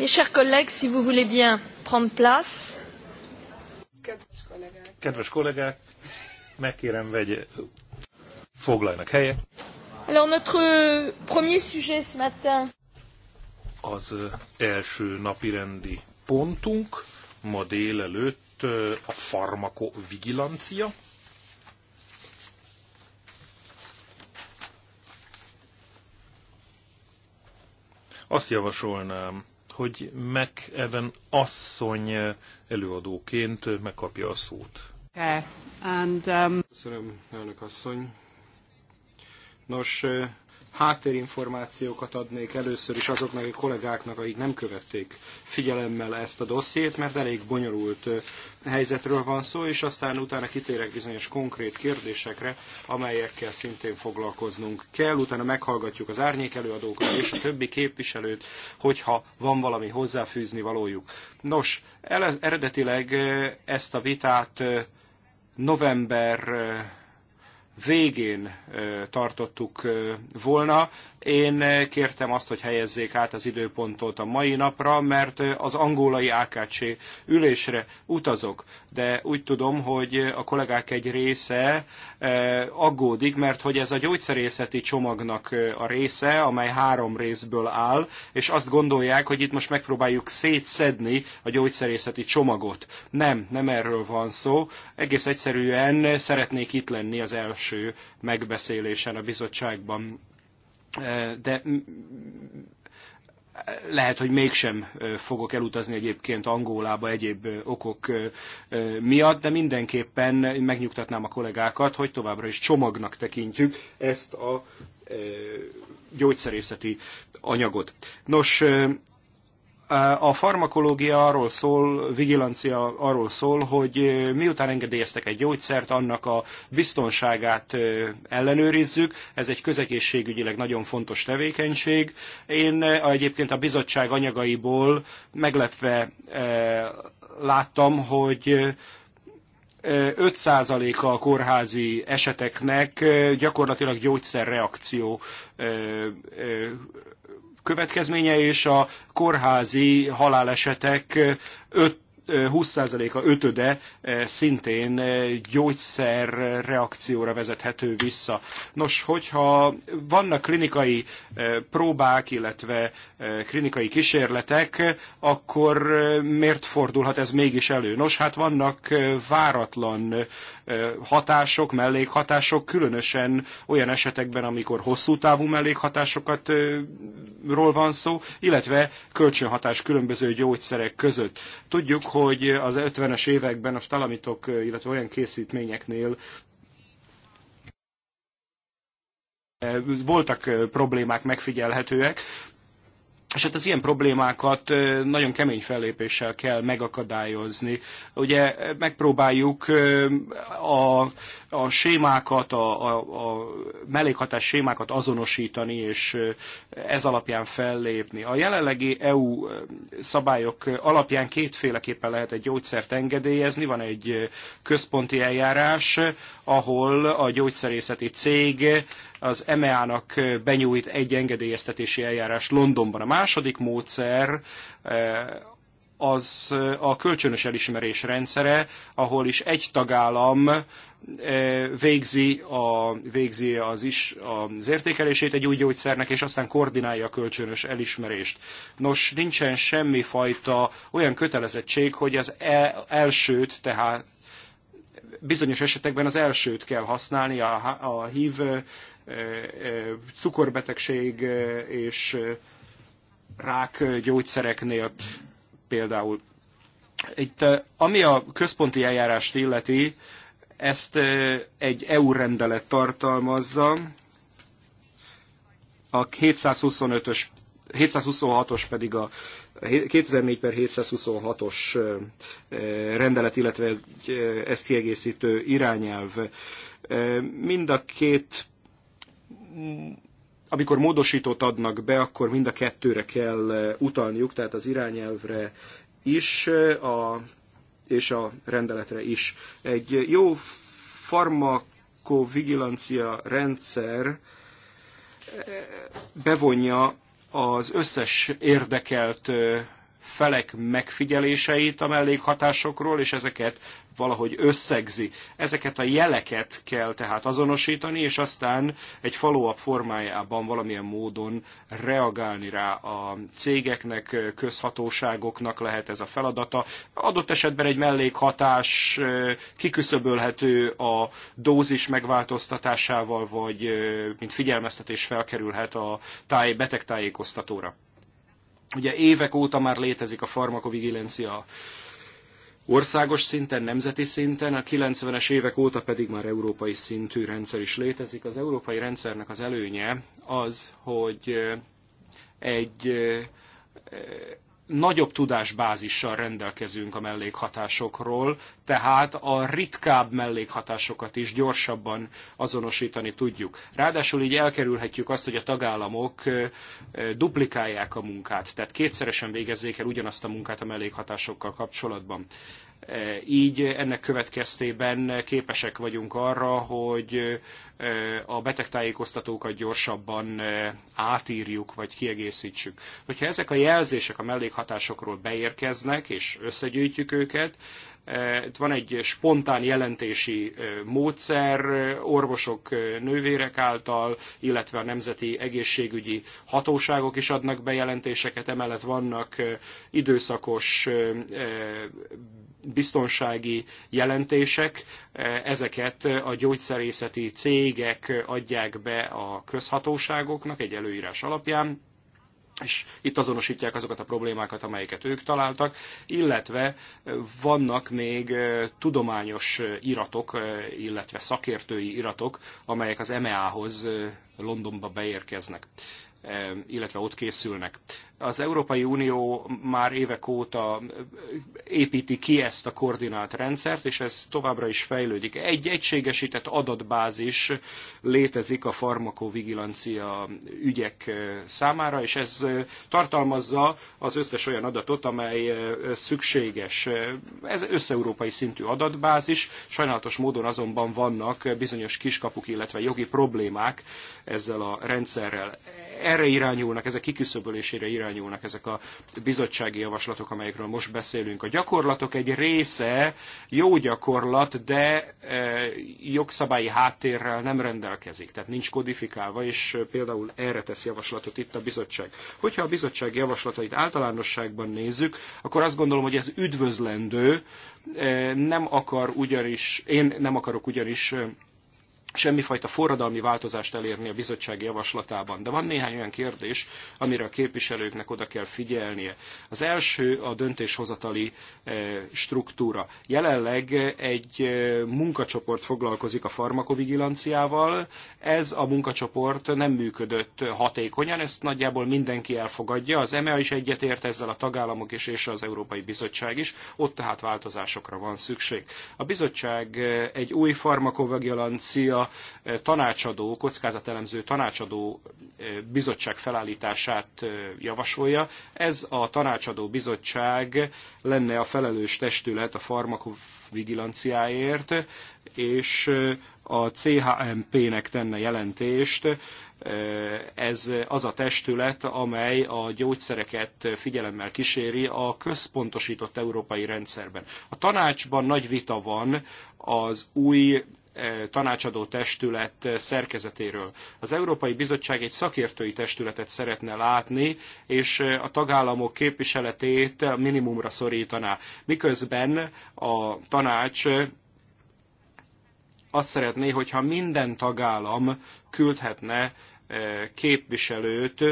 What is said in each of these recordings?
Mes chers collègues, si vous voulez bien prendre place. Kedves kollégák, megkérem, vegye, foglaljanak helyet. Alors notre premier sujet ce matin. Az első napi rendi pontunk ma délelőtt a farmakovigilancia. Azt javasolnám, hogy McEwen asszony előadóként megkapja a szót. Okay. And, um... Köszönöm, elnök asszony. Nos, háttérinformációkat adnék először is azoknak a kollégáknak, akik nem követték figyelemmel ezt a dossziét, mert elég bonyolult helyzetről van szó, és aztán utána kitérek bizonyos konkrét kérdésekre, amelyekkel szintén foglalkoznunk kell. Utána meghallgatjuk az árnyék előadókat és a többi képviselőt, hogyha van valami hozzáfűzni valójuk. Nos, eredetileg ezt a vitát november végén tartottuk volna. Én kértem azt, hogy helyezzék át az időpontot a mai napra, mert az angolai AKC ülésre utazok, de úgy tudom, hogy a kollégák egy része Eh, aggódik, mert hogy ez a gyógyszerészeti csomagnak eh, a része, amely három részből áll, és azt gondolják, hogy itt most megpróbáljuk szétszedni a gyógyszerészeti csomagot. Nem, nem erről van szó. Egész egyszerűen szeretnék itt lenni az első megbeszélésen a bizottságban. Eh, de lehet, hogy mégsem fogok elutazni egyébként Angolába egyéb okok miatt, de mindenképpen megnyugtatnám a kollégákat, hogy továbbra is csomagnak tekintjük ezt a gyógyszerészeti anyagot. Nos, a farmakológia arról szól, vigilancia arról szól, hogy miután engedélyeztek egy gyógyszert, annak a biztonságát ellenőrizzük. Ez egy közegészségügyileg nagyon fontos tevékenység. Én egyébként a bizottság anyagaiból meglepve láttam, hogy 5%-a a kórházi eseteknek gyakorlatilag gyógyszerreakció következménye, és a kórházi halálesetek öt 20%-a ötöde eh, szintén eh, gyógyszerreakcióra vezethető vissza. Nos, hogyha vannak klinikai eh, próbák, illetve klinikai kísérletek, akkor miért fordulhat ez mégis elő? Nos, hát vannak váratlan hatások, mellékhatások, különösen olyan esetekben, amikor hosszú távú mellékhatásokat ról van szó, illetve kölcsönhatás különböző gyógyszerek között. Tudjuk, hogy hogy az 50-es években a stalamitok, illetve olyan készítményeknél eh, voltak eh, problémák megfigyelhetőek, és hát az ilyen problémákat nagyon kemény fellépéssel kell megakadályozni. Ugye megpróbáljuk a, a sémákat, a, a, a mellékhatás sémákat azonosítani, és ez alapján fellépni. A jelenlegi EU szabályok alapján kétféleképpen lehet egy gyógyszert engedélyezni. Van egy központi eljárás, ahol a gyógyszerészeti cég az EMEA-nak benyújt egy engedélyeztetési eljárás Londonban. A második módszer az a kölcsönös elismerés rendszere, ahol is egy tagállam végzi, a, végzi az, is, az értékelését egy új gyógyszernek, és aztán koordinálja a kölcsönös elismerést. Nos, nincsen semmi fajta olyan kötelezettség, hogy az e, elsőt, tehát bizonyos esetekben az elsőt kell használni, a, a HIV, cukorbetegség és rák gyógyszereknél például. Itt, ami a központi eljárást illeti, ezt egy EU rendelet tartalmazza, a 725-ös 726-os pedig a 2004 per 726-os rendelet, illetve ezt kiegészítő irányelv. Mind a két amikor módosítót adnak be, akkor mind a kettőre kell utalniuk, tehát az irányelvre is, a, és a rendeletre is. Egy jó farmakovigilancia rendszer bevonja az összes érdekelt felek megfigyeléseit a mellékhatásokról, és ezeket valahogy összegzi. Ezeket a jeleket kell tehát azonosítani, és aztán egy follow-up formájában valamilyen módon reagálni rá a cégeknek, közhatóságoknak lehet ez a feladata. Adott esetben egy mellékhatás kiküszöbölhető a dózis megváltoztatásával, vagy mint figyelmeztetés felkerülhet a táj, beteg tájékoztatóra. Ugye évek óta már létezik a farmakovigilencia országos szinten, nemzeti szinten, a 90-es évek óta pedig már európai szintű rendszer is létezik. Az európai rendszernek az előnye az, hogy egy nagyobb tudásbázissal rendelkezünk a mellékhatásokról, tehát a ritkább mellékhatásokat is gyorsabban azonosítani tudjuk. Ráadásul így elkerülhetjük azt, hogy a tagállamok duplikálják a munkát, tehát kétszeresen végezzék el ugyanazt a munkát a mellékhatásokkal kapcsolatban. Eh, így ennek következtében képesek vagyunk arra, hogy eh, a betegtájékoztatókat gyorsabban eh, átírjuk, vagy kiegészítsük. Hogyha ezek a jelzések a mellékhatásokról beérkeznek, és összegyűjtjük őket, itt van egy spontán jelentési módszer orvosok nővérek által, illetve a nemzeti egészségügyi hatóságok is adnak bejelentéseket, emellett vannak időszakos biztonsági jelentések, ezeket a gyógyszerészeti cégek adják be a közhatóságoknak egy előírás alapján és itt azonosítják azokat a problémákat, amelyeket ők találtak, illetve vannak még tudományos iratok, illetve szakértői iratok, amelyek az e MEA-hoz Londonba beérkeznek illetve ott készülnek. Az Európai Unió már évek óta építi ki ezt a koordinált rendszert, és ez továbbra is fejlődik. Egy egységesített adatbázis létezik a farmakovigilancia ügyek eh, számára, és ez eh, tartalmazza az összes olyan adatot, amely eh, szükséges. Ez összeurópai szintű adatbázis, sajnálatos módon azonban vannak bizonyos kiskapuk, illetve jogi problémák ezzel a rendszerrel erre irányulnak, ezek kiküszöbölésére irányulnak ezek a bizottsági javaslatok, amelyekről most beszélünk. A gyakorlatok egy része jó gyakorlat, de e, jogszabályi háttérrel nem rendelkezik, tehát nincs kodifikálva, és e, például erre tesz javaslatot itt a bizottság. Hogyha a bizottság javaslatait általánosságban nézzük, akkor azt gondolom, hogy ez üdvözlendő, e, nem akar ugyanis, én nem akarok ugyanis semmifajta forradalmi változást elérni a bizottság javaslatában. De van néhány olyan kérdés, amire a képviselőknek oda kell figyelnie. Az első a döntéshozatali eh, struktúra. Jelenleg egy eh, munkacsoport foglalkozik a farmakovigilanciával. Ez a munkacsoport nem működött hatékonyan, ezt nagyjából mindenki elfogadja. Az EMEA is egyetért ezzel a tagállamok is, és az Európai Bizottság is. Ott tehát változásokra van szükség. A bizottság eh, egy új farmakovigilancia fajta eh, tanácsadó, kockázatelemző tanácsadó eh, bizottság felállítását eh, javasolja. Ez a tanácsadó bizottság lenne a felelős testület a farmakovigilanciáért, és a CHMP-nek tenne jelentést. Ez az a testület, amely a gyógyszereket figyelemmel kíséri a központosított európai rendszerben. A tanácsban nagy vita van az új E, tanácsadó testület e, szerkezetéről. Az Európai Bizottság egy szakértői testületet szeretne látni, és e, a tagállamok képviseletét minimumra szorítaná. Miközben a tanács azt szeretné, hogyha minden tagállam küldhetne képviselőt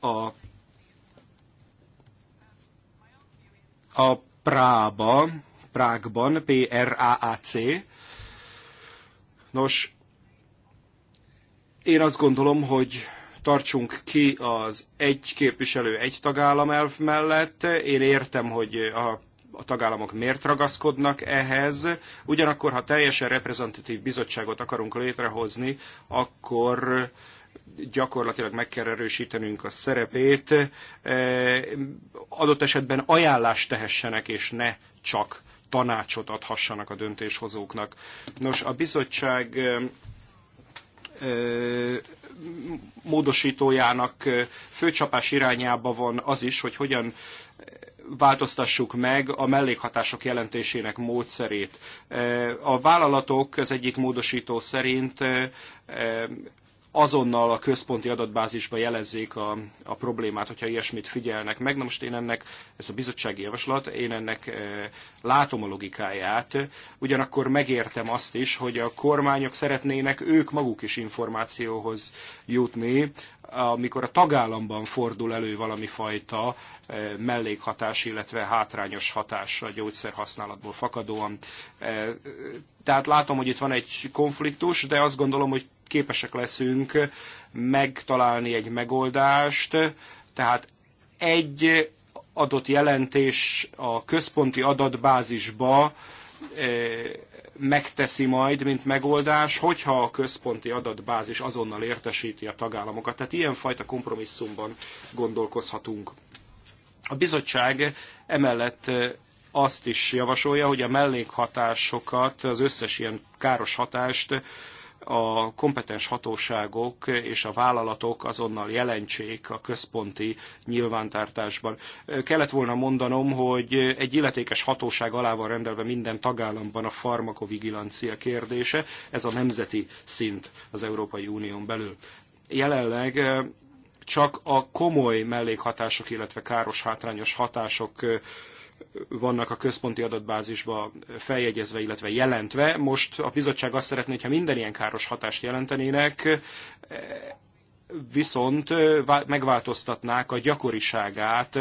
a, a Prába, Prágban, P-R-A-A-C, Nos, én azt gondolom, hogy tartsunk ki az egy képviselő, egy tagállam elv mellett. Én értem, hogy a a tagállamok miért ragaszkodnak ehhez. Ugyanakkor, ha teljesen reprezentatív bizottságot akarunk létrehozni, akkor gyakorlatilag meg kell erősítenünk a szerepét. Adott esetben ajánlást tehessenek, és ne csak tanácsot adhassanak a döntéshozóknak. Nos, a bizottság módosítójának főcsapás irányába van az is, hogy hogyan változtassuk meg a mellékhatások jelentésének módszerét. A vállalatok az egyik módosító szerint azonnal a központi adatbázisba jelezzék a, a problémát, hogyha ilyesmit figyelnek meg. Na most én ennek, ez a bizottsági javaslat, én ennek e, látom a logikáját, ugyanakkor megértem azt is, hogy a kormányok szeretnének ők maguk is információhoz jutni, amikor a tagállamban fordul elő valami fajta mellékhatás, illetve hátrányos hatás a gyógyszerhasználatból fakadóan. Tehát látom, hogy itt van egy konfliktus, de azt gondolom, hogy képesek leszünk megtalálni egy megoldást, tehát egy adott jelentés a központi adatbázisba megteszi majd, mint megoldás, hogyha a központi adatbázis azonnal értesíti a tagállamokat. Tehát ilyenfajta kompromisszumban gondolkozhatunk. A bizottság emellett azt is javasolja, hogy a mellékhatásokat, az összes ilyen káros hatást a kompetens hatóságok és a vállalatok azonnal jelentsék a központi nyilvántartásban. Kellett volna mondanom, hogy egy illetékes hatóság alá van rendelve minden tagállamban a farmakovigilancia kérdése, ez a nemzeti szint az Európai Unión belül. Jelenleg csak a komoly mellékhatások, illetve káros hátrányos hatások vannak a központi adatbázisba feljegyezve, illetve jelentve. Most a bizottság azt szeretné, hogyha minden ilyen káros hatást jelentenének, viszont megváltoztatnák a gyakoriságát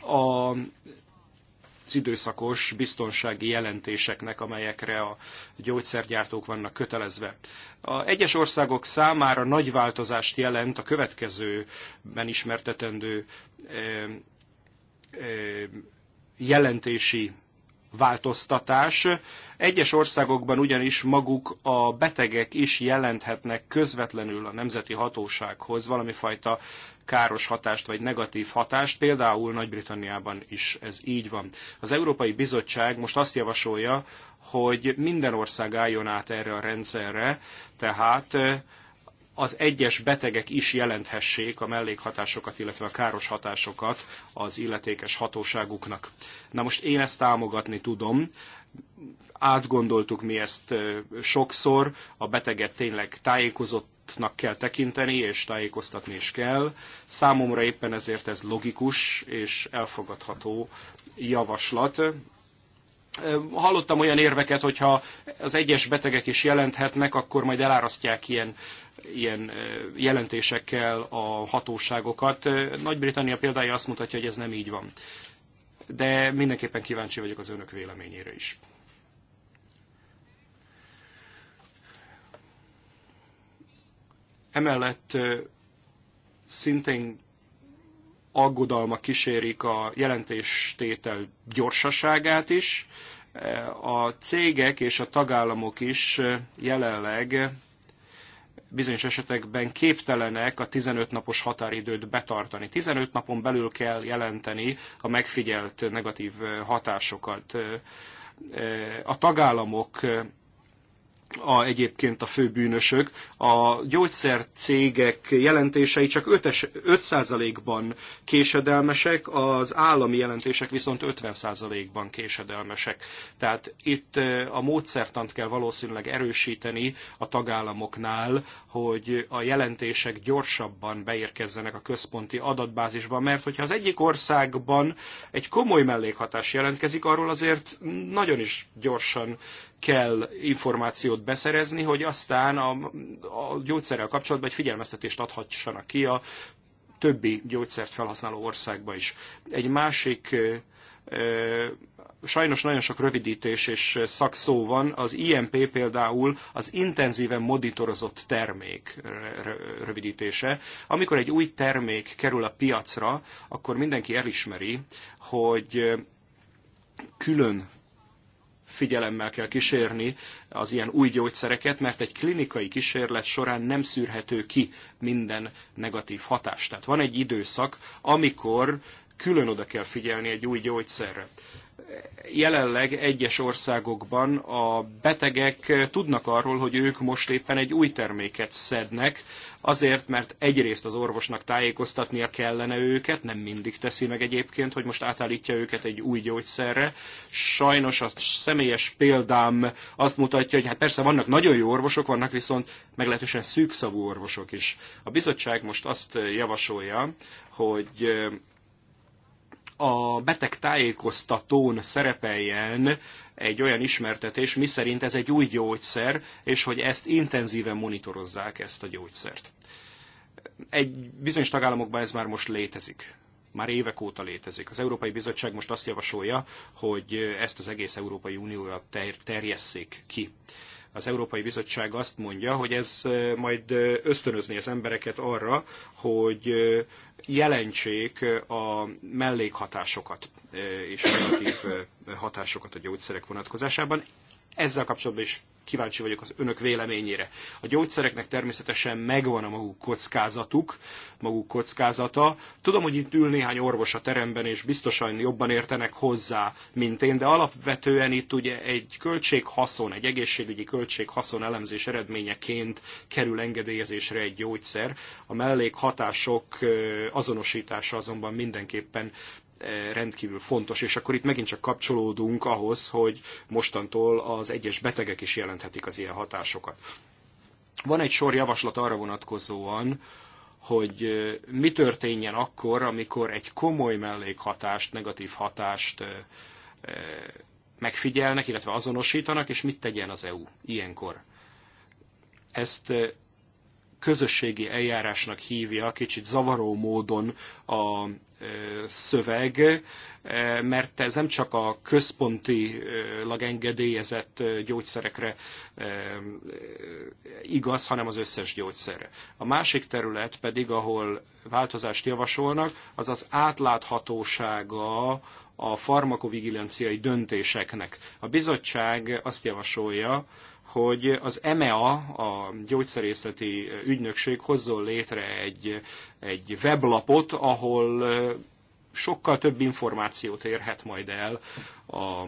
a az időszakos biztonsági jelentéseknek, amelyekre a gyógyszergyártók vannak kötelezve. A egyes országok számára nagy változást jelent a következőben ismertetendő eh, eh, jelentési változtatás. Egyes országokban ugyanis maguk a betegek is jelenthetnek közvetlenül a nemzeti hatósághoz valami fajta káros hatást vagy negatív hatást, például Nagy-Britanniában is ez így van. Az Európai Bizottság most azt javasolja, hogy minden ország álljon át erre a rendszerre, tehát az egyes betegek is jelenthessék a mellékhatásokat, illetve a káros hatásokat az illetékes hatóságuknak. Na most én ezt támogatni tudom, átgondoltuk mi ezt sokszor, a beteget tényleg tájékozottnak kell tekinteni, és tájékoztatni is kell. Számomra éppen ezért ez logikus és elfogadható javaslat, hallottam olyan érveket, hogyha az egyes betegek is jelenthetnek, akkor majd elárasztják ilyen ilyen jelentésekkel a hatóságokat. Nagy-Britannia példája azt mutatja, hogy ez nem így van. De mindenképpen kíváncsi vagyok az önök véleményére is. Emellett szintén aggodalma kísérik a jelentéstétel gyorsaságát is. A cégek és a tagállamok is jelenleg bizonyos esetekben képtelenek a 15 napos határidőt betartani. 15 napon belül kell jelenteni a megfigyelt negatív hatásokat. A tagállamok a, egyébként a főbűnösök. A gyógyszercégek jelentései csak 5%-ban késedelmesek, az állami jelentések viszont 50%-ban késedelmesek. Tehát itt a módszertant kell valószínűleg erősíteni a tagállamoknál, hogy a jelentések gyorsabban beérkezzenek a központi adatbázisba, mert hogyha az egyik országban egy komoly mellékhatás jelentkezik, arról azért nagyon is gyorsan kell információt beszerezni, hogy aztán a, a gyógyszerrel kapcsolatban egy figyelmeztetést adhassanak ki a többi gyógyszert felhasználó országba is. Egy másik sajnos nagyon sok rövidítés és szakszó van, az IMP például az intenzíven monitorozott termék rövidítése. Amikor egy új termék kerül a piacra, akkor mindenki elismeri, hogy külön figyelemmel kell kísérni az ilyen új gyógyszereket, mert egy klinikai kísérlet során nem szűrhető ki minden negatív hatást. Tehát van egy időszak, amikor külön oda kell figyelni egy új gyógyszerre jelenleg egyes országokban a betegek eh, tudnak arról, hogy ők most éppen egy új terméket szednek, azért, mert egyrészt az orvosnak tájékoztatnia kellene őket, nem mindig teszi meg egyébként, hogy most átállítja őket egy új gyógyszerre. Sajnos a személyes példám azt mutatja, hogy hát persze vannak nagyon jó orvosok, vannak viszont meglehetősen szűkszavú orvosok is. A bizottság most azt eh, javasolja, hogy eh, a beteg tájékoztatón szerepeljen egy olyan ismertetés, miszerint ez egy új gyógyszer, és hogy ezt intenzíven monitorozzák, ezt a gyógyszert. Egy bizonyos tagállamokban ez már most létezik. Már évek óta létezik. Az Európai Bizottság most azt javasolja, hogy ezt az egész Európai Unióra ter- terjesszék ki az Európai Bizottság azt mondja, hogy ez majd ösztönözni az embereket arra, hogy jelentsék a mellékhatásokat és negatív hatásokat a gyógyszerek vonatkozásában. Ezzel kapcsolatban is kíváncsi vagyok az önök véleményére. A gyógyszereknek természetesen megvan a maguk kockázatuk, maguk kockázata. Tudom, hogy itt ül néhány orvos a teremben, és biztosan jobban értenek hozzá, mint én, de alapvetően itt ugye egy költséghaszon, egy egészségügyi költséghaszon elemzés eredményeként kerül engedélyezésre egy gyógyszer. A mellékhatások azonosítása azonban mindenképpen E, rendkívül fontos, és akkor itt megint csak kapcsolódunk ahhoz, hogy mostantól az egyes betegek is jelenthetik az ilyen hatásokat. Van egy sor javaslat arra vonatkozóan, hogy e, mi történjen akkor, amikor egy komoly mellékhatást, negatív hatást e, megfigyelnek, illetve azonosítanak, és mit tegyen az EU ilyenkor. Ezt közösségi eljárásnak hívja kicsit zavaró módon a e, szöveg, e, mert ez nem csak a központi e, engedélyezett gyógyszerekre igaz, hanem az összes gyógyszerre. A másik terület pedig, ahol változást javasolnak, az az átláthatósága a farmakovigilanciai döntéseknek. A bizottság azt javasolja, hogy az EMEA, a gyógyszerészeti ügynökség hozzon létre egy, egy weblapot, ahol sokkal több információt érhet majd el a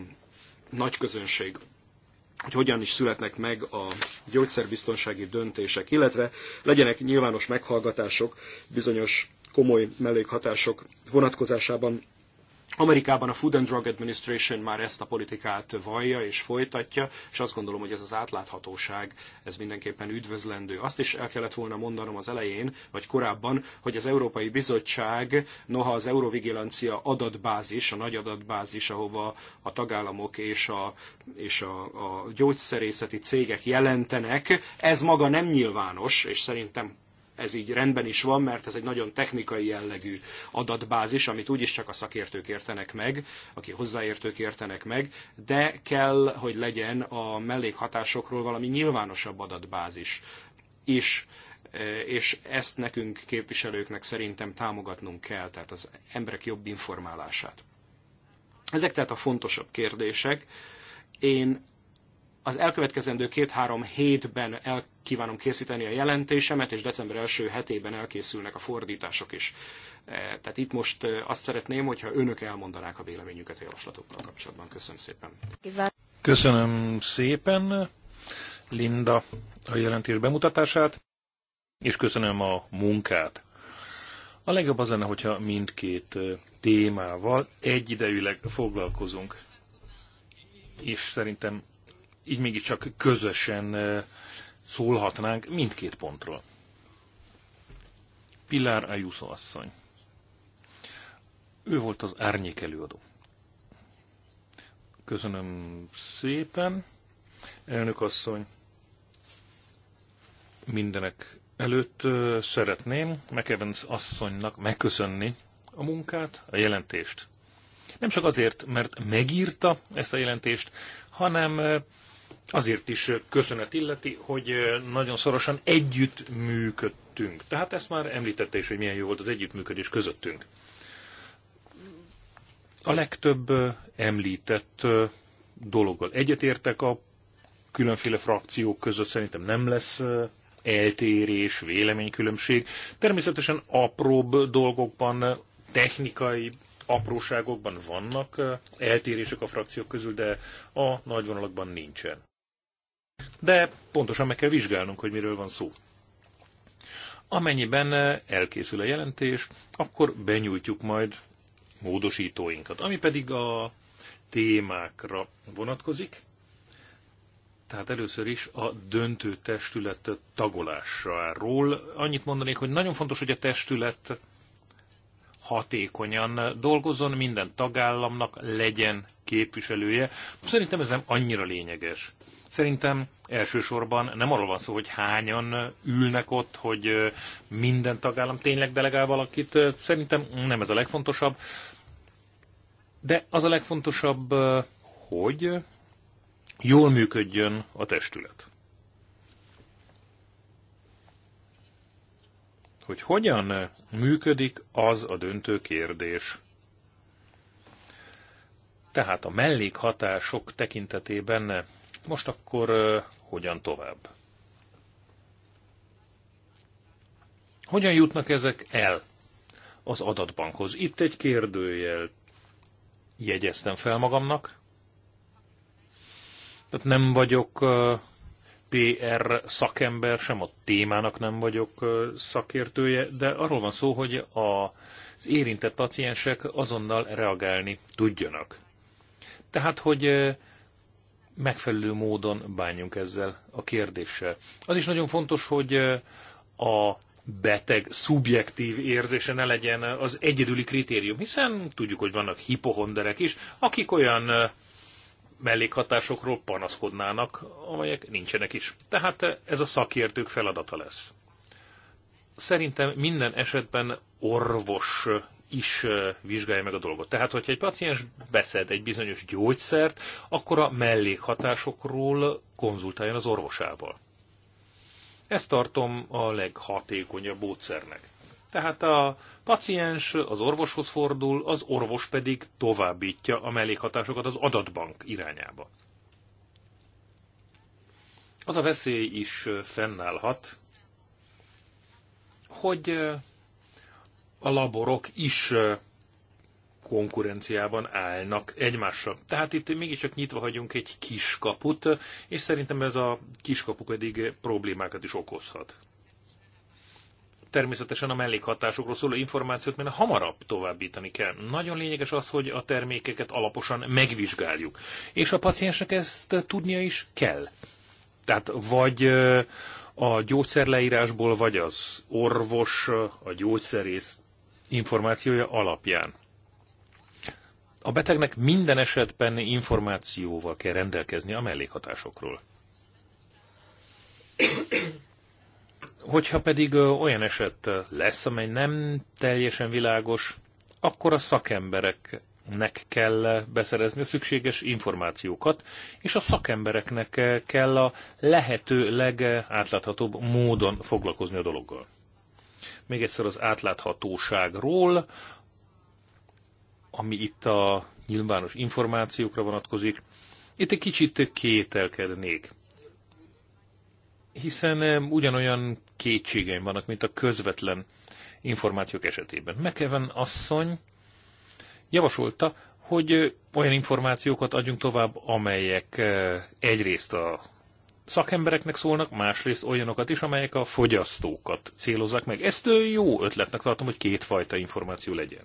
nagy közönség hogy hogyan is születnek meg a gyógyszerbiztonsági döntések, illetve legyenek nyilvános meghallgatások bizonyos komoly mellékhatások vonatkozásában. Amerikában a Food and Drug Administration már ezt a politikát vallja és folytatja, és azt gondolom, hogy ez az átláthatóság, ez mindenképpen üdvözlendő. Azt is el kellett volna mondanom az elején, vagy korábban, hogy az Európai Bizottság, noha az Eurovigilancia adatbázis, a nagy adatbázis, ahova a tagállamok és a, és a, a gyógyszerészeti cégek jelentenek, ez maga nem nyilvános, és szerintem ez így rendben is van, mert ez egy nagyon technikai jellegű adatbázis, amit úgyis csak a szakértők értenek meg, aki hozzáértők értenek meg, de kell, hogy legyen a mellékhatásokról valami nyilvánosabb adatbázis is e, és ezt nekünk képviselőknek szerintem támogatnunk kell, tehát az emberek jobb informálását. Ezek tehát a fontosabb kérdések. Én az elkövetkezendő két-három hétben el kívánom készíteni a jelentésemet, és december első hetében elkészülnek a fordítások is. E, tehát itt most e, azt szeretném, hogyha önök elmondanák a véleményüket a javaslatokkal kapcsolatban. Köszönöm szépen. Köszönöm szépen, Linda, a jelentés bemutatását, és köszönöm a munkát. A legjobb az lenne, hogyha mindkét e, témával egyidejűleg foglalkozunk. És szerintem így mégiscsak közösen szólhatnánk mindkét pontról. Pilar Ayuso asszony. Ő volt az árnyék előadó. Köszönöm szépen, elnök asszony. Mindenek előtt szeretném McEvans asszonynak megköszönni a munkát, a jelentést. Nem csak azért, mert megírta ezt a jelentést, hanem azért is köszönet illeti, hogy nagyon szorosan együtt működtünk. Tehát ezt már említette is, hogy milyen jó volt az együttműködés közöttünk. A legtöbb említett dologgal egyetértek a különféle frakciók között, szerintem nem lesz eltérés, véleménykülönbség. Természetesen apróbb dolgokban, technikai apróságokban vannak eltérések a frakciók közül, de a nagyvonalakban nincsen de pontosan meg kell vizsgálnunk, hogy miről van szó. Amennyiben eh, elkészül a jelentés, akkor benyújtjuk majd módosítóinkat, ami pedig a témákra vonatkozik. Tehát először is a döntő testület tagolásáról. Annyit mondanék, hogy nagyon fontos, hogy a testület hatékonyan dolgozzon, minden tagállamnak legyen képviselője. Szerintem ez nem annyira lényeges. Szerintem elsősorban nem arról van szó, hogy hányan ülnek ott, hogy minden tagállam tényleg delegál valakit. Szerintem nem ez a legfontosabb. De az a legfontosabb, hogy jól működjön a testület. Hogy hogyan működik, az a döntő kérdés. Tehát a mellékhatások tekintetében most akkor hogyan tovább? Hogyan jutnak ezek el az adatbankhoz? Itt egy kérdőjel jegyeztem fel magamnak. Tehát nem vagyok PR szakember, sem a témának nem vagyok szakértője, de arról van szó, hogy az érintett paciensek azonnal reagálni tudjanak. Tehát, hogy megfelelő módon bánjunk ezzel a kérdéssel. Az is nagyon fontos, hogy a beteg szubjektív érzése ne legyen az egyedüli kritérium, hiszen tudjuk, hogy vannak hipohonderek is, akik olyan mellékhatásokról panaszkodnának, amelyek nincsenek is. Tehát ez a szakértők feladata lesz. Szerintem minden esetben orvos is vizsgálja meg a dolgot. Tehát, hogyha egy paciens beszed egy bizonyos gyógyszert, akkor a mellékhatásokról konzultáljon az orvosával. Ezt tartom a leghatékonyabb módszernek. Tehát a paciens az orvoshoz fordul, az orvos pedig továbbítja a mellékhatásokat az adatbank irányába. Az a veszély is fennállhat, hogy a laborok is konkurenciában állnak egymással. Tehát itt mégiscsak nyitva hagyunk egy kiskaput, és szerintem ez a kiskapu pedig problémákat is okozhat. Természetesen a mellékhatásokról szóló információt mert hamarabb továbbítani kell. Nagyon lényeges az, hogy a termékeket alaposan megvizsgáljuk, és a paciensnek ezt tudnia is kell. Tehát vagy a gyógyszerleírásból, vagy az orvos, a gyógyszerész információja alapján. A betegnek minden esetben információval kell rendelkezni a mellékhatásokról. Hogyha pedig olyan eset lesz, amely nem teljesen világos, akkor a szakembereknek kell beszerezni a szükséges információkat, és a szakembereknek kell a lehető legátláthatóbb módon foglalkozni a dologgal. Még egyszer az átláthatóságról, ami itt a nyilvános információkra vonatkozik. Itt egy kicsit kételkednék, hiszen ugyanolyan kétségeim vannak, mint a közvetlen információk esetében. McEwen asszony javasolta, hogy olyan információkat adjunk tovább, amelyek egyrészt a szakembereknek szólnak, másrészt olyanokat is, amelyek a fogyasztókat célozzák meg. Ezt jó ötletnek tartom, hogy kétfajta információ legyen.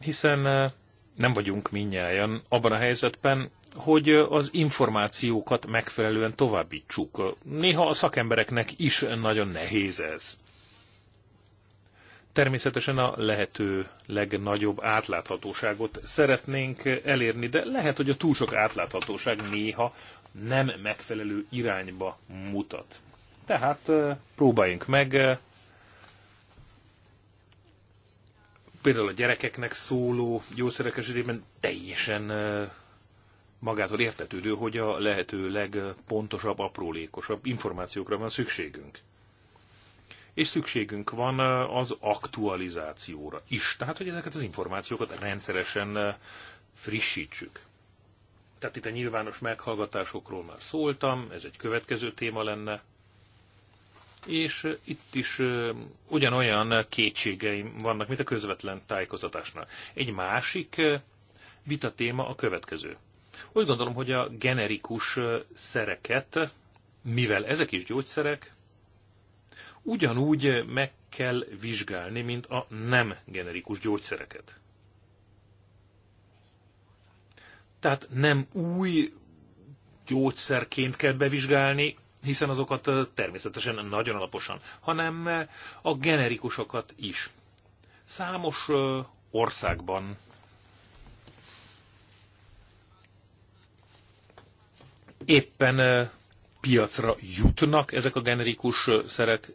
Hiszen nem vagyunk minnyáján abban a helyzetben, hogy az információkat megfelelően továbbítsuk. Néha a szakembereknek is nagyon nehéz ez. Természetesen a lehető legnagyobb átláthatóságot szeretnénk elérni, de lehet, hogy a túl sok átláthatóság néha nem megfelelő irányba mutat. Tehát próbáljunk meg például a gyerekeknek szóló gyógyszerek esetében teljesen magától értetődő, hogy a lehető legpontosabb, aprólékosabb információkra van szükségünk és szükségünk van az aktualizációra is. Tehát, hogy ezeket az információkat rendszeresen frissítsük. Tehát itt a nyilvános meghallgatásokról már szóltam, ez egy következő téma lenne. És itt is ugyanolyan kétségeim vannak, mint a közvetlen tájékozatásnál. Egy másik vita téma a következő. Úgy gondolom, hogy a generikus szereket, mivel ezek is gyógyszerek, ugyanúgy meg kell vizsgálni, mint a nem generikus gyógyszereket. Tehát nem új gyógyszerként kell bevizsgálni, hiszen azokat természetesen nagyon alaposan, hanem a generikusokat is. Számos országban éppen piacra jutnak ezek a generikus szerek,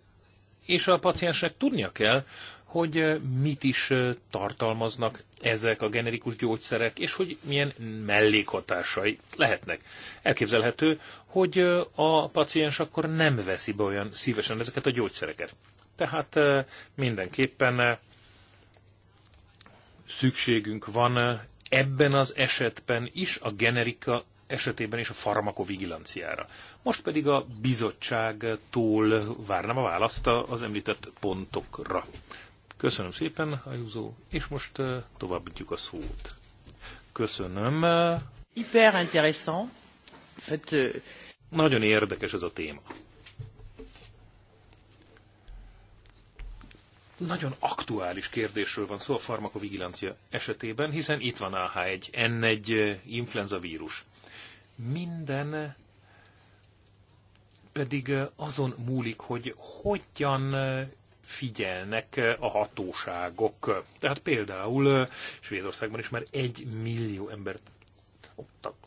és a paciensnek tudnia kell, hogy mit is tartalmaznak ezek a generikus gyógyszerek, és hogy milyen mellékhatásai lehetnek. Elképzelhető, hogy a paciens akkor nem veszi be olyan szívesen ezeket a gyógyszereket. Tehát mindenképpen szükségünk van ebben az esetben is a generika esetében is a farmakovigilanciára. Most pedig a bizottságtól várnám a választ az említett pontokra. Köszönöm szépen, Ajuzó, és most eh, továbbítjuk a szót. Köszönöm. Hiper intéressant. Fet, euh, Nagyon érdekes ez a téma. Nagyon aktuális kérdésről van szó a farmakovigilancia esetében, hiszen itt van AH1N1 influenza vírus. Minden pedig azon múlik, hogy hogyan figyelnek a hatóságok. Tehát például Svédországban is már egy millió embert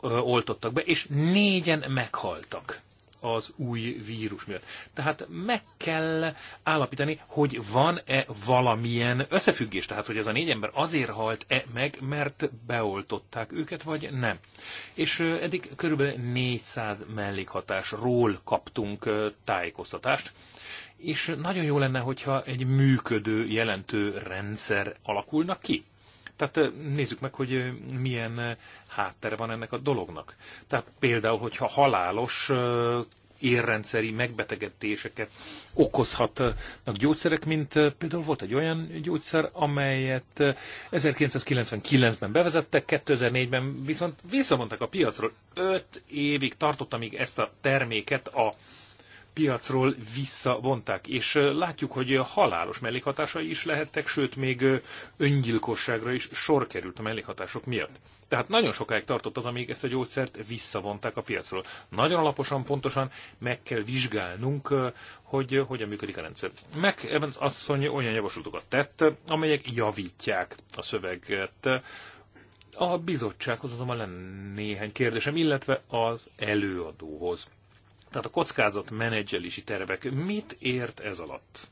oltottak be, és négyen meghaltak az új vírus miatt. Tehát meg kell állapítani, hogy van-e valamilyen összefüggés, tehát hogy ez a négy ember azért halt-e meg, mert beoltották őket, vagy nem. És eddig körülbelül 400 mellékhatásról kaptunk tájékoztatást, és nagyon jó lenne, hogyha egy működő, jelentő rendszer alakulna ki tehát nézzük meg, hogy milyen háttere van ennek a dolognak. Tehát például, hogyha halálos érrendszeri megbetegedéseket okozhatnak gyógyszerek, mint például volt egy olyan gyógyszer, amelyet 1999-ben bevezettek, 2004-ben viszont visszavonták a piacról. Öt évig tartott, amíg ezt a terméket a piacról visszavonták, és látjuk, hogy halálos mellékhatásai is lehettek, sőt még öngyilkosságra is sor került a mellékhatások miatt. Tehát nagyon sokáig tartott az, amíg ezt a gyógyszert visszavonták a piacról. Nagyon alaposan, pontosan meg kell vizsgálnunk, hogy hogyan működik a rendszer. Meg Evans asszony olyan javaslatokat tett, amelyek javítják a szöveget, a bizottsághoz azonban lenne néhány kérdésem, illetve az előadóhoz. Tehát a kockázat menedzselési tervek. Mit ért ez alatt?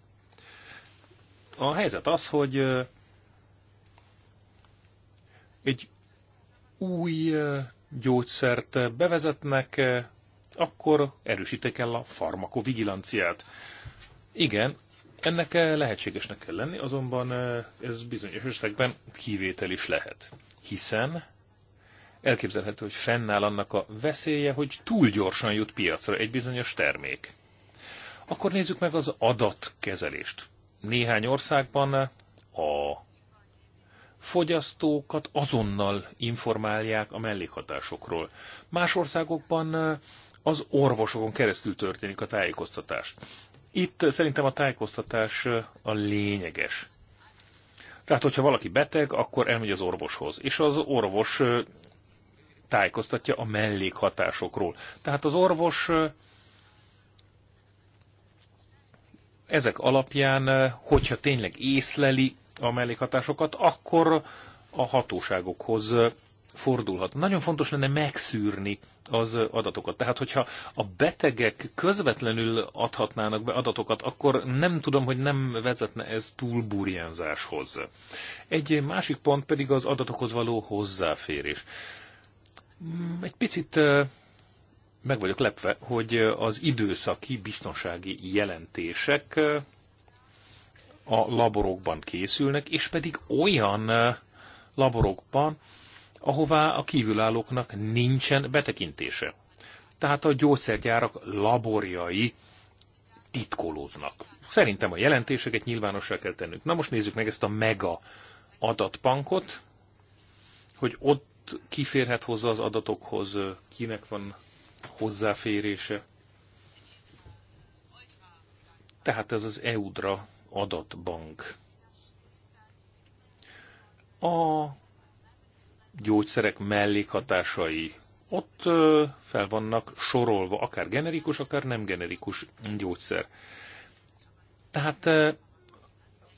A helyzet az, hogy egy új gyógyszert bevezetnek, akkor erősítek el a farmakovigilanciát. Igen, ennek lehetségesnek kell lenni, azonban ez bizonyos esetekben kivétel is lehet. Hiszen elképzelhető, hogy fennáll annak a veszélye, hogy túl gyorsan jut piacra egy bizonyos termék. Akkor nézzük meg az adatkezelést. Néhány országban a fogyasztókat azonnal informálják a mellékhatásokról. Más országokban eh, az orvosokon keresztül történik a tájékoztatás. Itt eh, szerintem a tájékoztatás eh, a lényeges. Tehát, hogyha valaki beteg, akkor elmegy az orvoshoz, és az orvos tájékoztatja a mellékhatásokról. Tehát az orvos ezek alapján, hogyha tényleg észleli a mellékhatásokat, akkor a hatóságokhoz fordulhat. Nagyon fontos lenne megszűrni az adatokat. Tehát, hogyha a betegek közvetlenül adhatnának be adatokat, akkor nem tudom, hogy nem vezetne ez túl burjánzáshoz. Egy másik pont pedig az adatokhoz való hozzáférés. Egy picit meg vagyok lepve, hogy az időszaki biztonsági jelentések a laborokban készülnek, és pedig olyan laborokban, ahová a kívülállóknak nincsen betekintése. Tehát a gyógyszergyárak laborjai titkolóznak. Szerintem a jelentéseket nyilvánossá kell tennünk. Na most nézzük meg ezt a mega adatbankot, hogy ott kiférhet hozzá az adatokhoz, kinek van hozzáférése. Tehát ez az EUDRA adatbank. A gyógyszerek mellékhatásai ott fel vannak sorolva, akár generikus, akár nem generikus gyógyszer. Tehát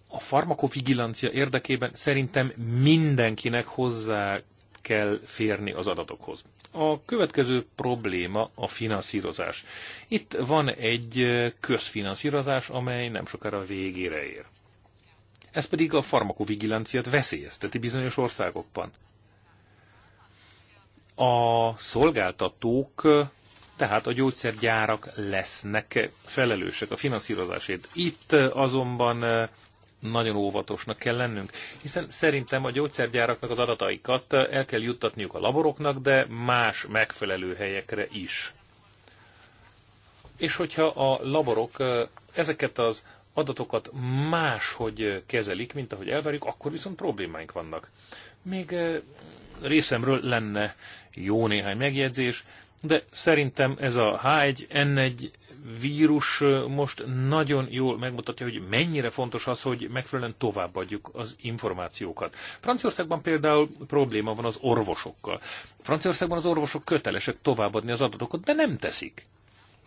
a farmakovigilancia érdekében szerintem mindenkinek hozzá kell férni az adatokhoz. A következő probléma a finanszírozás. Itt van egy közfinanszírozás, amely nem sokára végére ér. Ez pedig a farmakovigilanciát veszélyezteti bizonyos országokban. A szolgáltatók, tehát a gyógyszergyárak lesznek felelősek a finanszírozásért. Itt azonban nagyon óvatosnak kell lennünk, hiszen szerintem a gyógyszergyáraknak az adataikat el kell juttatniuk a laboroknak, de más megfelelő helyekre is. És hogyha a laborok ezeket az adatokat máshogy kezelik, mint ahogy elvárjuk, akkor viszont problémáink vannak. Még részemről lenne jó néhány megjegyzés, de szerintem ez a H1N1 vírus most nagyon jól megmutatja, hogy mennyire fontos az, hogy megfelelően továbbadjuk az információkat. Franciaországban például probléma van az orvosokkal. Franciaországban az orvosok kötelesek továbbadni az adatokat, de nem teszik.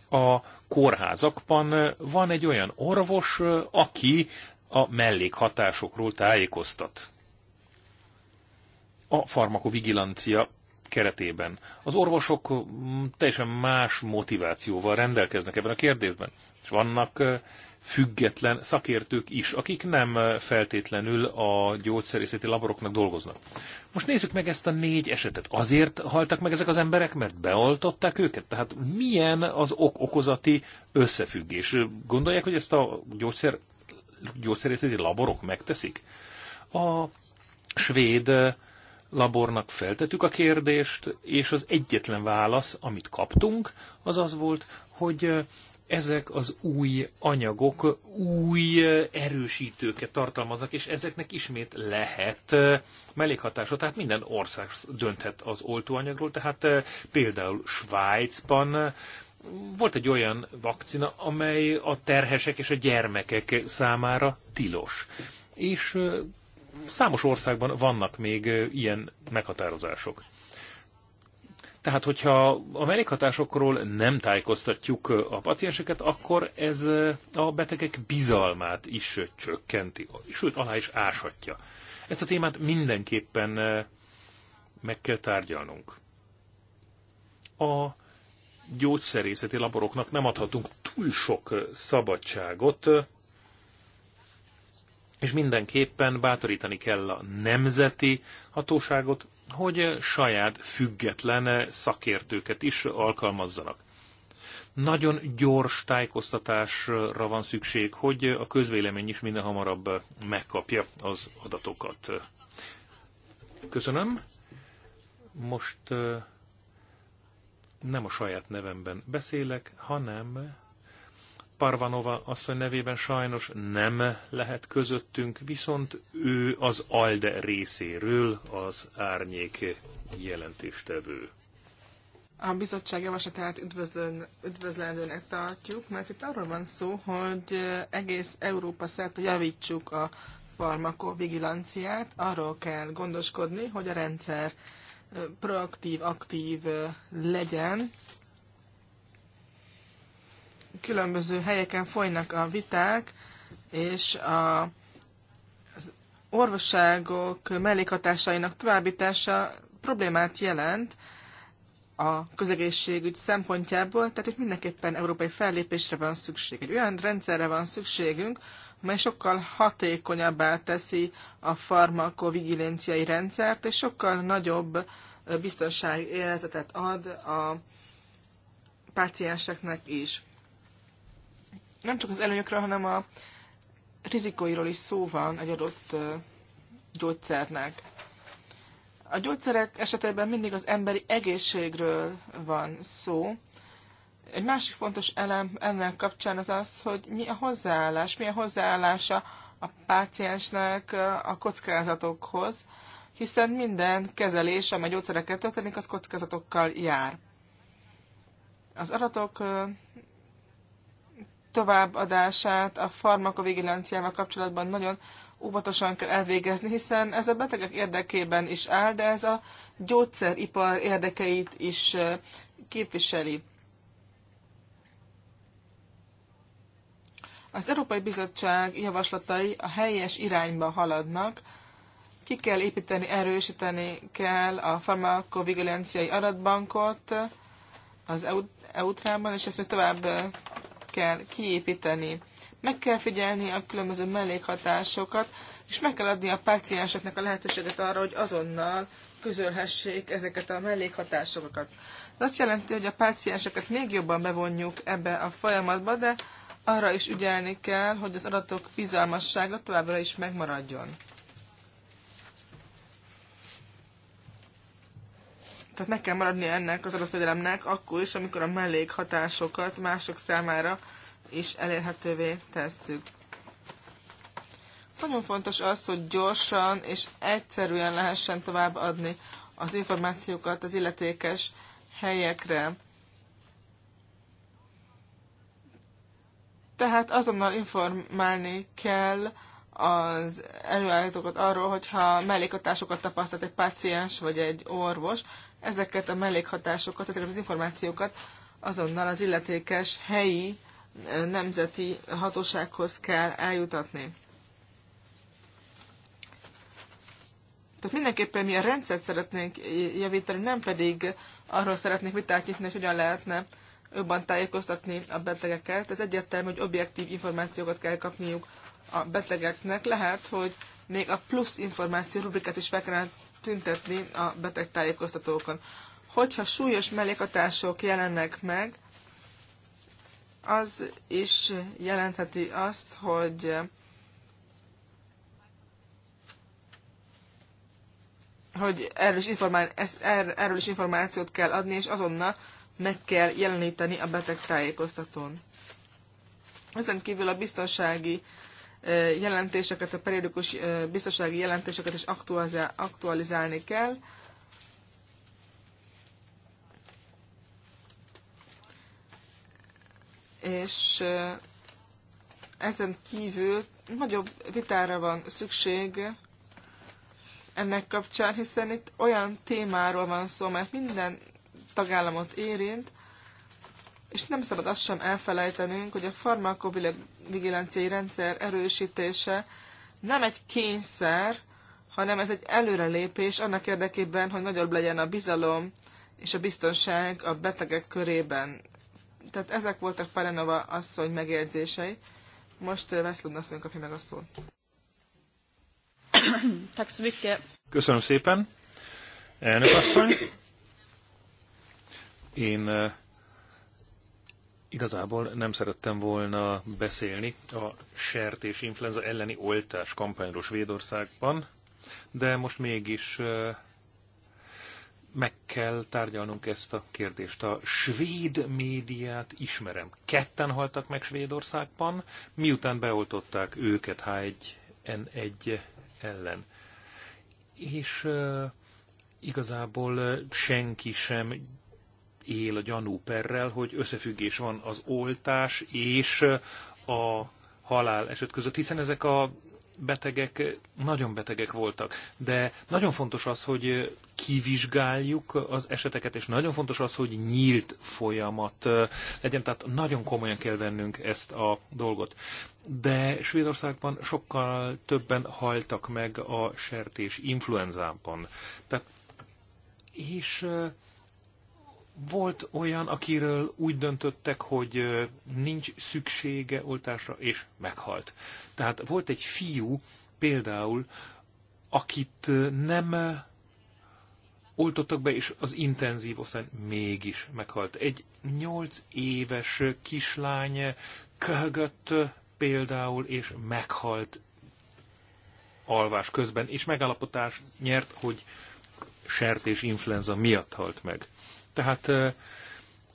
A kórházakban van egy olyan orvos, aki a mellékhatásokról tájékoztat. A farmakovigilancia keretében. Az orvosok hm, teljesen más motivációval rendelkeznek ebben a kérdésben, és vannak független szakértők is, akik nem feltétlenül a gyógyszerészeti laboroknak dolgoznak. Most nézzük meg ezt a négy esetet. Azért haltak meg ezek az emberek, mert beoltották őket? Tehát milyen az ok-okozati összefüggés? Gondolják, hogy ezt a gyógyszer, gyógyszerészeti laborok megteszik? A svéd labornak feltettük a kérdést, és az egyetlen válasz, amit kaptunk, az az volt, hogy ezek az új anyagok új erősítőket tartalmaznak, és ezeknek ismét lehet mellékhatása. Tehát minden ország dönthet az oltóanyagról, tehát például Svájcban volt egy olyan vakcina, amely a terhesek és a gyermekek számára tilos. És Számos országban vannak még ilyen meghatározások. Tehát, hogyha a mellékhatásokról nem tájékoztatjuk a pacienseket, akkor ez a betegek bizalmát is csökkenti, sőt, alá is áshatja. Ezt a témát mindenképpen meg kell tárgyalnunk. A gyógyszerészeti laboroknak nem adhatunk túl sok szabadságot és mindenképpen bátorítani kell a nemzeti hatóságot, hogy saját független szakértőket is alkalmazzanak. Nagyon gyors tájékoztatásra van szükség, hogy a közvélemény is minden hamarabb megkapja az adatokat. Köszönöm. Most nem a saját nevemben beszélek, hanem Parvanova asszony nevében sajnos nem lehet közöttünk, viszont ő az ALDE részéről az árnyék jelentéstevő. A bizottság javaslatát üdvözlön, üdvözlendőnek tartjuk, mert itt arról van szó, hogy egész Európa szerte javítsuk a farmakovigilanciát, arról kell gondoskodni, hogy a rendszer proaktív, aktív legyen, különböző helyeken folynak a viták, és a, az orvosságok mellékhatásainak továbbítása problémát jelent a közegészségügy szempontjából, tehát itt mindenképpen európai fellépésre van szükség. Egy olyan rendszerre van szükségünk, amely sokkal hatékonyabbá teszi a farmakovigilenciai rendszert, és sokkal nagyobb biztonsági érzetet ad a pácienseknek is nem csak az előnyökről, hanem a rizikóiról is szó van egy adott gyógyszernek. A gyógyszerek esetében mindig az emberi egészségről van szó. Egy másik fontos elem ennek kapcsán az az, hogy mi a hozzáállás, mi a hozzáállása a páciensnek a kockázatokhoz, hiszen minden kezelés, amely gyógyszerekkel történik, az kockázatokkal jár. Az adatok továbbadását a farmakovigilanciával kapcsolatban nagyon óvatosan kell elvégezni, hiszen ez a betegek érdekében is áll, de ez a gyógyszeripar érdekeit is képviseli. Az Európai Bizottság javaslatai a helyes irányba haladnak, ki kell építeni, erősíteni kell a farmakovigilanciai adatbankot az EU-trában, és ezt még tovább kell kiépíteni. Meg kell figyelni a különböző mellékhatásokat, és meg kell adni a pácienseknek a lehetőséget arra, hogy azonnal közölhessék ezeket a mellékhatásokat. Ez azt jelenti, hogy a pácienseket még jobban bevonjuk ebbe a folyamatba, de arra is ügyelni kell, hogy az adatok bizalmassága továbbra is megmaradjon. Tehát meg kell maradni ennek az adatvédelemnek akkor is, amikor a mellékhatásokat mások számára is elérhetővé tesszük. Nagyon fontos az, hogy gyorsan és egyszerűen lehessen továbbadni az információkat az illetékes helyekre. Tehát azonnal informálni kell az előállítókat arról, hogyha mellékhatásokat tapasztalt egy páciens vagy egy orvos, ezeket a mellékhatásokat, ezeket az információkat azonnal az illetékes helyi nemzeti hatósághoz kell eljutatni. Tehát mindenképpen mi a rendszert szeretnénk javítani, nem pedig arról szeretnénk vitát nyitni, hogy hogyan lehetne jobban tájékoztatni a betegeket. Ez egyértelmű, hogy objektív információkat kell kapniuk a betegeknek. Lehet, hogy még a plusz információ rubrikát is fel kellene tüntetni a betegtájékoztatókon. Hogyha súlyos mellékhatások jelennek meg, az is jelentheti azt, hogy hogy erről is, informá- er- erről is információt kell adni, és azonnal meg kell jeleníteni a beteg tájékoztatón. Ezen kívül a biztonsági jelentéseket, a periódikus biztonsági jelentéseket is aktualizálni kell. És ezen kívül nagyobb vitára van szükség ennek kapcsán, hiszen itt olyan témáról van szó, mert minden tagállamot érint, és nem szabad azt sem elfelejtenünk, hogy a farmakovigilanciai rendszer erősítése nem egy kényszer, hanem ez egy előrelépés annak érdekében, hogy nagyobb legyen a bizalom és a biztonság a betegek körében. Tehát ezek voltak Paranova asszony megjegyzései. Most eh, Veszlund asszony kapja meg a szót. Köszönöm szépen. Elnök asszony. Én eh, Igazából nem szerettem volna beszélni a sert és influenza elleni oltás kampányról Svédországban, de most mégis meg kell tárgyalnunk ezt a kérdést. A svéd médiát ismerem. Ketten haltak meg Svédországban, miután beoltották őket H1N1 ellen. És uh, igazából senki sem él a gyanúperrel, hogy összefüggés van az oltás és a eset között, hiszen ezek a betegek nagyon betegek voltak. De nagyon fontos az, hogy kivizsgáljuk az eseteket, és nagyon fontos az, hogy nyílt folyamat legyen, tehát nagyon komolyan kell vennünk ezt a dolgot. De Svédországban sokkal többen haltak meg a sertés influenzában. Tehát, és volt olyan, akiről úgy döntöttek, hogy nincs szüksége oltásra, és meghalt. Tehát volt egy fiú, például, akit nem oltottak be, és az intenzív osztály mégis meghalt. Egy nyolc éves kislány köhögött például, és meghalt alvás közben, és megállapotás nyert, hogy sertés influenza miatt halt meg. Tehát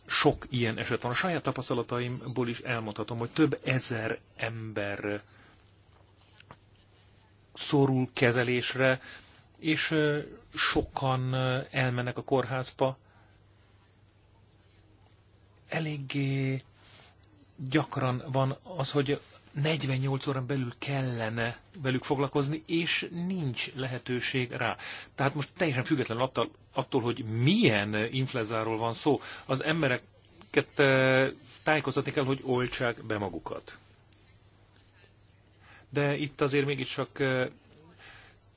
sok ilyen eset van. A saját tapasztalataimból is elmondhatom, hogy több ezer ember szorul kezelésre, és sokan elmennek a kórházba. Eléggé gyakran van az, hogy 48 órán belül kellene velük foglalkozni, és nincs lehetőség rá. Tehát most teljesen független attól, attól hogy milyen inflezáról van szó, az embereket eh, tájékoztatni kell, hogy oltsák be magukat. De itt azért mégiscsak eh,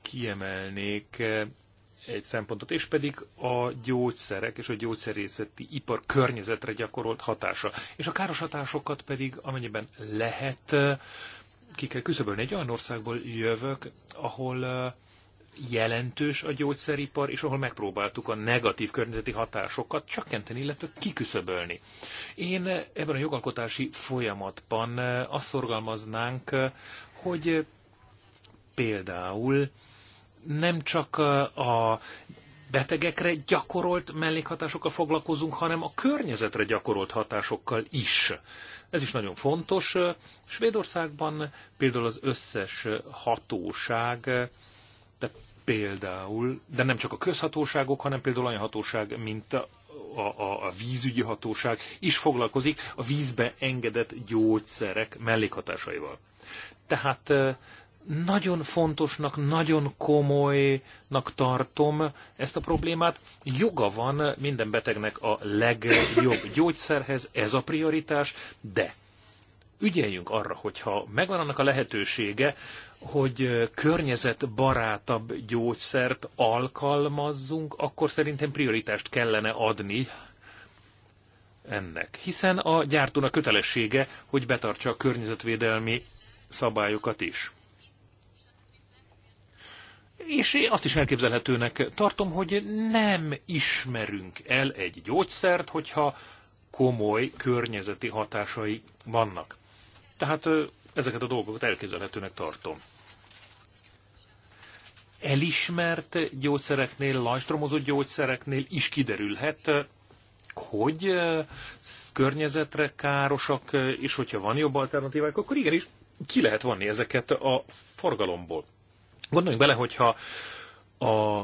kiemelnék eh, egy szempontot, és pedig a gyógyszerek és a gyógyszerészeti ipar környezetre gyakorolt hatása. És a káros hatásokat pedig, amennyiben lehet, ki kell küszöbölni. Egy olyan országból jövök, ahol jelentős a gyógyszeripar, és ahol megpróbáltuk a negatív környezeti hatásokat csökkenteni, illetve kiküszöbölni. Én ebben a jogalkotási folyamatban azt szorgalmaznánk, hogy például nem csak a betegekre gyakorolt mellékhatásokkal foglalkozunk, hanem a környezetre gyakorolt hatásokkal is. Ez is nagyon fontos. Svédországban például az összes hatóság, tehát például, de nem csak a közhatóságok, hanem például olyan hatóság, mint a, a, a vízügyi hatóság is foglalkozik a vízbe engedett gyógyszerek mellékhatásaival. Tehát nagyon fontosnak, nagyon komolynak tartom ezt a problémát. Joga van minden betegnek a legjobb gyógyszerhez, ez a prioritás, de ügyeljünk arra, hogyha megvan annak a lehetősége, hogy környezetbarátabb gyógyszert alkalmazzunk, akkor szerintem prioritást kellene adni ennek. Hiszen a gyártónak kötelessége, hogy betartsa a környezetvédelmi szabályokat is és azt is elképzelhetőnek tartom, hogy nem ismerünk el egy gyógyszert, hogyha komoly környezeti hatásai vannak. Tehát ezeket a dolgokat elképzelhetőnek tartom. Elismert gyógyszereknél, lajstromozott gyógyszereknél is kiderülhet, hogy környezetre károsak, és hogyha van jobb alternatívák, akkor igenis ki lehet vanni ezeket a forgalomból. Gondoljunk bele, hogyha a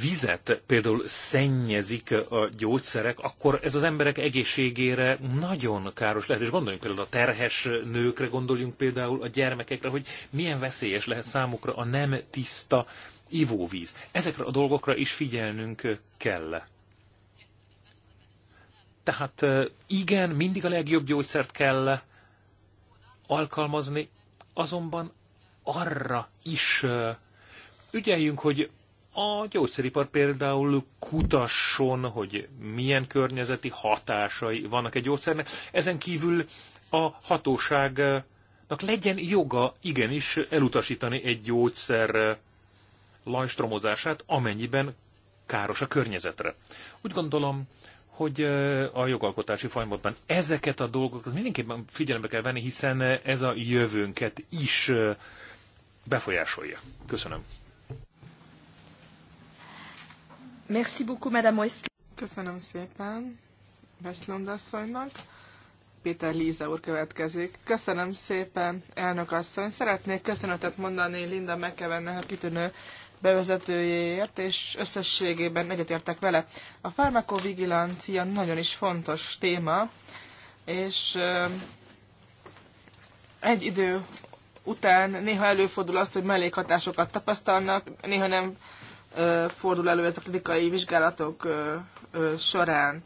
vizet például szennyezik a gyógyszerek, akkor ez az emberek egészségére nagyon káros lehet. És gondoljunk például a terhes nőkre, gondoljunk például a gyermekekre, hogy milyen veszélyes lehet számukra a nem tiszta ivóvíz. Ezekre a dolgokra is figyelnünk kell. Tehát igen, mindig a legjobb gyógyszert kell alkalmazni, azonban arra is ügyeljünk, hogy a gyógyszeripar például kutasson, hogy milyen környezeti hatásai vannak egy gyógyszernek. Ezen kívül a hatóságnak legyen joga igenis elutasítani egy gyógyszer lajstromozását, amennyiben káros a környezetre. Úgy gondolom, hogy a jogalkotási folyamatban ezeket a dolgokat mindenképpen figyelembe kell venni, hiszen ez a jövőnket is befolyásolja. Köszönöm. Merci beaucoup, Madame Köszönöm szépen Veszlund asszonynak. Péter Líza úr következik. Köszönöm szépen, elnök asszony. Szeretnék köszönetet mondani Linda McKevennek a kitűnő bevezetőjéért, és összességében egyetértek vele. A farmakovigilancia nagyon is fontos téma, és egy idő után néha előfordul az, hogy mellékhatásokat tapasztalnak, néha nem ö, fordul elő ez a klinikai vizsgálatok ö, ö, során.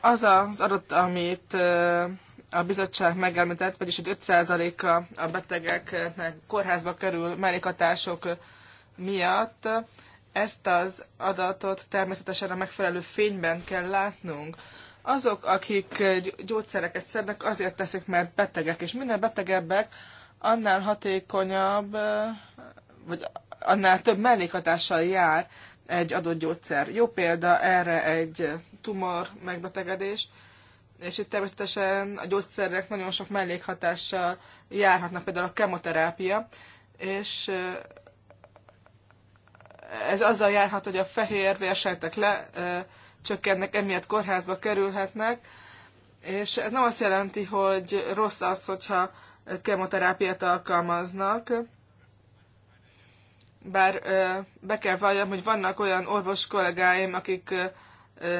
Az az adat, amit ö, a bizottság megelmített, vagyis hogy 5%-a a betegeknek kórházba kerül mellékhatások miatt, ezt az adatot természetesen a megfelelő fényben kell látnunk. Azok, akik gyógyszereket szednek, azért teszik, mert betegek, és minél betegebbek, annál hatékonyabb, vagy annál több mellékhatással jár egy adott gyógyszer. Jó példa erre egy tumor megbetegedés, és itt természetesen a gyógyszerek nagyon sok mellékhatással járhatnak, például a kemoterápia, és ez azzal járhat, hogy a fehér vérsejtek le, csökkennek, emiatt kórházba kerülhetnek, és ez nem azt jelenti, hogy rossz az, hogyha kemoterápiát alkalmaznak, bár be kell valljam, hogy vannak olyan orvos kollégáim, akik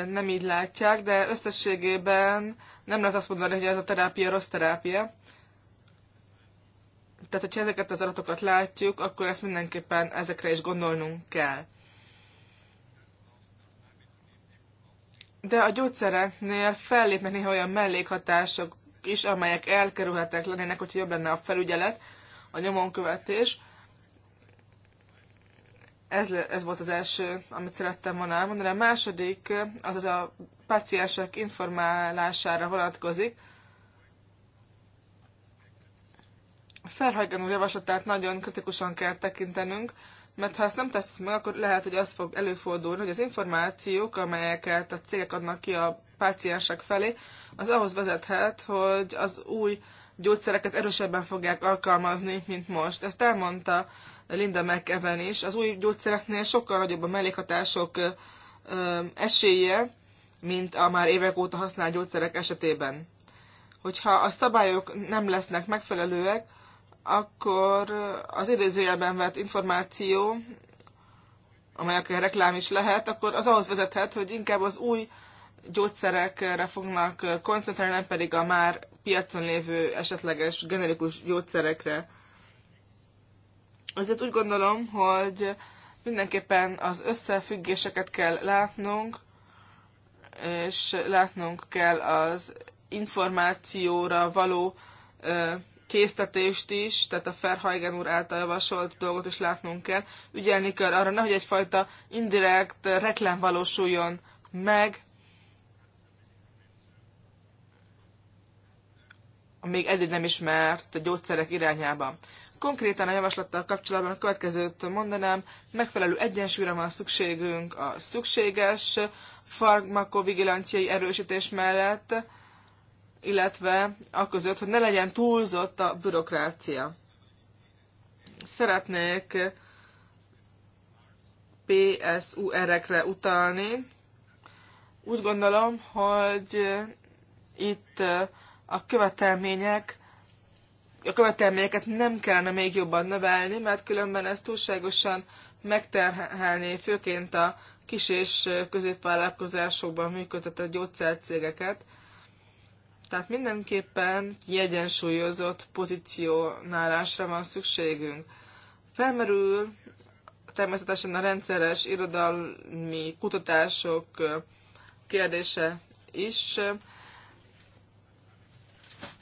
nem így látják, de összességében nem lehet azt mondani, hogy ez a terápia rossz terápia. Tehát, hogyha ezeket az adatokat látjuk, akkor ezt mindenképpen ezekre is gondolnunk kell. de a gyógyszereknél fellépnek néha olyan mellékhatások is, amelyek elkerülhetek lennének, hogyha jobb lenne a felügyelet, a nyomonkövetés. Ez, ez volt az első, amit szerettem volna elmondani. A második, azaz a paciensek informálására vonatkozik. Ferhajgan javaslatát nagyon kritikusan kell tekintenünk, mert ha ezt nem tesszük meg, akkor lehet, hogy az fog előfordulni, hogy az információk, amelyeket a cégek adnak ki a páciensek felé, az ahhoz vezethet, hogy az új gyógyszereket erősebben fogják alkalmazni, mint most. Ezt elmondta Linda McEwen is. Az új gyógyszereknél sokkal nagyobb a mellékhatások esélye, mint a már évek óta használt gyógyszerek esetében. Hogyha a szabályok nem lesznek megfelelőek, akkor az idézőjelben vett információ, amely akár reklám is lehet, akkor az ahhoz vezethet, hogy inkább az új gyógyszerekre fognak koncentrálni, nem pedig a már piacon lévő esetleges generikus gyógyszerekre. Ezért úgy gondolom, hogy mindenképpen az összefüggéseket kell látnunk, és látnunk kell az információra való késztetést is, tehát a Ferhajgen úr által javasolt dolgot is látnunk kell. Ügyelni kell arra, nehogy egyfajta indirekt reklám valósuljon meg, a még eddig nem ismert gyógyszerek irányába. Konkrétan a javaslattal kapcsolatban a következőt mondanám, megfelelő egyensúlyra van szükségünk a szükséges farmakovigilanciai erősítés mellett, illetve a között, hogy ne legyen túlzott a bürokrácia. Szeretnék PSUR-ekre utalni. Úgy gondolom, hogy itt a követelmények a követelményeket nem kellene még jobban növelni, mert különben ez túlságosan megterhelné főként a kis és középvállalkozásokban működtetett gyógyszercégeket, tehát mindenképpen kiegyensúlyozott pozícionálásra van szükségünk. Felmerül természetesen a rendszeres irodalmi kutatások kérdése is,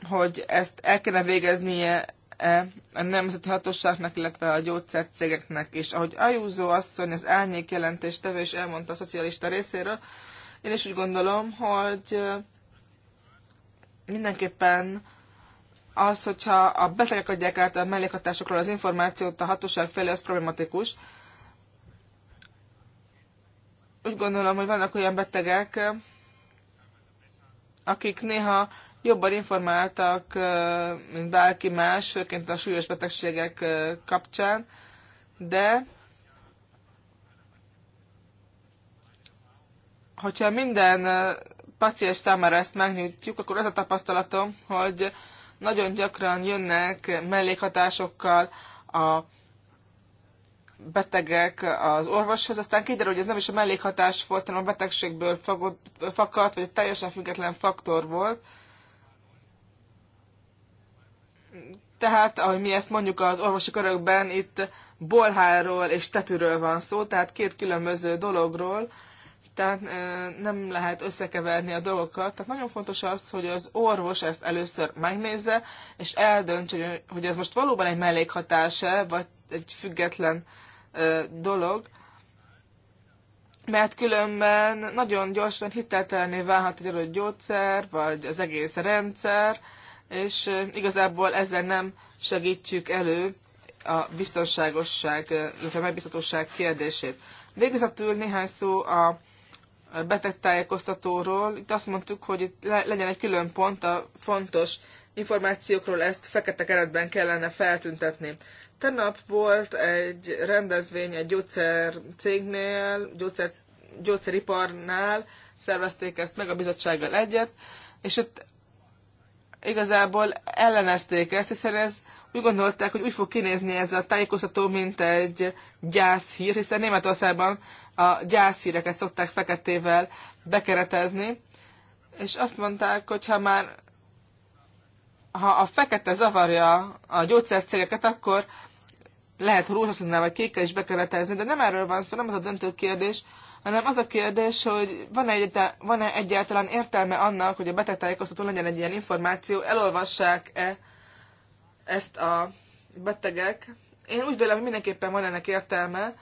hogy ezt el kellene végeznie -e a nemzeti hatóságnak, illetve a gyógyszercégeknek is. Ahogy Ajúzó asszony az árnyék tevő is elmondta a szocialista részéről, én is úgy gondolom, hogy mindenképpen az, hogyha a betegek adják át a mellékhatásokról az információt a hatóság felé, az problematikus. Úgy gondolom, hogy vannak olyan betegek, akik néha jobban informáltak, mint bárki más, főként a súlyos betegségek kapcsán, de hogyha minden paciens számára ezt megnyújtjuk, akkor az a tapasztalatom, hogy nagyon gyakran jönnek mellékhatásokkal a betegek az orvoshoz, aztán kiderül, hogy ez nem is a mellékhatás volt, hanem a betegségből fakadt, vagy egy teljesen független faktor volt. Tehát, ahogy mi ezt mondjuk az orvosi körökben, itt bolháról és tetűről van szó, tehát két különböző dologról, tehát nem lehet összekeverni a dolgokat. Tehát nagyon fontos az, hogy az orvos ezt először megnézze, és eldöntse, hogy ez most valóban egy mellékhatása, vagy egy független dolog, mert különben nagyon gyorsan hiteltelené válhat egy adott gyógyszer, vagy az egész rendszer, és igazából ezzel nem segítjük elő a biztonságosság, illetve megbízhatóság kérdését. Végezetül néhány szó a betegtájékoztatóról. Itt azt mondtuk, hogy itt le, legyen egy külön pont a fontos információkról, ezt fekete keretben kellene feltüntetni. Tegnap volt egy rendezvény egy gyógyszer cégnél, gyógyszer, gyógyszeriparnál, szervezték ezt meg a bizottsággal egyet, és ott igazából ellenezték ezt, hiszen ez úgy gondolták, hogy úgy fog kinézni ez a tájékoztató, mint egy gyászhír, hiszen Németországban a gyászhíreket szokták feketével bekeretezni, és azt mondták, hogy ha már ha a fekete zavarja a gyógyszercégeket, akkor lehet rózsaszínnel vagy kékkel is bekeretezni, de nem erről van szó, nem az a döntő kérdés, hanem az a kérdés, hogy van-e, egyáltalán, van-e egyáltalán értelme annak, hogy a betegtájékoztató legyen egy ilyen információ, elolvassák-e ezt a betegek. Én úgy vélem, hogy mindenképpen van ennek értelme.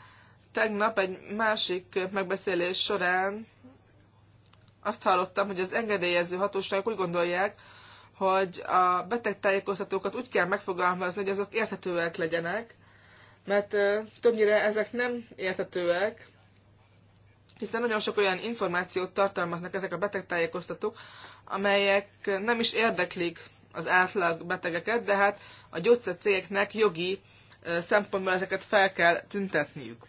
Tegnap egy másik megbeszélés során azt hallottam, hogy az engedélyező hatóságok úgy gondolják, hogy a tájékoztatókat úgy kell megfogalmazni, hogy azok érthetőek legyenek, mert többnyire ezek nem érthetőek, hiszen nagyon sok olyan információt tartalmaznak ezek a betegtájékoztatók, amelyek nem is érdeklik az átlag betegeket, de hát a gyógyszercégeknek jogi szempontból ezeket fel kell tüntetniük.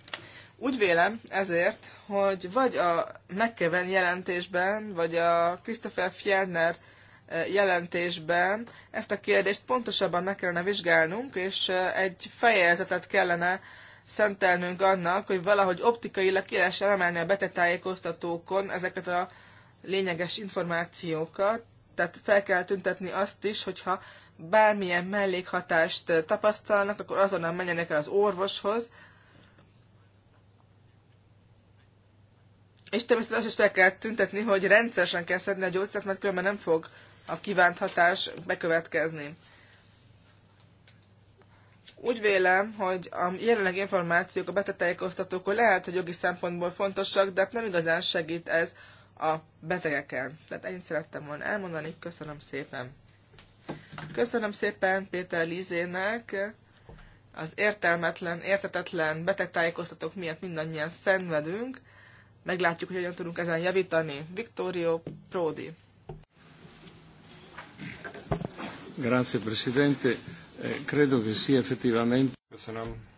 Úgy vélem ezért, hogy vagy a McKeven jelentésben, vagy a Christopher Fjellner jelentésben ezt a kérdést pontosabban meg kellene vizsgálnunk, és egy fejezetet kellene szentelnünk annak, hogy valahogy optikailag ki lehessen emelni a betegtájékoztatókon ezeket a lényeges információkat, tehát fel kell tüntetni azt is, hogyha bármilyen mellékhatást eh, tapasztalnak, akkor azonnal menjenek el az orvoshoz, És természetesen azt is fel kell tüntetni, hogy rendszeresen kell szedni a gyógyszert, mert különben nem fog a kívánt hatás bekövetkezni. Úgy vélem, hogy a jelenleg információk a betetejékoztatókon lehet, hogy jogi szempontból fontosak, de hát nem igazán segít ez a betegekkel. Tehát ennyit szerettem volna elmondani, köszönöm szépen. Köszönöm szépen Péter Lizének az értelmetlen, értetetlen betegtájékoztatók miatt mindannyian szenvedünk. Meglátjuk, hogy hogyan tudunk ezen javítani. Vittorio Prodi. Grazie Presidente. Eh, credo che sia effettivamente... Köszönöm,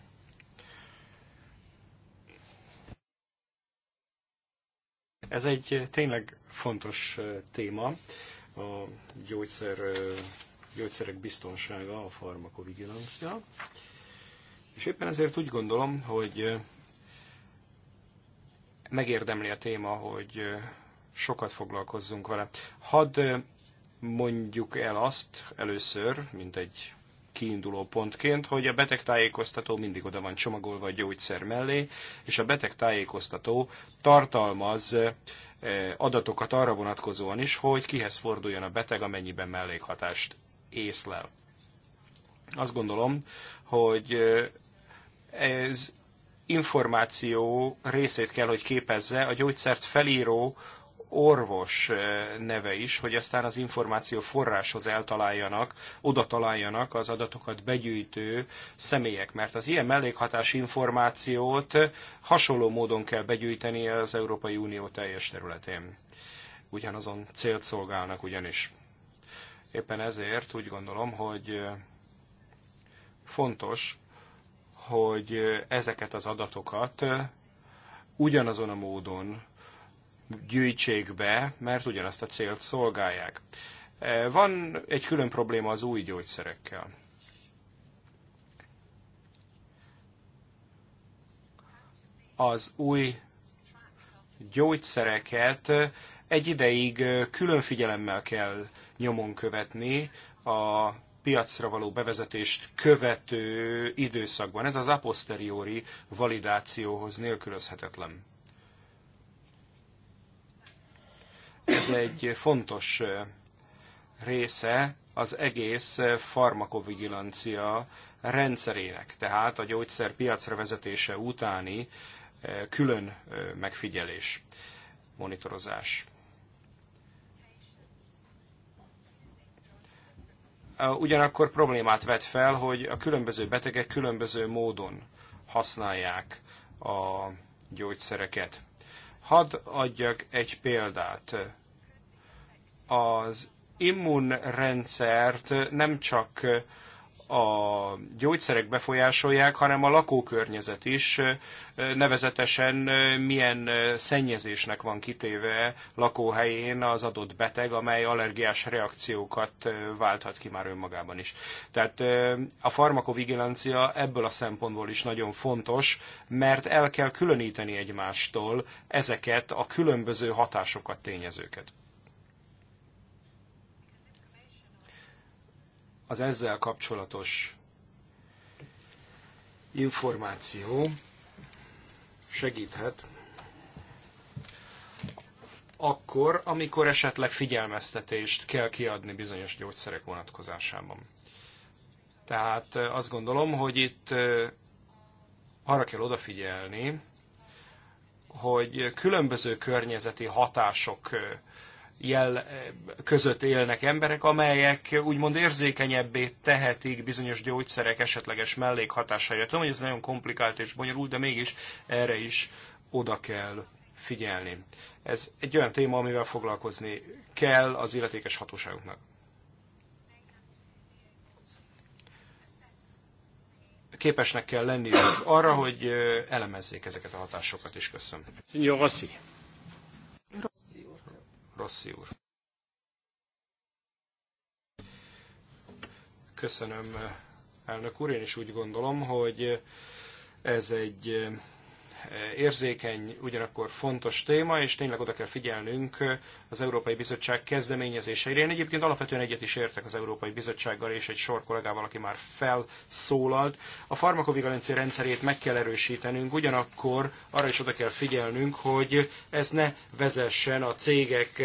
Ez egy eh, tényleg fontos eh, téma, a gyógyszer, eh, gyógyszerek biztonsága, a farmakovigilancia. És éppen ezért úgy gondolom, hogy megérdemli a téma, hogy sokat foglalkozzunk vele. Hadd mondjuk el azt először, mint egy kiinduló pontként, hogy a betegtájékoztató mindig oda van csomagolva a gyógyszer mellé, és a betegtájékoztató tartalmaz eh, adatokat arra vonatkozóan is, hogy kihez forduljon a beteg, amennyiben mellékhatást észlel. Azt gondolom, hogy eh, ez információ részét kell, hogy képezze a gyógyszert felíró orvos eh, neve is, hogy aztán az információ forráshoz eltaláljanak, oda találjanak az adatokat begyűjtő személyek, mert az ilyen mellékhatás információt hasonló módon kell begyűjteni az Európai Unió teljes területén. Ugyanazon célt szolgálnak ugyanis. Éppen ezért úgy gondolom, hogy eh, fontos, hogy eh, ezeket az adatokat ugyanazon a módon gyűjtsék be, mert ugyanazt a célt szolgálják. E, van egy külön probléma az új gyógyszerekkel. Az új gyógyszereket egy ideig külön figyelemmel kell nyomon követni a piacra való bevezetést követő időszakban. Ez az a posteriori validációhoz nélkülözhetetlen. Ez egy fontos része az egész farmakovigilancia rendszerének, tehát a gyógyszer piacra vezetése utáni külön megfigyelés, monitorozás. Ugyanakkor problémát vet fel, hogy a különböző betegek különböző módon használják a gyógyszereket. Hadd adjak egy példát. Az immunrendszert nem csak a gyógyszerek befolyásolják, hanem a lakókörnyezet is, nevezetesen milyen szennyezésnek van kitéve lakóhelyén az adott beteg, amely allergiás reakciókat válthat ki már önmagában is. Tehát a farmakovigilancia ebből a szempontból is nagyon fontos, mert el kell különíteni egymástól ezeket a különböző hatásokat, tényezőket. az ezzel kapcsolatos információ segíthet akkor, amikor esetleg figyelmeztetést kell kiadni bizonyos gyógyszerek vonatkozásában. Tehát azt gondolom, hogy itt arra kell odafigyelni, hogy különböző környezeti hatások jel között élnek emberek, amelyek úgymond érzékenyebbé tehetik bizonyos gyógyszerek esetleges mellékhatásaira. Tudom, hogy ez nagyon komplikált és bonyolult, de mégis erre is oda kell figyelni. Ez egy olyan téma, amivel foglalkozni kell az illetékes hatóságoknak. Képesnek kell lenniük arra, hogy elemezzék ezeket a hatásokat is. Köszönöm. Signor Rossi. Rossi úr. Köszönöm, elnök úr. Én is úgy gondolom, hogy ez egy érzékeny, ugyanakkor fontos téma, és tényleg oda kell figyelnünk az Európai Bizottság kezdeményezéseire. Én egyébként alapvetően egyet is értek az Európai Bizottsággal és egy sor kollégával, aki már felszólalt. A farmakovigilancia rendszerét meg kell erősítenünk, ugyanakkor arra is oda kell figyelnünk, hogy ez ne vezessen a cégek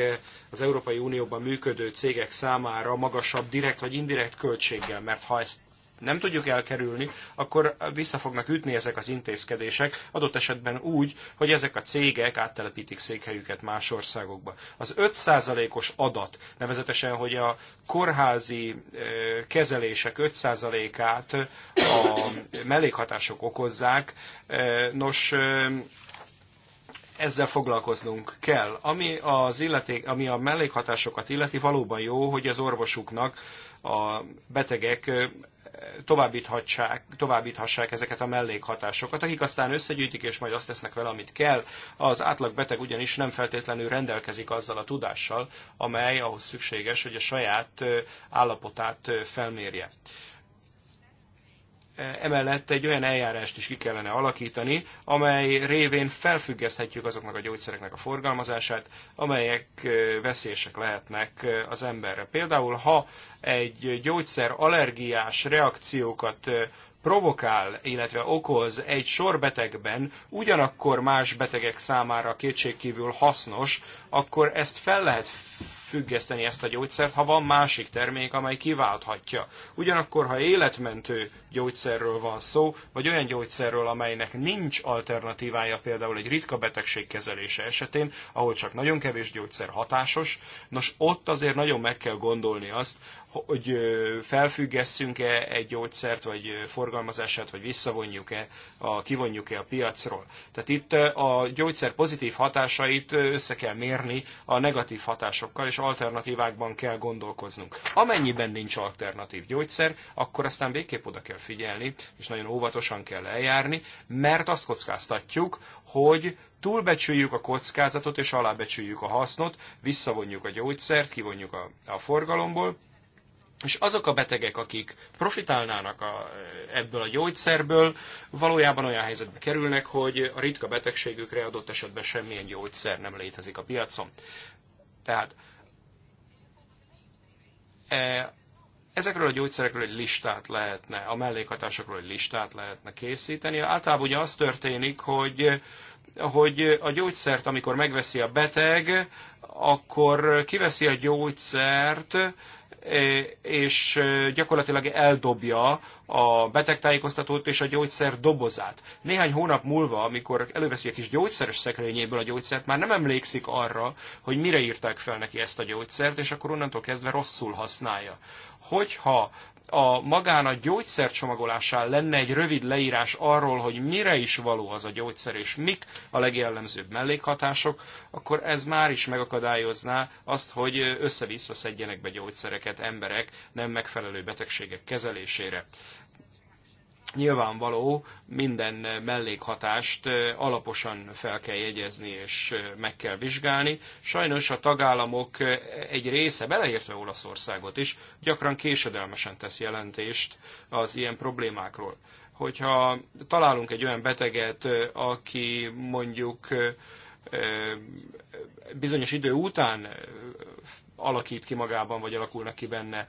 az Európai Unióban működő cégek számára magasabb direkt vagy indirekt költséggel, mert ha ezt nem tudjuk elkerülni, akkor vissza fognak ütni ezek az intézkedések, adott esetben úgy, hogy ezek a cégek áttelepítik székhelyüket más országokba. Az 5%-os adat, nevezetesen, hogy a kórházi eh, kezelések 5%-át a mellékhatások okozzák, eh, nos, eh, ezzel foglalkoznunk kell. Ami, az illeték, ami a mellékhatásokat illeti, valóban jó, hogy az orvosuknak a betegek továbbíthassák, továbbíthassák ezeket a mellékhatásokat, akik aztán összegyűjtik, és majd azt tesznek vele, amit kell. Az átlag beteg ugyanis nem feltétlenül rendelkezik azzal a tudással, amely ahhoz szükséges, hogy a saját állapotát felmérje emellett egy olyan eljárást is ki kellene alakítani, amely révén felfüggeszthetjük azoknak a gyógyszereknek a forgalmazását, amelyek veszélyesek lehetnek az emberre. Például, ha egy gyógyszer allergiás reakciókat provokál, illetve okoz egy sor betegben, ugyanakkor más betegek számára kétségkívül hasznos, akkor ezt fel lehet függeszteni ezt a gyógyszert, ha van másik termék, amely kiválthatja. Ugyanakkor, ha életmentő gyógyszerről van szó, vagy olyan gyógyszerről, amelynek nincs alternatívája például egy ritka betegség kezelése esetén, ahol csak nagyon kevés gyógyszer hatásos, nos ott azért nagyon meg kell gondolni azt, hogy felfüggesszünk-e egy gyógyszert, vagy forgalmazását, vagy visszavonjuk-e, a, kivonjuk-e a piacról. Tehát itt a gyógyszer pozitív hatásait össze kell mérni a negatív hatásokkal, és bizonyos alternatívákban kell gondolkoznunk. Amennyiben nincs alternatív gyógyszer, akkor aztán végképp oda kell figyelni, és nagyon óvatosan kell eljárni, mert azt kockáztatjuk, hogy túlbecsüljük a kockázatot és alábecsüljük a hasznot, visszavonjuk a gyógyszert, kivonjuk a, a forgalomból, és azok a betegek, akik profitálnának a, ebből a gyógyszerből, valójában olyan helyzetbe kerülnek, hogy a ritka betegségükre adott esetben semmilyen gyógyszer nem létezik a piacon. Tehát E, ezekről a gyógyszerekről egy listát lehetne, a mellékhatásokról egy listát lehetne készíteni. Általában ugye az történik, hogy hogy a gyógyszert, amikor megveszi a beteg, akkor kiveszi a gyógyszert E, és e, gyakorlatilag eldobja a betegtájékoztatót és a gyógyszer dobozát. Néhány hónap múlva, amikor előveszi a kis gyógyszeres szekrényéből a gyógyszert, már nem emlékszik arra, hogy mire írták fel neki ezt a gyógyszert, és akkor onnantól kezdve rosszul használja. Hogyha a magán a gyógyszer csomagolásán lenne egy rövid leírás arról, hogy mire is való az a gyógyszer, és mik a legjellemzőbb mellékhatások, akkor ez már is megakadályozná azt, hogy össze-vissza szedjenek be gyógyszereket emberek nem megfelelő betegségek kezelésére nyilvánvaló minden mellékhatást alaposan fel kell jegyezni és meg kell vizsgálni. Sajnos a tagállamok egy része, beleértve Olaszországot is, gyakran késedelmesen tesz jelentést az ilyen problémákról. Hogyha találunk egy olyan beteget, aki mondjuk bizonyos idő után alakít ki magában, vagy alakulnak ki benne e,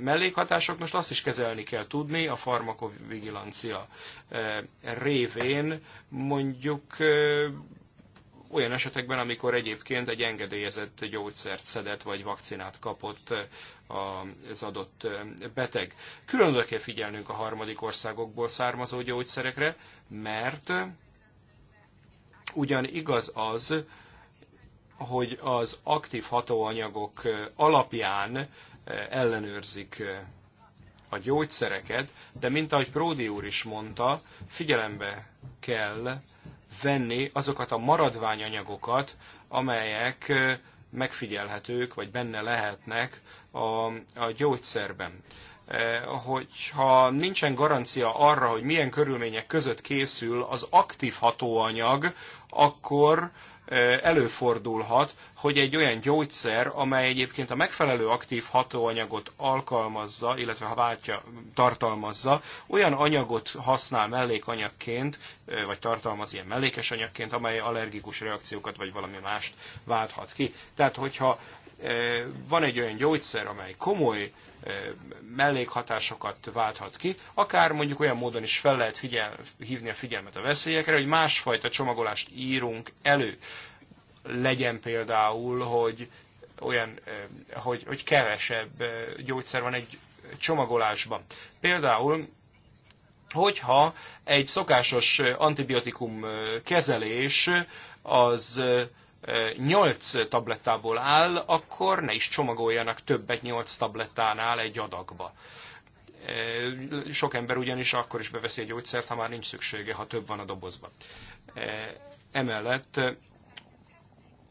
mellékhatások. Most azt is kezelni kell tudni a farmakovigilancia e, révén, mondjuk e, olyan esetekben, amikor egyébként egy engedélyezett gyógyszert szedett, vagy vakcinát kapott az adott beteg. Külön oda kell figyelnünk a harmadik országokból származó gyógyszerekre, mert ugyan igaz az, hogy az aktív hatóanyagok alapján ellenőrzik a gyógyszereket, de mint ahogy Pródi úr is mondta, figyelembe kell venni azokat a maradványanyagokat, amelyek megfigyelhetők, vagy benne lehetnek a, a gyógyszerben. Hogyha nincsen garancia arra, hogy milyen körülmények között készül az aktív hatóanyag, akkor előfordulhat, hogy egy olyan gyógyszer, amely egyébként a megfelelő aktív hatóanyagot alkalmazza, illetve ha váltja, tartalmazza, olyan anyagot használ mellékanyagként, vagy tartalmaz ilyen mellékes anyagként, amely allergikus reakciókat vagy valami mást válthat ki. Tehát, hogyha van egy olyan gyógyszer, amely komoly mellékhatásokat válthat ki, akár mondjuk olyan módon is fel lehet figyel, hívni a figyelmet a veszélyekre, hogy másfajta csomagolást írunk elő. Legyen például, hogy olyan, hogy, hogy kevesebb gyógyszer van egy csomagolásban. Például hogyha egy szokásos antibiotikum kezelés az 8 tablettából áll, akkor ne is csomagoljanak többet 8 tablettánál egy adagba. Sok ember ugyanis akkor is beveszi egy gyógyszert, ha már nincs szüksége, ha több van a dobozban. Emellett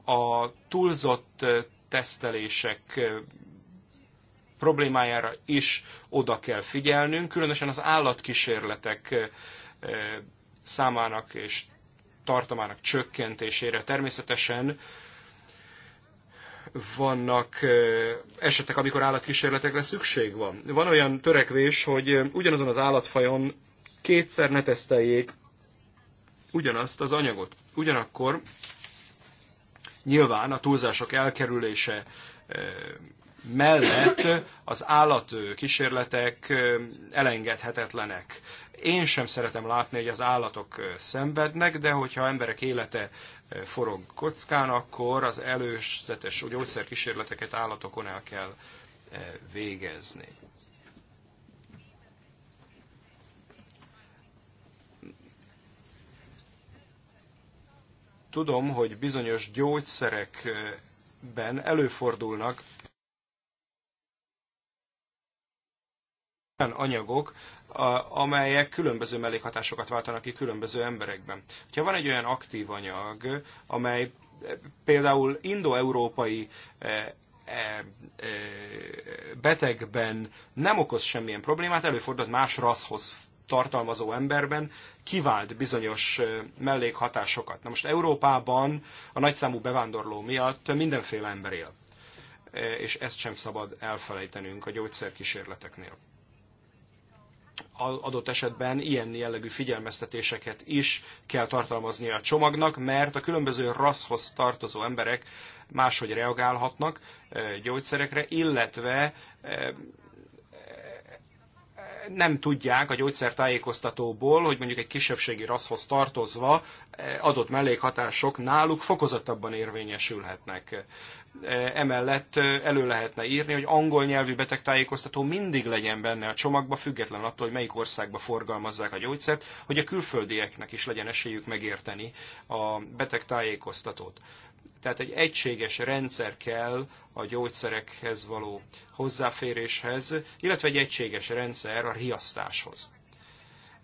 a túlzott tesztelések problémájára is oda kell figyelnünk, különösen az állatkísérletek számának és tartamának csökkentésére. Természetesen vannak esetek, amikor állatkísérletekre szükség van. Van olyan törekvés, hogy ugyanazon az állatfajon kétszer ne teszteljék ugyanazt az anyagot. Ugyanakkor nyilván a túlzások elkerülése mellett az állat kísérletek elengedhetetlenek. Én sem szeretem látni, hogy az állatok szenvednek, de hogyha emberek élete forog kockán, akkor az előzetes gyógyszerkísérleteket állatokon el kell végezni. Tudom, hogy bizonyos gyógyszerekben előfordulnak olyan anyagok, amelyek különböző mellékhatásokat váltanak ki különböző emberekben. Ha van egy olyan aktív anyag, amely eh, például indo-európai eh, eh, betegben nem okoz semmilyen problémát, előfordult más rasszhoz tartalmazó emberben, kivált bizonyos mellékhatásokat. Na most Európában a nagyszámú bevándorló miatt mindenféle ember él, és ezt sem szabad elfelejtenünk a gyógyszerkísérleteknél adott esetben ilyen jellegű figyelmeztetéseket is kell tartalmaznia a csomagnak, mert a különböző rasszhoz tartozó emberek máshogy reagálhatnak gyógyszerekre, illetve nem tudják a gyógyszertájékoztatóból, hogy mondjuk egy kisebbségi rasszhoz tartozva adott mellékhatások náluk fokozottabban érvényesülhetnek. E, emellett e, elő lehetne írni, hogy angol nyelvű betegtájékoztató mindig legyen benne a csomagba, független attól, hogy melyik országba forgalmazzák a gyógyszert, hogy a külföldieknek is legyen esélyük megérteni a betegtájékoztatót. Tehát egy egységes rendszer kell a gyógyszerekhez való hozzáféréshez, illetve egy egységes rendszer a riasztáshoz.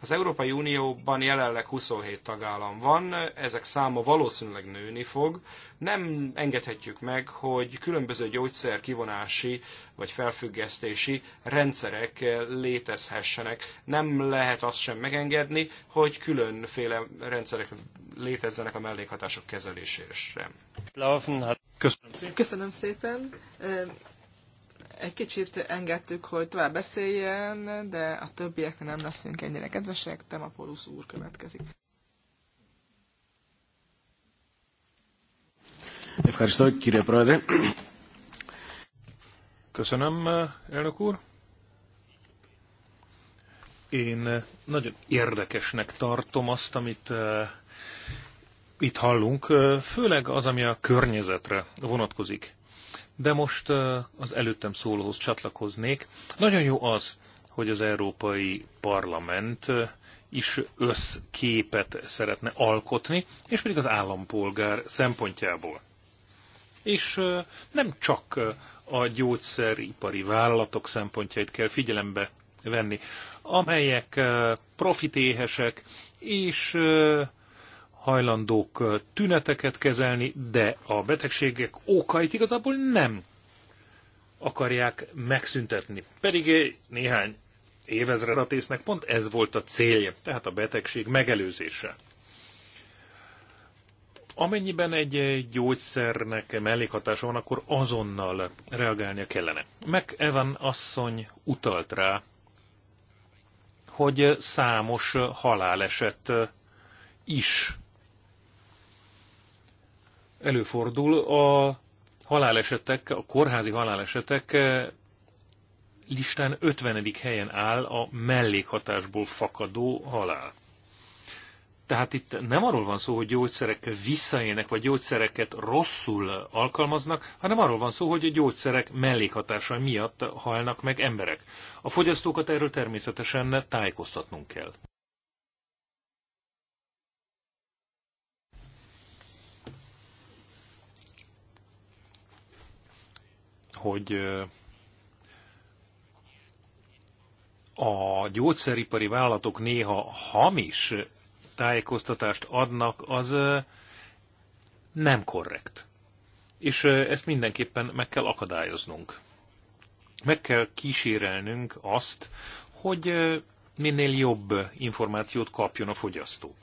Az Európai Unióban jelenleg 27 tagállam van, ezek száma valószínűleg nőni fog. Nem engedhetjük meg, hogy különböző gyógyszer kivonási vagy felfüggesztési rendszerek létezhessenek. Nem lehet azt sem megengedni, hogy különféle rendszerek létezzenek a mellékhatások kezelésére. Hát- Köszönöm szépen. Köszönöm szépen egy kicsit engedtük, hogy tovább beszéljen, de a többieknek nem leszünk ennyire kedvesek. Temapolusz úr következik. Köszönöm, elnök úr. Én nagyon érdekesnek tartom azt, amit eh, itt hallunk, eh, főleg az, ami a környezetre vonatkozik. De most az előttem szólóhoz csatlakoznék. Nagyon jó az, hogy az Európai Parlament is összképet szeretne alkotni, és pedig az állampolgár szempontjából. És nem csak a gyógyszeripari vállalatok szempontjait kell figyelembe venni, amelyek profitéhesek, és hajlandók tüneteket kezelni, de a betegségek okait igazából nem akarják megszüntetni. Pedig néhány évezred a tésznek pont ez volt a célja, tehát a betegség megelőzése. Amennyiben egy gyógyszernek mellékhatása van, akkor azonnal reagálnia kellene. Meg Evan asszony utalt rá, hogy számos haláleset is előfordul a halálesetek, a kórházi halálesetek eh, listán 50. helyen áll a mellékhatásból fakadó halál. Tehát itt nem arról van szó, hogy gyógyszerek visszaélnek, vagy gyógyszereket rosszul alkalmaznak, hanem arról van szó, hogy a gyógyszerek mellékhatása miatt halnak meg emberek. A fogyasztókat erről természetesen tájékoztatnunk kell. hogy a gyógyszeripari vállalatok néha hamis tájékoztatást adnak, az nem korrekt. És ezt mindenképpen meg kell akadályoznunk. Meg kell kísérelnünk azt, hogy minél jobb információt kapjon a fogyasztó.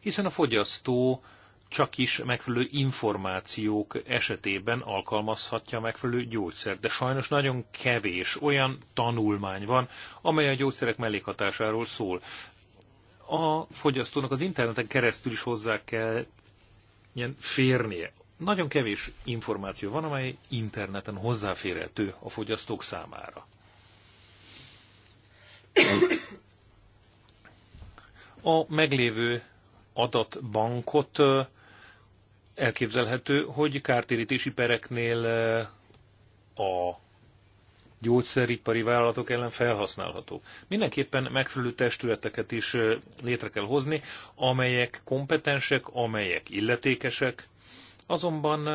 Hiszen a fogyasztó csak is megfelelő információk esetében alkalmazhatja a megfelelő gyógyszert, De sajnos nagyon kevés olyan tanulmány van, amely a gyógyszerek mellékhatásáról szól. A fogyasztónak az interneten keresztül is hozzá kell ilyen férnie. Nagyon kevés információ van, amely interneten hozzáférhető a fogyasztók számára. A meglévő adatbankot elképzelhető, hogy kártérítési pereknél a gyógyszeripari vállalatok ellen felhasználható. Mindenképpen megfelelő testületeket is létre kell hozni, amelyek kompetensek, amelyek illetékesek, azonban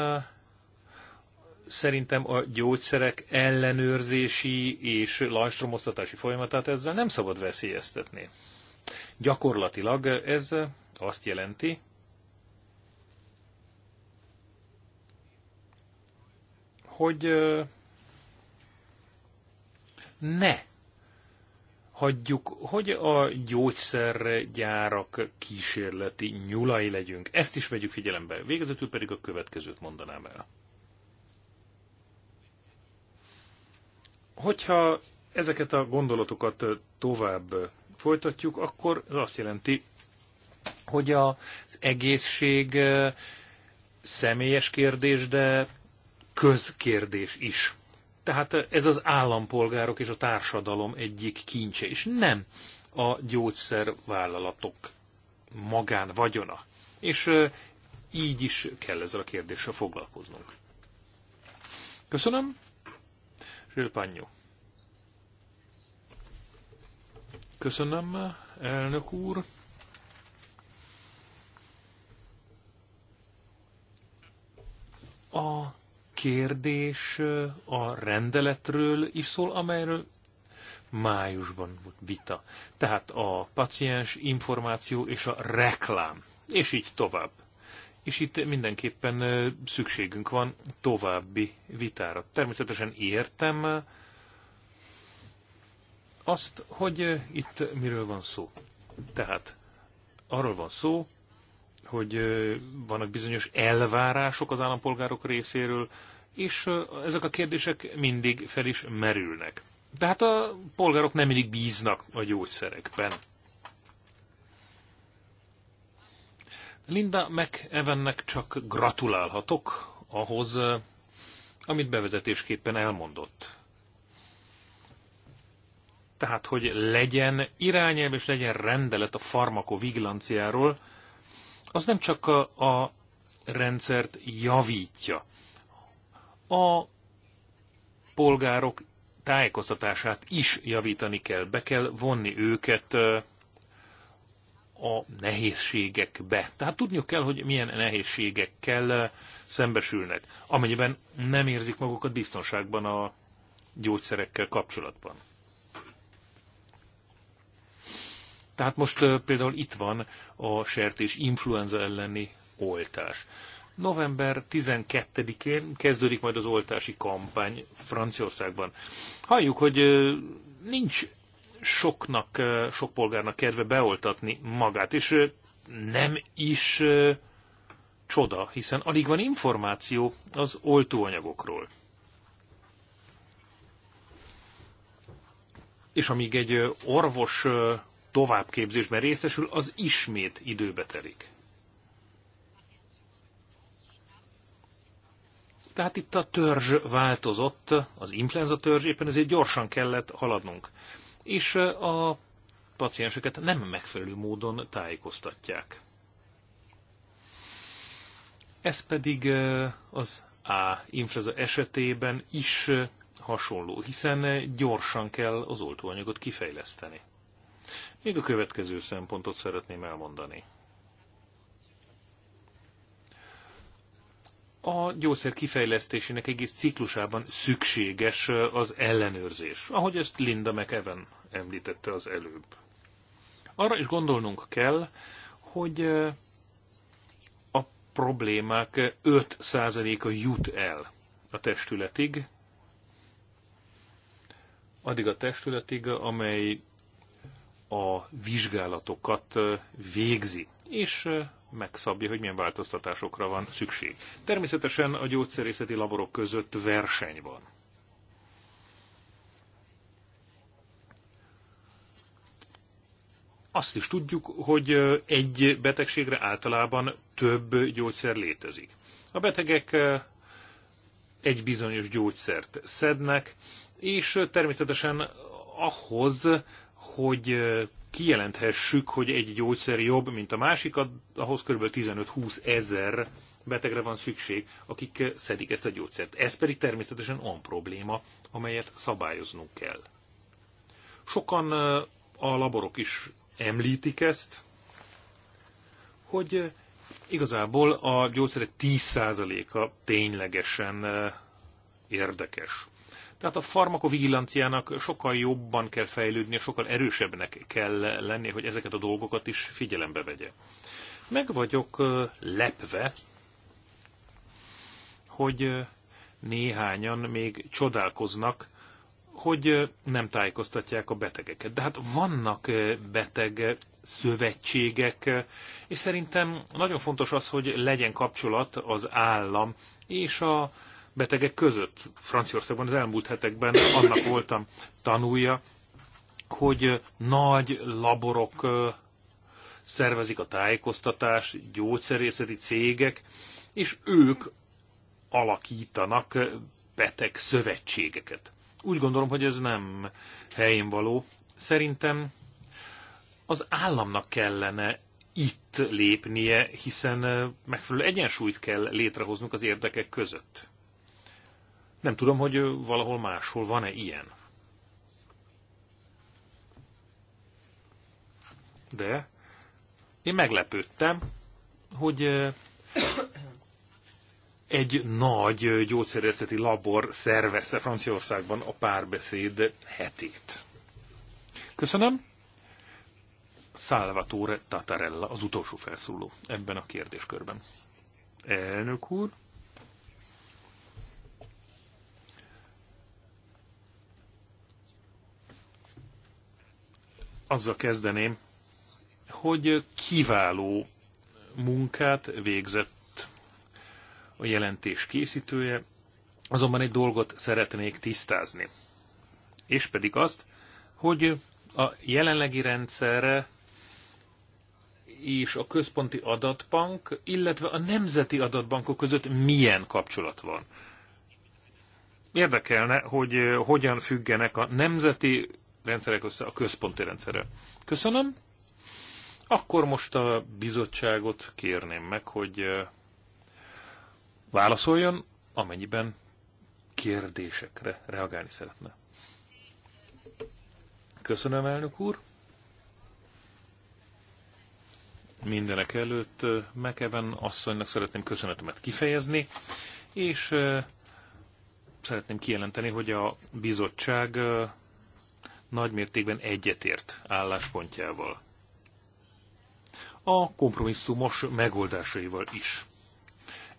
szerintem a gyógyszerek ellenőrzési és lajstromoztatási folyamatát ezzel nem szabad veszélyeztetni. Gyakorlatilag ez azt jelenti, hogy ne hagyjuk, hogy a gyógyszergyárak kísérleti nyulai legyünk. Ezt is vegyük figyelembe. Végezetül pedig a következőt mondanám el. Hogyha ezeket a gondolatokat tovább folytatjuk, akkor az azt jelenti, hogy az egészség személyes kérdés, de közkérdés is. Tehát ez az állampolgárok és a társadalom egyik kincse, és nem a gyógyszervállalatok magán vagyona. És így is kell ezzel a kérdéssel foglalkoznunk. Köszönöm. Zsülpanyó. Köszönöm, elnök úr. A kérdés a rendeletről is szól, amelyről májusban volt vita. Tehát a paciens információ és a reklám, és így tovább. És itt mindenképpen szükségünk van további vitára. Természetesen értem azt, hogy itt miről van szó. Tehát arról van szó, hogy vannak bizonyos elvárások az állampolgárok részéről, és ezek a kérdések mindig fel is merülnek. De hát a polgárok nem mindig bíznak a gyógyszerekben. Linda McEvennek csak gratulálhatok ahhoz, amit bevezetésképpen elmondott. Tehát, hogy legyen irányelv és legyen rendelet a farmakovigilanciáról, az nem csak a, a rendszert javítja, a polgárok tájékoztatását is javítani kell, be kell vonni őket a nehézségekbe. Tehát tudniuk kell, hogy milyen nehézségekkel szembesülnek, amennyiben nem érzik magukat biztonságban a gyógyszerekkel kapcsolatban. Tehát most például itt van a sertés influenza elleni oltás. November 12-én kezdődik majd az oltási kampány Franciaországban. Halljuk, hogy nincs soknak, sok polgárnak kedve beoltatni magát, és nem is csoda, hiszen alig van információ az oltóanyagokról. És amíg egy orvos továbbképzésben részesül, az ismét időbe telik. Tehát itt a törzs változott, az influenza törzs, éppen ezért gyorsan kellett haladnunk. És a pacienseket nem megfelelő módon tájékoztatják. Ez pedig az A influenza esetében is hasonló, hiszen gyorsan kell az oltóanyagot kifejleszteni. Még a következő szempontot szeretném elmondani. a gyógyszer kifejlesztésének egész ciklusában szükséges az ellenőrzés, ahogy ezt Linda McEwen említette az előbb. Arra is gondolnunk kell, hogy a problémák 5%-a jut el a testületig, addig a testületig, amely a vizsgálatokat végzi, és megszabja, hogy milyen változtatásokra van szükség. Természetesen a gyógyszerészeti laborok között verseny van. Azt is tudjuk, hogy egy betegségre általában több gyógyszer létezik. A betegek egy bizonyos gyógyszert szednek, és természetesen ahhoz hogy kijelenthessük, hogy egy gyógyszer jobb, mint a másik, ahhoz kb. 15-20 ezer betegre van szükség, akik szedik ezt a gyógyszert. Ez pedig természetesen olyan probléma, amelyet szabályoznunk kell. Sokan a laborok is említik ezt, hogy igazából a gyógyszerek 10%-a ténylegesen érdekes. Tehát a farmakovigilanciának sokkal jobban kell fejlődni, sokkal erősebbnek kell lennie, hogy ezeket a dolgokat is figyelembe vegye. Meg vagyok lepve, hogy néhányan még csodálkoznak, hogy nem tájékoztatják a betegeket. De hát vannak beteg szövetségek, és szerintem nagyon fontos az, hogy legyen kapcsolat az állam és a betegek között. Franciaországban az elmúlt hetekben annak voltam tanulja, hogy nagy laborok szervezik a tájékoztatás, gyógyszerészeti cégek, és ők alakítanak beteg szövetségeket. Úgy gondolom, hogy ez nem helyén való. Szerintem az államnak kellene itt lépnie, hiszen megfelelő egyensúlyt kell létrehoznunk az érdekek között. Nem tudom, hogy valahol máshol van-e ilyen. De én meglepődtem, hogy egy nagy gyógyszerészeti labor szervezte Franciaországban a párbeszéd hetét. Köszönöm. Salvatore Tatarella az utolsó felszóló ebben a kérdéskörben. Elnök úr, azzal kezdeném, hogy kiváló munkát végzett a jelentés készítője, azonban egy dolgot szeretnék tisztázni. És pedig azt, hogy a jelenlegi rendszerre és a központi adatbank, illetve a nemzeti adatbankok között milyen kapcsolat van. Érdekelne, hogy hogyan függenek a nemzeti rendszerek össze a központi rendszerre. Köszönöm. Akkor most a bizottságot kérném meg, hogy válaszoljon, amennyiben kérdésekre reagálni szeretne. Köszönöm, elnök úr. Mindenek előtt Mekeven asszonynak szeretném köszönetemet kifejezni, és szeretném kijelenteni, hogy a bizottság nagymértékben egyetért álláspontjával. A kompromisszumos megoldásaival is.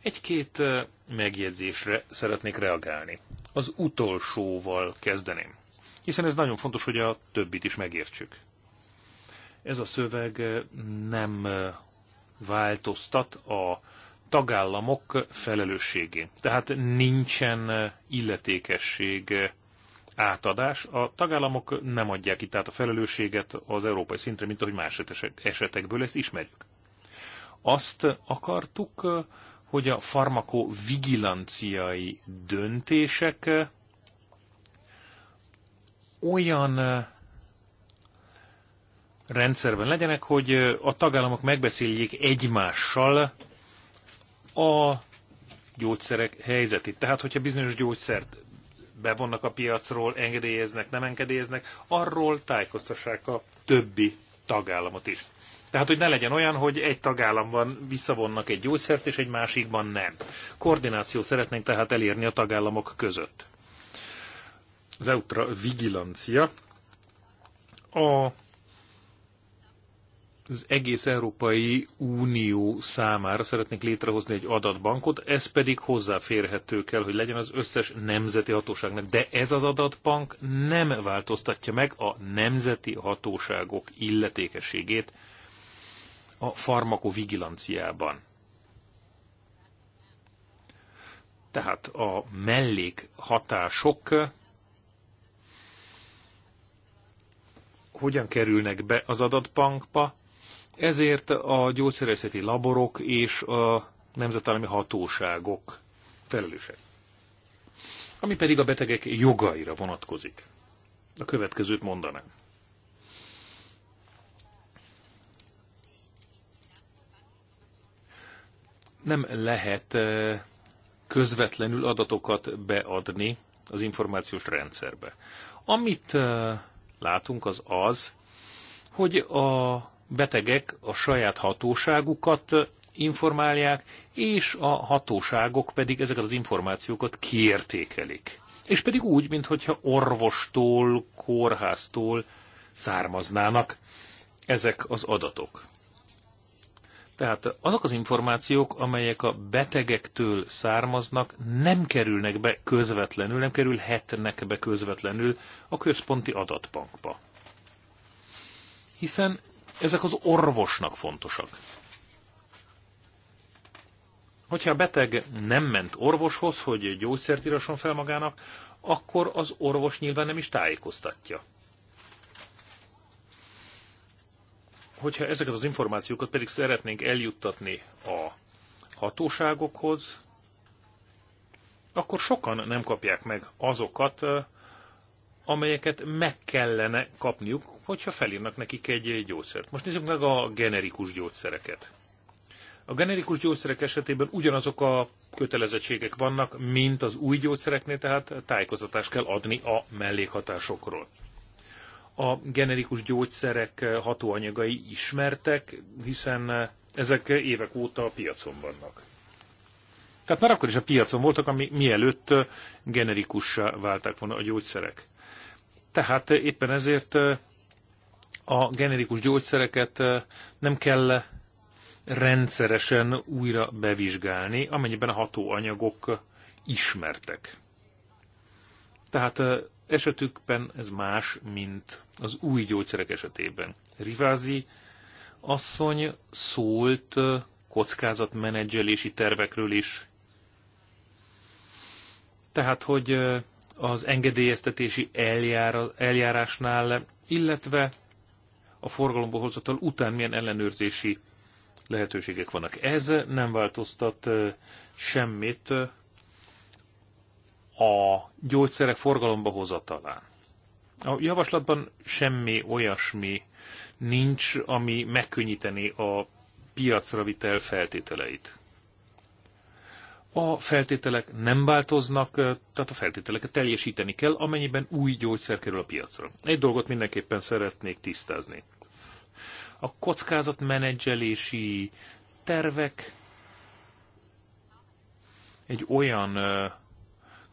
Egy-két eh, megjegyzésre szeretnék reagálni. Az utolsóval kezdeném, hiszen ez nagyon fontos, hogy a többit is megértsük. Ez a szöveg eh, nem eh, változtat a tagállamok felelősségén. Tehát nincsen illetékesség átadás. A tagállamok nem adják ki tehát a felelősséget az európai szintre, mint ahogy más esetekből ezt ismerjük. Azt akartuk, hogy a farmakovigilanciai döntések olyan rendszerben legyenek, hogy a tagállamok megbeszéljék egymással a gyógyszerek helyzetét. Tehát, hogyha bizonyos gyógyszert bevonnak a piacról, engedélyeznek, nem engedélyeznek, arról tájékoztassák a többi tagállamot is. Tehát, hogy ne legyen olyan, hogy egy tagállamban visszavonnak egy gyógyszert, és egy másikban nem. Koordináció szeretnénk tehát elérni a tagállamok között. Az eutra vigilancia a az egész Európai Unió számára szeretnék létrehozni egy adatbankot, ez pedig hozzáférhető kell, hogy legyen az összes nemzeti hatóságnak. De ez az adatbank nem változtatja meg a nemzeti hatóságok illetékességét a farmakovigilanciában. Tehát a mellékhatások hogyan kerülnek be az adatbankba, ezért a gyógyszerészeti laborok és a nemzetállami hatóságok felelősek. Ami pedig a betegek jogaira vonatkozik. A következőt mondanám. Nem lehet eh, közvetlenül adatokat beadni az információs rendszerbe. Amit eh, látunk az az, hogy a betegek a saját hatóságukat informálják, és a hatóságok pedig ezeket az információkat kiértékelik. És pedig úgy, mintha orvostól, kórháztól származnának ezek az adatok. Tehát azok az információk, amelyek a betegektől származnak, nem kerülnek be közvetlenül, nem kerülhetnek be közvetlenül a központi adatbankba. Hiszen ezek az orvosnak fontosak. Hogyha a beteg nem ment orvoshoz, hogy gyógyszert írasson fel magának, akkor az orvos nyilván nem is tájékoztatja. Hogyha ezeket az információkat pedig szeretnénk eljuttatni a hatóságokhoz, akkor sokan nem kapják meg azokat amelyeket meg kellene kapniuk, hogyha felírnak nekik egy gyógyszert. Most nézzük meg a generikus gyógyszereket. A generikus gyógyszerek esetében ugyanazok a kötelezettségek vannak, mint az új gyógyszereknél, tehát tájékozatást kell adni a mellékhatásokról. A generikus gyógyszerek hatóanyagai ismertek, hiszen ezek évek óta a piacon vannak. Tehát már akkor is a piacon voltak, ami mielőtt generikussá váltak volna a gyógyszerek. Tehát eh, éppen ezért eh, a generikus gyógyszereket eh, nem kell rendszeresen újra bevizsgálni, amennyiben a hatóanyagok ismertek. Tehát esetükben ez más, mint az új gyógyszerek esetében. Rivázi asszony szólt kockázatmenedzselési tervekről is. Tehát, hogy az engedélyeztetési eljára, eljárásnál, illetve a forgalomba hozatal után milyen ellenőrzési lehetőségek vannak. Ez nem változtat semmit a gyógyszerek forgalomba hozatalán. A javaslatban semmi olyasmi nincs, ami megkönnyíteni a piacra vitel feltételeit a feltételek nem változnak, tehát a feltételeket teljesíteni kell, amennyiben új gyógyszer kerül a piacra. Egy dolgot mindenképpen szeretnék tisztázni. A kockázatmenedzselési tervek egy olyan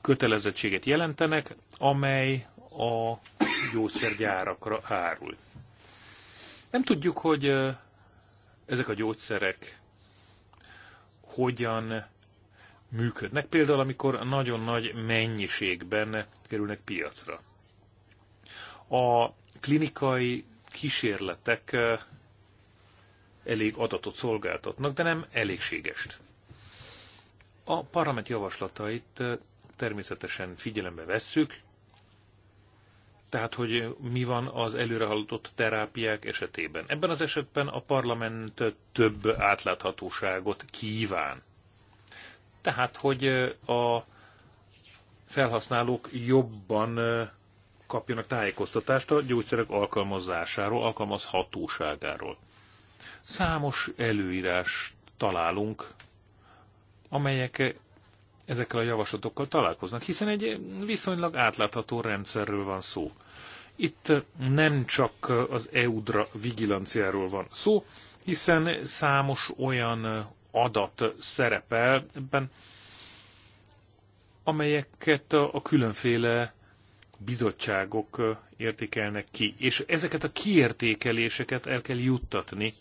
kötelezettséget jelentenek, amely a gyógyszergyárakra árul. Nem tudjuk, hogy ezek a gyógyszerek hogyan működnek, például amikor nagyon nagy mennyiségben kerülnek piacra. A klinikai kísérletek eh, elég adatot szolgáltatnak, de nem elégségest. A parlament javaslatait eh, természetesen figyelembe vesszük, tehát hogy mi van az előrehaladott terápiák esetében. Ebben az esetben a parlament több átláthatóságot kíván. Tehát, hogy a felhasználók jobban kapjanak tájékoztatást a gyógyszerek alkalmazásáról, alkalmazhatóságáról. Számos előírás találunk, amelyek ezekkel a javaslatokkal találkoznak, hiszen egy viszonylag átlátható rendszerről van szó. Itt nem csak az EUDRA vigilanciáról van szó, hiszen számos olyan adat szerepel ebben, amelyeket a különféle bizottságok értékelnek ki. És ezeket a kiértékeléseket el kell juttatni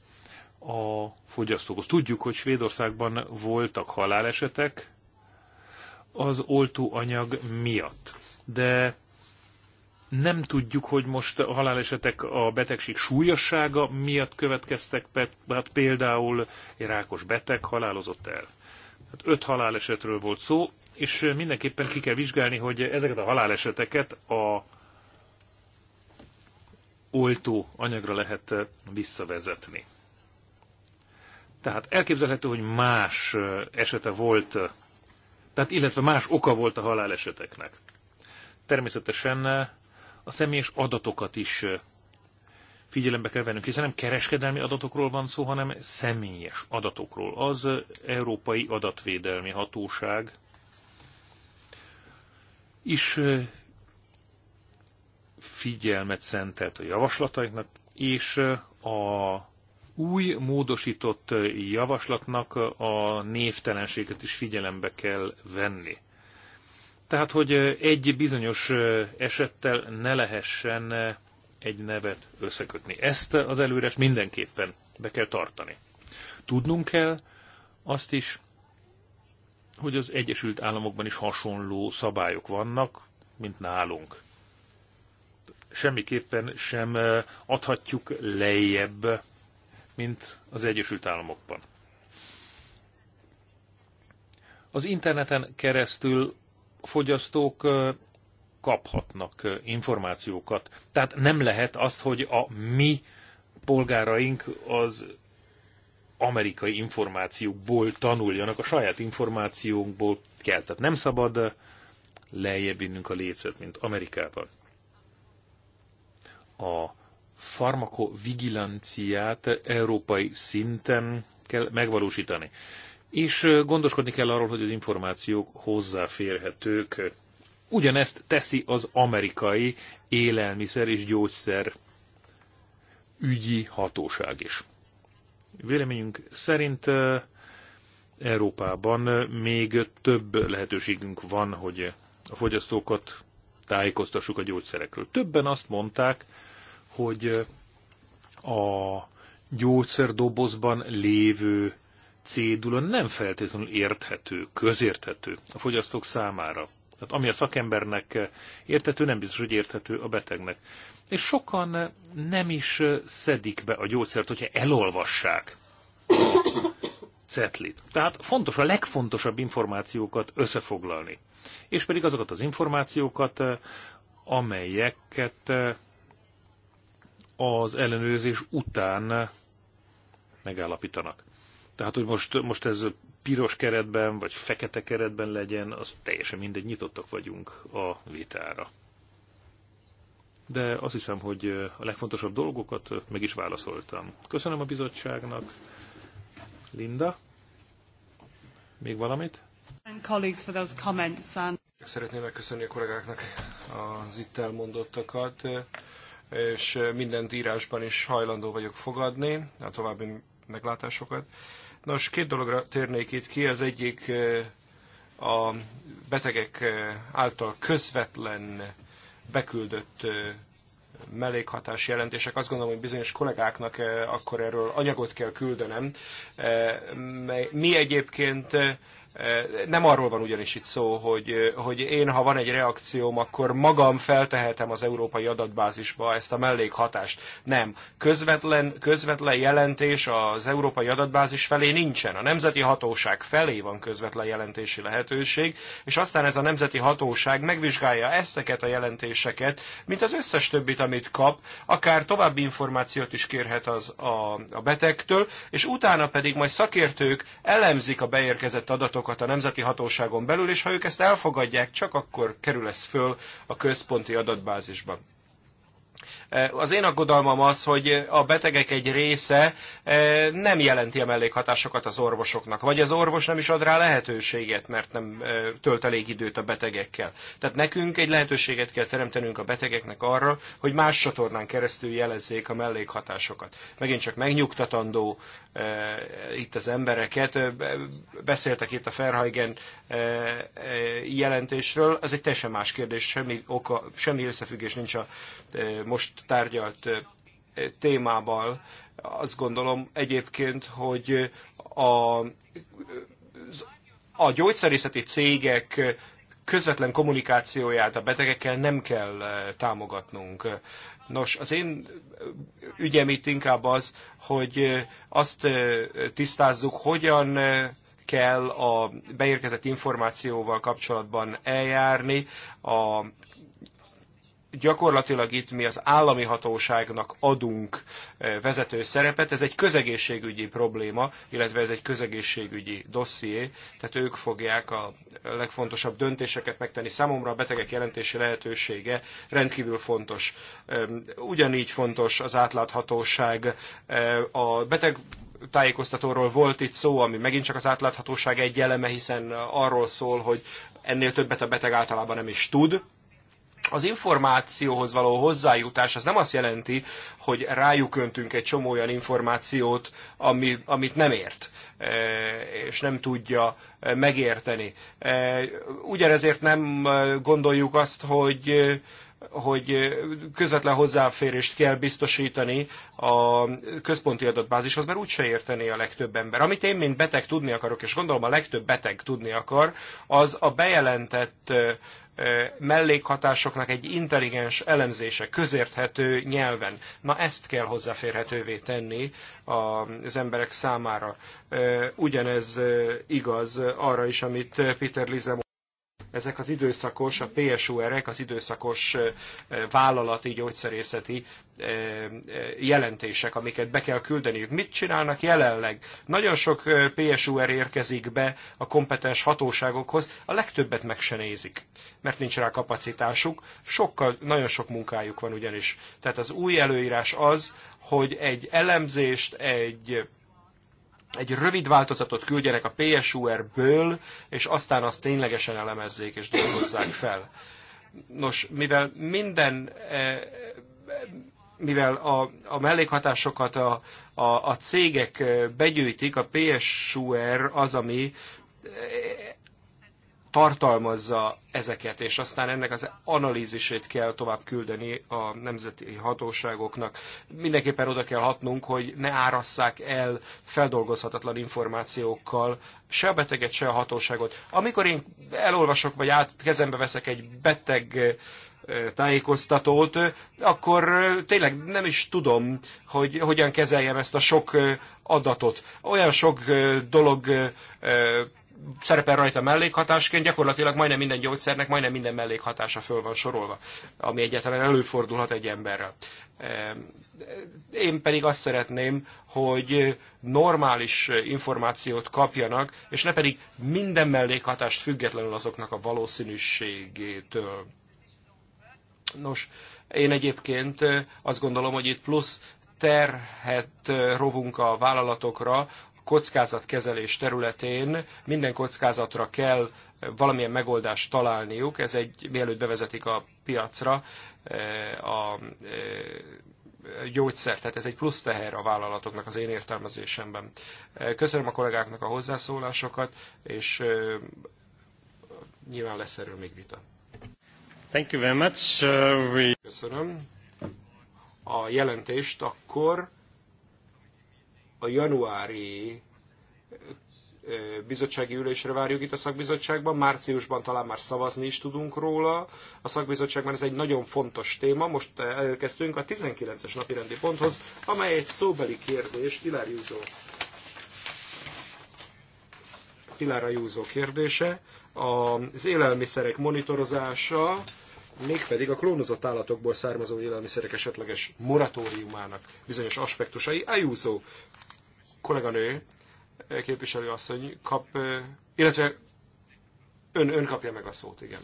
a fogyasztókhoz. Tudjuk, hogy Svédországban voltak halálesetek az oltóanyag miatt, de nem tudjuk, hogy most a halálesetek a betegség súlyossága miatt következtek, hát például egy rákos beteg halálozott el. Tehát öt halálesetről volt szó, és mindenképpen ki kell vizsgálni, hogy ezeket a haláleseteket a oltó anyagra lehet visszavezetni. Tehát elképzelhető, hogy más esete volt, tehát illetve más oka volt a haláleseteknek. Természetesen a személyes adatokat is figyelembe kell vennünk, hiszen nem kereskedelmi adatokról van szó, hanem személyes adatokról. Az Európai Adatvédelmi Hatóság is figyelmet szentelt a javaslataiknak, és a új módosított javaslatnak a névtelenséget is figyelembe kell venni. Tehát, hogy egy bizonyos esettel ne lehessen egy nevet összekötni. Ezt az előres mindenképpen be kell tartani. Tudnunk kell azt is, hogy az Egyesült Államokban is hasonló szabályok vannak, mint nálunk. Semmiképpen sem adhatjuk lejjebb, mint az Egyesült Államokban. Az interneten keresztül fogyasztók kaphatnak információkat. Tehát nem lehet azt, hogy a mi polgáraink az amerikai információkból tanuljanak, a saját információkból kell. Tehát nem szabad lejjebb vinnünk a lécet, mint Amerikában. A farmakovigilanciát európai szinten kell megvalósítani és gondoskodni kell arról, hogy az információk hozzáférhetők. Ugyanezt teszi az amerikai élelmiszer és gyógyszer ügyi hatóság is. Véleményünk szerint Európában még több lehetőségünk van, hogy a fogyasztókat tájékoztassuk a gyógyszerekről. Többen azt mondták, hogy a gyógyszerdobozban lévő cédula nem feltétlenül érthető, közérthető a fogyasztók számára. Tehát ami a szakembernek érthető, nem biztos, hogy érthető a betegnek. És sokan nem is szedik be a gyógyszert, hogyha elolvassák cetlit. Tehát fontos a legfontosabb információkat összefoglalni. És pedig azokat az információkat, amelyeket az ellenőrzés után megállapítanak. Tehát, hogy most, most ez piros keretben, vagy fekete keretben legyen, az teljesen mindegy, nyitottak vagyunk a vitára. De azt hiszem, hogy a legfontosabb dolgokat meg is válaszoltam. Köszönöm a bizottságnak. Linda, még valamit? Szeretném megköszönni a kollégáknak az itt elmondottakat, és mindent írásban is hajlandó vagyok fogadni, a további meglátásokat. Nos, két dologra térnék itt ki. Az egyik a betegek által közvetlen beküldött mellékhatás jelentések. Azt gondolom, hogy bizonyos kollégáknak akkor erről anyagot kell küldenem. Mi egyébként nem arról van ugyanis itt szó, hogy, hogy én, ha van egy reakcióm, akkor magam feltehetem az európai adatbázisba ezt a mellékhatást. Nem. Közvetlen, közvetlen jelentés az európai adatbázis felé nincsen. A nemzeti hatóság felé van közvetlen jelentési lehetőség, és aztán ez a nemzeti hatóság megvizsgálja ezteket a jelentéseket, mint az összes többit, amit kap, akár további információt is kérhet az a, a betegtől, és utána pedig majd szakértők elemzik a beérkezett adatokat, adatokat a nemzeti hatóságon belül, és ha ők ezt elfogadják, csak akkor kerül ez föl a központi adatbázisba. Eh, az én aggodalmam az, hogy eh, a betegek egy része eh, nem jelenti a mellékhatásokat az orvosoknak, vagy az orvos nem is ad rá lehetőséget, mert nem tölt elég időt a betegekkel. Tehát nekünk egy lehetőséget kell teremtenünk a betegeknek arra, hogy más csatornán keresztül jelezzék a mellékhatásokat. Megint csak megnyugtatandó itt az embereket. Beszéltek itt a Ferhajgen jelentésről, az egy teljesen más kérdés, semmi, oka, semmi összefüggés nincs a most most tárgyalt témával. Azt gondolom egyébként, hogy a, a gyógyszerészeti cégek közvetlen kommunikációját a betegekkel nem kell támogatnunk. Nos, az én ügyem itt inkább az, hogy azt tisztázzuk, hogyan kell a beérkezett információval kapcsolatban eljárni a gyakorlatilag itt mi az állami hatóságnak adunk e, vezető szerepet. Ez egy közegészségügyi probléma, illetve ez egy közegészségügyi dosszié, tehát ők fogják a legfontosabb döntéseket megtenni. Számomra a betegek jelentési lehetősége rendkívül fontos. E, ugyanígy fontos az átláthatóság. E, a beteg tájékoztatóról volt itt szó, ami megint csak az átláthatóság egy eleme, hiszen arról szól, hogy ennél többet a beteg általában nem is tud, az információhoz való hozzájutás az nem azt jelenti, hogy rájuk öntünk egy csomó olyan információt, ami, amit nem ért e, és nem tudja e, megérteni. E, ugyanezért nem gondoljuk azt, hogy hogy közvetlen hozzáférést kell biztosítani a központi adatbázishoz, mert úgyse értené a legtöbb ember. Amit én, mint beteg tudni akarok, és gondolom a legtöbb beteg tudni akar, az a bejelentett mellékhatásoknak egy intelligens elemzése, közérthető nyelven. Na ezt kell hozzáférhetővé tenni az emberek számára. Ugyanez igaz arra is, amit Peter Lizem ezek az időszakos, a PSUR-ek, az időszakos vállalati gyógyszerészeti jelentések, amiket be kell küldeniük. Mit csinálnak jelenleg? Nagyon sok PSUR érkezik be a kompetens hatóságokhoz, a legtöbbet meg se nézik, mert nincs rá kapacitásuk, sokkal, nagyon sok munkájuk van ugyanis. Tehát az új előírás az, hogy egy elemzést, egy egy rövid változatot küldjenek a PSUR-ből, és aztán azt ténylegesen elemezzék és dolgozzák fel. Nos, mivel minden, e, mivel a, a mellékhatásokat a, a, a cégek e, begyűjtik, a PSUR az, ami e, tartalmazza ezeket, és aztán ennek az analízisét kell tovább küldeni a nemzeti hatóságoknak. Mindenképpen oda kell hatnunk, hogy ne árasszák el feldolgozhatatlan információkkal se a beteget, se a hatóságot. Amikor én elolvasok, vagy át kezembe veszek egy beteg tájékoztatót, akkor tényleg nem is tudom, hogy hogyan kezeljem ezt a sok adatot. Olyan sok dolog szerepel rajta mellékhatásként, gyakorlatilag majdnem minden gyógyszernek majdnem minden mellékhatása föl van sorolva, ami egyáltalán előfordulhat egy emberrel. Ehm, én pedig azt szeretném, hogy normális információt kapjanak, és ne pedig minden mellékhatást függetlenül azoknak a valószínűségétől. Nos, én egyébként eh, azt gondolom, hogy itt plusz terhet eh, rovunk a vállalatokra, kockázatkezelés területén minden kockázatra kell valamilyen megoldást találniuk, ez egy, mielőtt bevezetik a piacra eh, a eh, gyógyszer, tehát ez egy plusz teher a vállalatoknak az én értelmezésemben. Eh, köszönöm a kollégáknak a hozzászólásokat, és nyilván lesz erről még vita. Thank you very much. Uh, we... Köszönöm a jelentést, akkor a januári bizottsági ülésre várjuk itt a szakbizottságban, márciusban talán már szavazni is tudunk róla. A szakbizottságban ez egy nagyon fontos téma. Most elkezdtünk a 19-es napi rendi ponthoz, amely egy szóbeli kérdés, Pilár Júzó. Pilára Júzó kérdése, az élelmiszerek monitorozása, mégpedig a klónozott állatokból származó élelmiszerek esetleges moratóriumának bizonyos aspektusai. Ajúzó, kolléganő, eh, képviselőasszony kap, eh, illetve ön, ön kapja meg a szót, igen.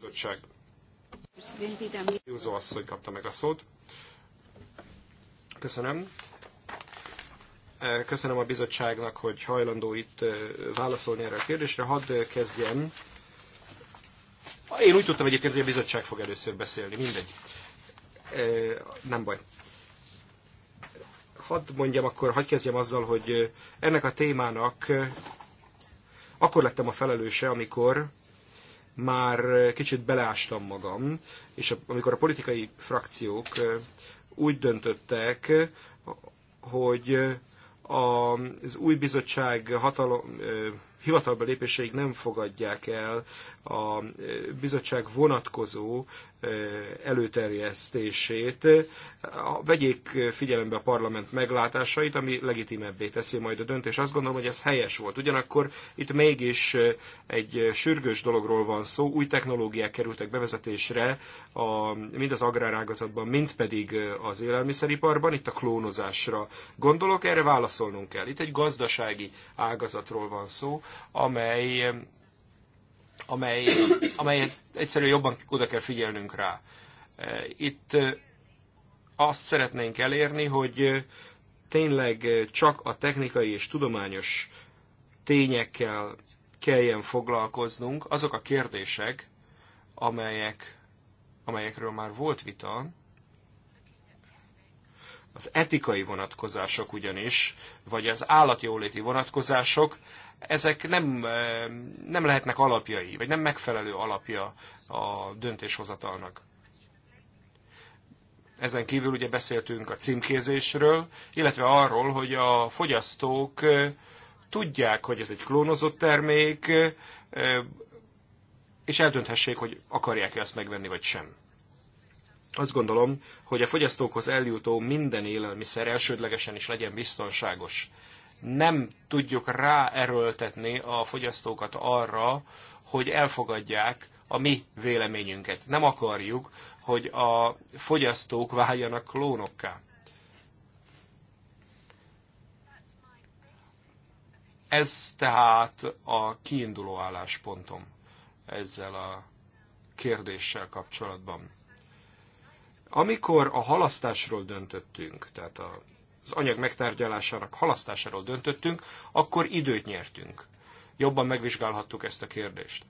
Bizottság. Józó asszony kapta meg a szót. Köszönöm. Eh, köszönöm a bizottságnak, hogy hajlandó itt válaszolni erre a kérdésre. Hadd kezdjem. Én úgy tudtam egyébként, hogy a bizottság fog először beszélni, mindegy nem baj. Hadd mondjam akkor, hadd kezdjem azzal, hogy ennek a témának akkor lettem a felelőse, amikor már kicsit beleástam magam, és amikor a politikai frakciók úgy döntöttek, hogy az új bizottság hatalom, hivatalba lépéseig nem fogadják el a bizottság vonatkozó előterjesztését. Vegyék figyelembe a parlament meglátásait, ami legitimebbé teszi majd a döntés. Azt gondolom, hogy ez helyes volt. Ugyanakkor itt mégis egy sürgős dologról van szó. Új technológiák kerültek bevezetésre a, mind az agrárágazatban, mind pedig az élelmiszeriparban. Itt a klónozásra gondolok, erre válaszolnunk kell. Itt egy gazdasági ágazatról van szó, amely amely, amelyet egyszerűen jobban oda kell figyelnünk rá. E, itt e, azt szeretnénk elérni, hogy e, tényleg csak a technikai és tudományos tényekkel kelljen foglalkoznunk, azok a kérdések, amelyek, amelyekről már volt vita, az etikai vonatkozások ugyanis, vagy az állatjóléti vonatkozások ezek nem, nem lehetnek alapjai, vagy nem megfelelő alapja a döntéshozatalnak. Ezen kívül ugye beszéltünk a címkézésről, illetve arról, hogy a fogyasztók tudják, hogy ez egy klónozott termék, és eldönthessék, hogy akarják-e ezt megvenni, vagy sem. Azt gondolom, hogy a fogyasztókhoz eljutó minden élelmiszer elsődlegesen is legyen biztonságos nem tudjuk ráerőltetni a fogyasztókat arra, hogy elfogadják a mi véleményünket. Nem akarjuk, hogy a fogyasztók váljanak klónokká. Ez tehát a kiinduló álláspontom ezzel a kérdéssel kapcsolatban. Amikor a halasztásról döntöttünk, tehát a az anyag megtárgyalásának halasztásáról döntöttünk, akkor időt nyertünk. Jobban megvizsgálhattuk ezt a kérdést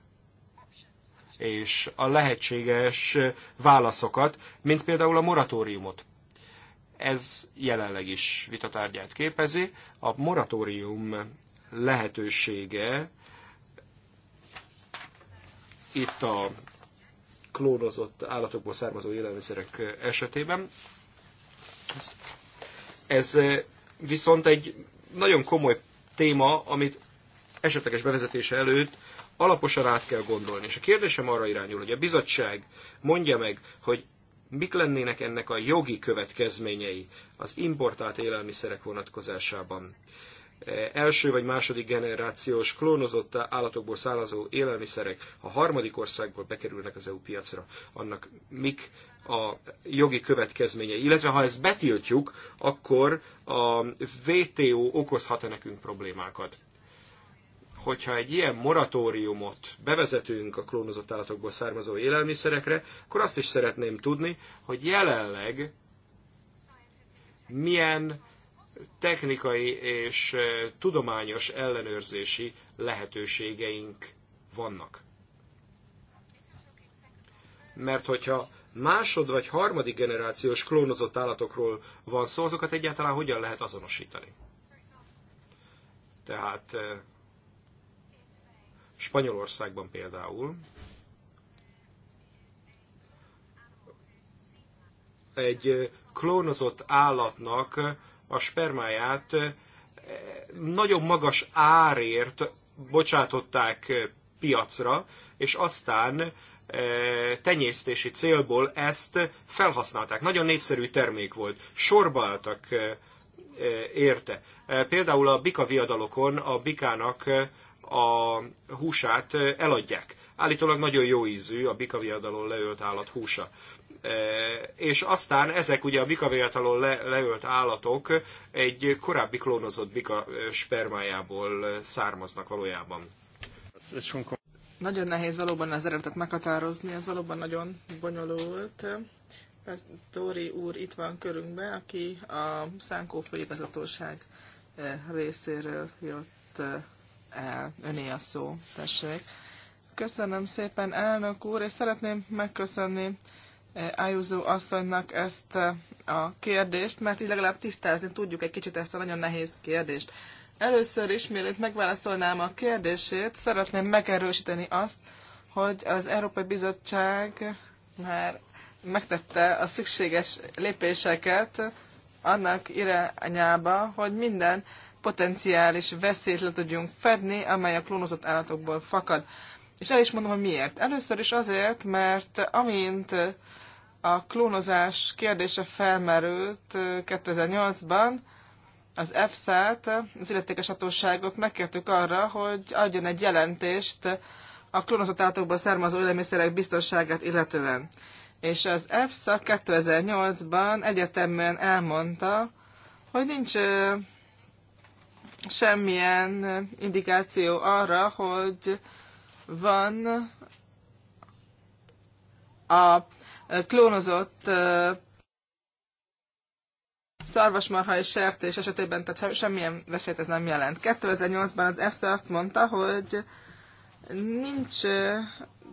és a lehetséges válaszokat, mint például a moratóriumot. Ez jelenleg is vitatárgyát képezi. A moratórium lehetősége itt a klónozott állatokból származó élelmiszerek esetében. Ez ez viszont egy nagyon komoly téma, amit esetleges bevezetése előtt alaposan át kell gondolni. És a kérdésem arra irányul, hogy a bizottság mondja meg, hogy mik lennének ennek a jogi következményei az importált élelmiszerek vonatkozásában. Első vagy második generációs klónozott állatokból származó élelmiszerek, ha harmadik országból bekerülnek az EU piacra, annak mik a jogi következményei, illetve ha ezt betiltjuk, akkor a VTO okozhat-e nekünk problémákat? hogyha egy ilyen moratóriumot bevezetünk a klónozott állatokból származó élelmiszerekre, akkor azt is szeretném tudni, hogy jelenleg milyen technikai és eh, tudományos ellenőrzési lehetőségeink vannak. Mert hogyha másod vagy harmadik generációs klónozott állatokról van szó, azokat egyáltalán hogyan lehet azonosítani? Tehát eh, Spanyolországban például egy eh, klónozott állatnak a spermáját eh, nagyon magas árért bocsátották piacra, és aztán tenyésztési célból ezt felhasználták. Nagyon népszerű termék volt. Sorba álltak érte. Például a bika viadalokon a bikának a húsát eladják. Állítólag nagyon jó ízű a viadalon leölt állat húsa. És aztán ezek ugye a viadalon le, leölt állatok egy korábbi klónozott bika spermájából származnak valójában. Nagyon nehéz valóban az eredetet meghatározni, ez valóban nagyon bonyolult. Ez Dóri úr itt van körünkben, aki a Szánkó főigazgatóság eh, részéről jött eh, el. Öné a szó, tessék. Köszönöm szépen, elnök úr, és szeretném megköszönni eh, Ájúzó asszonynak ezt a kérdést, mert így legalább tisztázni tudjuk egy kicsit ezt a nagyon nehéz kérdést. Először is, mielőtt megválaszolnám a kérdését, szeretném megerősíteni azt, hogy az Európai Bizottság már megtette a szükséges lépéseket annak irányába, hogy minden potenciális veszélyt le tudjunk fedni, amely a klónozott állatokból fakad. És el is mondom, hogy miért. Először is azért, mert amint a klónozás kérdése felmerült 2008-ban, az EFSA-t, az illetékes hatóságot megkértük arra, hogy adjon egy jelentést a klónozott állatokból származó élelmiszerek biztonságát illetően. És az EFSA 2008-ban egyetemben elmondta, hogy nincs semmilyen indikáció arra, hogy van a klónozott szarvasmarha és sertés esetében, tehát semmilyen veszélyt ez nem jelent. 2008-ban az EFSA azt mondta, hogy nincs,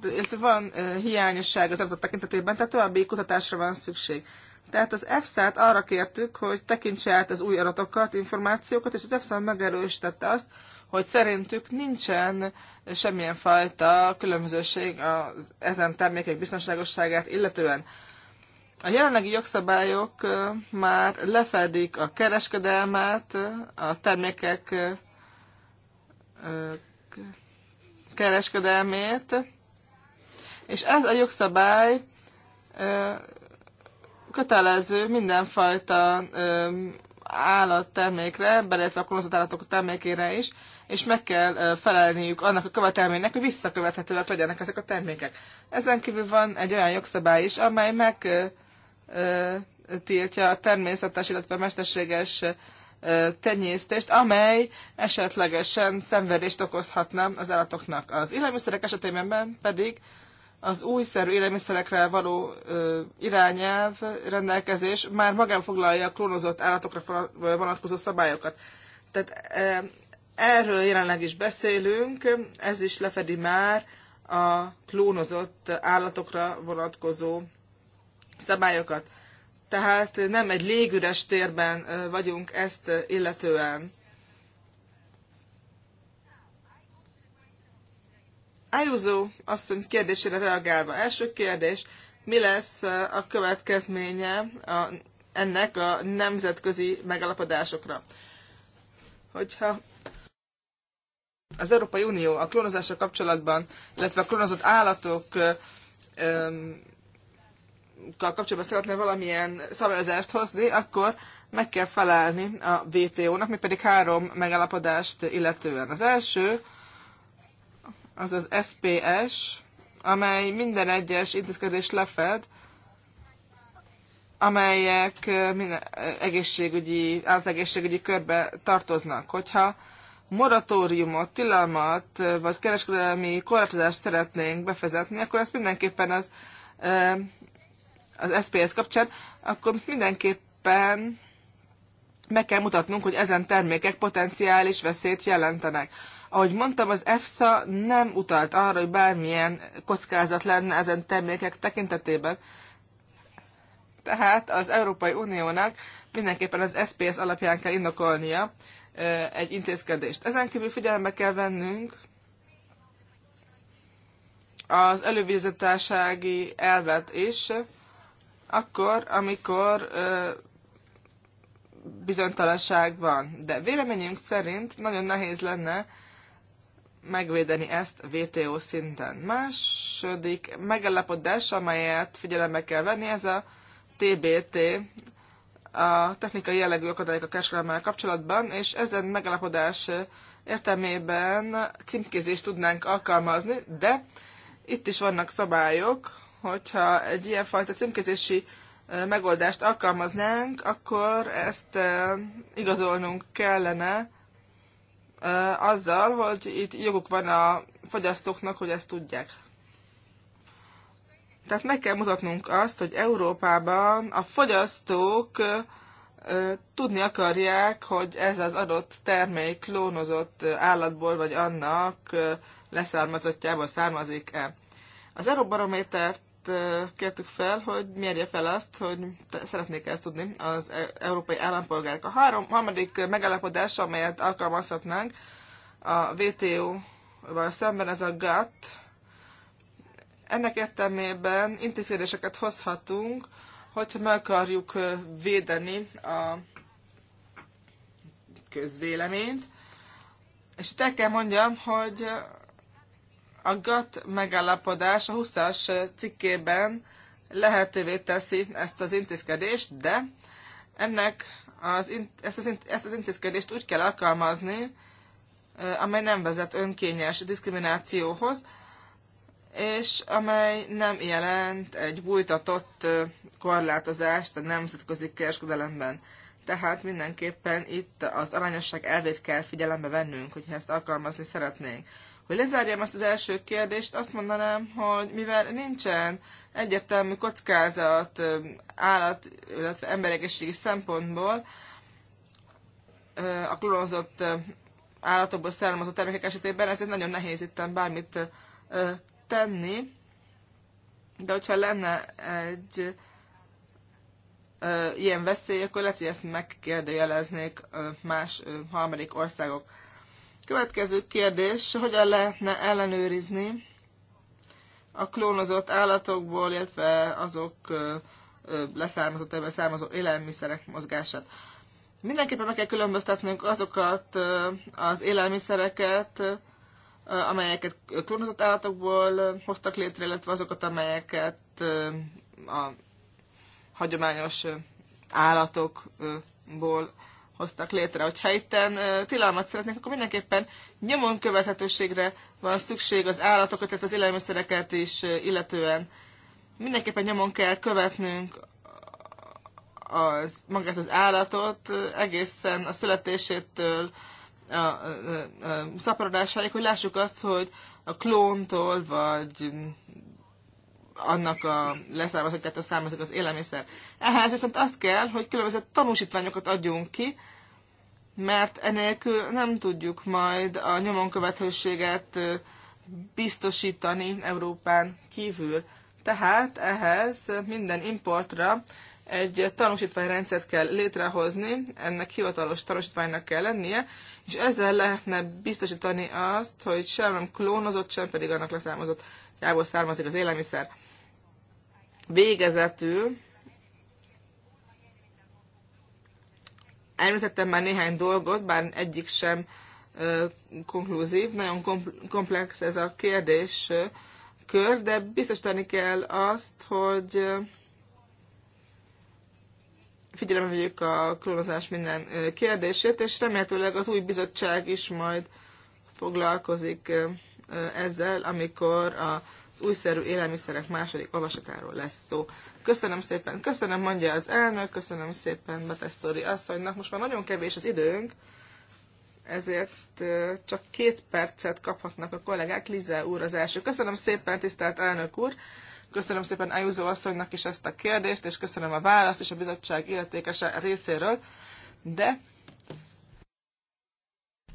illetve van hiányosság az adatok tekintetében, tehát további kutatásra van szükség. Tehát az EFSA-t arra kértük, hogy tekintse át az új adatokat, információkat, és az EFSA megerősítette azt, hogy szerintük nincsen semmilyen fajta különbözőség az ezen termékek biztonságosságát illetően. A jelenlegi jogszabályok már lefedik a kereskedelmet, a termékek kereskedelmét, és ez a jogszabály kötelező mindenfajta állattermékre, beleértve a konzultálatok termékére is, és meg kell felelniük annak a követelménynek, hogy visszakövethetőek legyenek ezek a termékek. Ezen kívül van egy olyan jogszabály is, amely meg tiltja a természetes, illetve mesterséges tenyésztést, amely esetlegesen szenvedést okozhatna az állatoknak. Az élelmiszerek esetében pedig az újszerű élelmiszerekre való irányelv rendelkezés már magán foglalja a klónozott állatokra vonatkozó szabályokat. Tehát erről jelenleg is beszélünk, ez is lefedi már a klónozott állatokra vonatkozó szabályokat. Tehát nem egy légüres térben vagyunk ezt illetően. Ájúzó asszony kérdésére reagálva. Első kérdés, mi lesz a következménye a, ennek a nemzetközi megalapodásokra? Hogyha az Európai Unió a klónozással kapcsolatban, illetve a klónozott állatok ö, kapcsolatban szeretne valamilyen szabályozást hozni, akkor meg kell felelni a vto nak mi pedig három megállapodást illetően. Az első az az SPS, amely minden egyes intézkedés lefed, amelyek egészségügyi, egészségügyi, körbe tartoznak. Hogyha moratóriumot, tilalmat vagy kereskedelmi korlátozást szeretnénk befezetni, akkor ezt mindenképpen az az SPS kapcsán, akkor mindenképpen meg kell mutatnunk, hogy ezen termékek potenciális veszélyt jelentenek. Ahogy mondtam, az EFSA nem utalt arra, hogy bármilyen kockázat lenne ezen termékek tekintetében. Tehát az Európai Uniónak mindenképpen az SPS alapján kell indokolnia egy intézkedést. Ezen kívül figyelembe kell vennünk az elővizetársági elvet is, akkor, amikor ö, bizonytalanság van. De véleményünk szerint nagyon nehéz lenne megvédeni ezt VTO szinten. Második megállapodás, amelyet figyelembe kell venni, ez a TBT, a technikai jellegű akadályok a kereskedelmel kapcsolatban, és ezen megállapodás értelmében címkézést tudnánk alkalmazni, de itt is vannak szabályok, hogyha egy ilyenfajta címkézési megoldást alkalmaznánk, akkor ezt igazolnunk kellene azzal, hogy itt joguk van a fogyasztóknak, hogy ezt tudják. Tehát meg kell mutatnunk azt, hogy Európában a fogyasztók tudni akarják, hogy ez az adott termék klónozott állatból vagy annak leszármazottjából származik-e. Az Euróbarométer kértük fel, hogy mérje fel azt, hogy szeretnék ezt tudni az e-, európai állampolgárok. A három, harmadik megállapodás, amelyet alkalmazhatnánk a WTO-val szemben, ez a GATT. Ennek értelmében intézkedéseket hozhatunk, hogyha meg akarjuk védeni a közvéleményt. És itt el kell mondjam, hogy a GATT megállapodás a 20-as cikkében lehetővé teszi ezt az intézkedést, de ennek az, ezt, az, ezt az intézkedést úgy kell alkalmazni, eh, amely nem vezet önkényes diszkriminációhoz, és amely nem jelent egy bújtatott eh, korlátozást a nemzetközi kereskedelemben. Tehát mindenképpen itt az aranyosság elvét kell figyelembe vennünk, hogyha ezt alkalmazni szeretnénk. Hogy lezárjam ezt az első kérdést, azt mondanám, hogy mivel nincsen egyértelmű kockázat állat, illetve emberegészségi szempontból, a klónozott állatokból származó termékek esetében, ezért nagyon nehéz itt bármit tenni. De hogyha lenne egy ilyen veszély, akkor lehet, hogy ezt megkérdőjeleznék más harmadik országok Következő kérdés, hogyan lehetne ellenőrizni a klónozott állatokból, illetve azok leszármazott, ebből származó élelmiszerek mozgását. Mindenképpen meg kell különböztetnünk azokat az élelmiszereket, amelyeket klónozott állatokból hoztak létre, illetve azokat, amelyeket a hagyományos állatokból hoztak létre. Hogyha itten tilalmat szeretnék, akkor mindenképpen nyomon követhetőségre van szükség az állatokat, tehát az élelmiszereket is illetően. Mindenképpen nyomon kell követnünk az, magát az állatot egészen a születésétől a, a, a szaporodásáig, hogy lássuk azt, hogy a klóntól vagy annak a leszármazottját származik az élelmiszer. Ehhez viszont azt kell, hogy különböző tanúsítványokat adjunk ki, mert enélkül nem tudjuk majd a nyomonkövetőséget biztosítani Európán kívül. Tehát ehhez minden importra egy tanúsítványrendszert kell létrehozni, ennek hivatalos tanúsítványnak kell lennie, és ezzel lehetne biztosítani azt, hogy sem nem klónozott, sem pedig annak leszármazott jából származik az élelmiszer. Végezetül Említettem már néhány dolgot, bár egyik sem ö, konklúzív, nagyon komplex ez a kérdés kör, de biztosítani kell azt, hogy figyelembe vegyük a klónozás minden kérdését, és remélhetőleg az új bizottság is majd foglalkozik ezzel, amikor a az újszerű élelmiszerek második olvasatáról lesz szó. Köszönöm szépen, köszönöm, mondja az elnök, köszönöm szépen Betesztori asszonynak. Most már nagyon kevés az időnk, ezért csak két percet kaphatnak a kollégák. Lize úr az első. Köszönöm szépen, tisztelt elnök úr! Köszönöm szépen Ajúzó asszonynak is ezt a kérdést, és köszönöm a választ és a bizottság illetékese részéről. De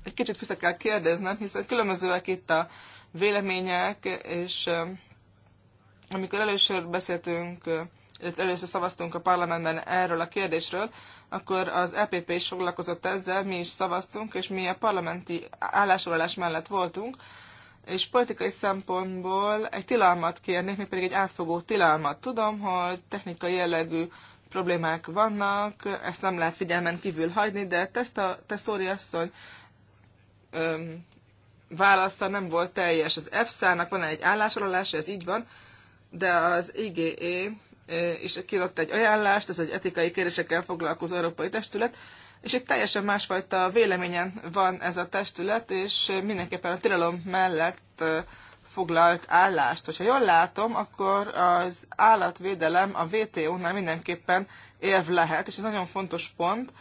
egy kicsit vissza kell kérdeznem, hiszen különbözőek itt a vélemények, és amikor először beszéltünk, illetve először szavaztunk a parlamentben erről a kérdésről, akkor az EPP is foglalkozott ezzel, mi is szavaztunk, és mi a parlamenti állásolás mellett voltunk, és politikai szempontból egy tilalmat kérnék, még pedig egy átfogó tilalmat. Tudom, hogy technikai jellegű problémák vannak, ezt nem lehet figyelmen kívül hagyni, de Teszta, Tesztóri asszony válasza nem volt teljes. Az EFSA-nak van egy állásolása, ez így van, de az IGE is kiadott egy ajánlást, ez egy etikai kérdésekkel foglalkozó európai testület, és itt teljesen másfajta véleményen van ez a testület, és mindenképpen a tilalom mellett foglalt állást. Hogyha jól látom, akkor az állatvédelem a WTO-nál mindenképpen érv lehet, és ez nagyon fontos pont.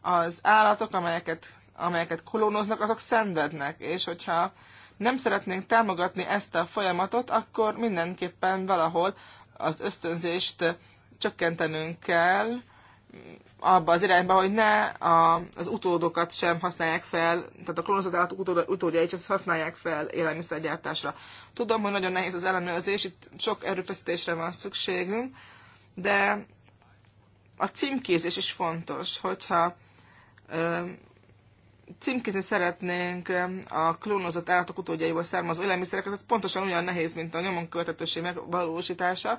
Az állatok, amelyeket amelyeket kolónoznak, azok szenvednek, és hogyha nem szeretnénk támogatni ezt a folyamatot, akkor mindenképpen valahol az ösztönzést csökkentenünk kell abba az irányba, hogy ne a, az utódokat sem használják fel, tehát a klónozott állatok utódjait sem használják fel élelmiszergyártásra. Tudom, hogy nagyon nehéz az ellenőrzés, itt sok erőfeszítésre van szükségünk, de a címkézés is fontos, hogyha címkézni szeretnénk a klónozott állatok utódjaiból származó élelmiszereket, az pontosan olyan nehéz, mint a nyomon követetőség megvalósítása.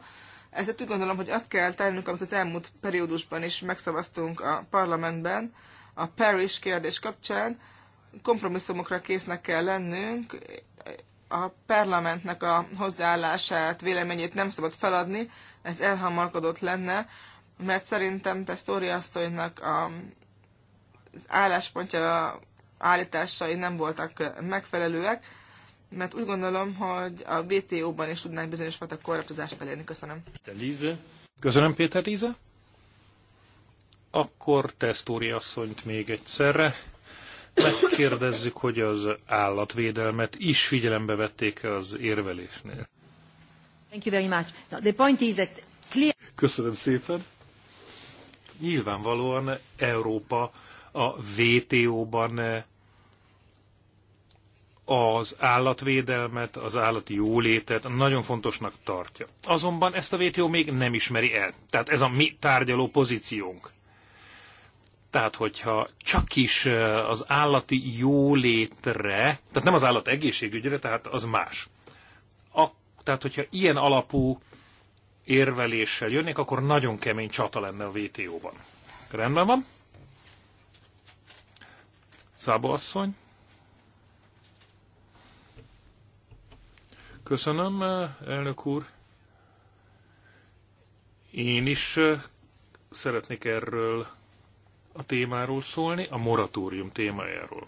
Ezért úgy gondolom, hogy azt kell tennünk, amit az elmúlt periódusban is megszavaztunk a parlamentben, a Paris kérdés kapcsán kompromisszumokra késznek kell lennünk, a parlamentnek a hozzáállását, véleményét nem szabad feladni, ez elhamarkodott lenne, mert szerintem Tesztori asszonynak a az álláspontja, állításai nem voltak megfelelőek, mert úgy gondolom, hogy a WTO-ban is tudnánk bizonyos fajta korlátozást elérni. Köszönöm. Köszönöm, Péter Líze. Akkor Tesztóri asszonyt még egyszerre. Megkérdezzük, hogy az állatvédelmet is figyelembe vették az érvelésnél. Thank you very much. the point is that clear... Köszönöm szépen. Nyilvánvalóan Európa a VTO-ban eh, az állatvédelmet, az állati jólétet nagyon fontosnak tartja. Azonban ezt a VTO még nem ismeri el. Tehát ez a mi tárgyaló pozíciónk. Tehát, hogyha csak is eh, az állati jólétre, tehát nem az állat egészségügyre, tehát az más. A, tehát, hogyha ilyen alapú érveléssel jönnék, akkor nagyon kemény csata lenne a VTO-ban. Rendben van? Szába asszony. Köszönöm, elnök úr. Én is eh, szeretnék erről a témáról szólni, a moratórium témájáról.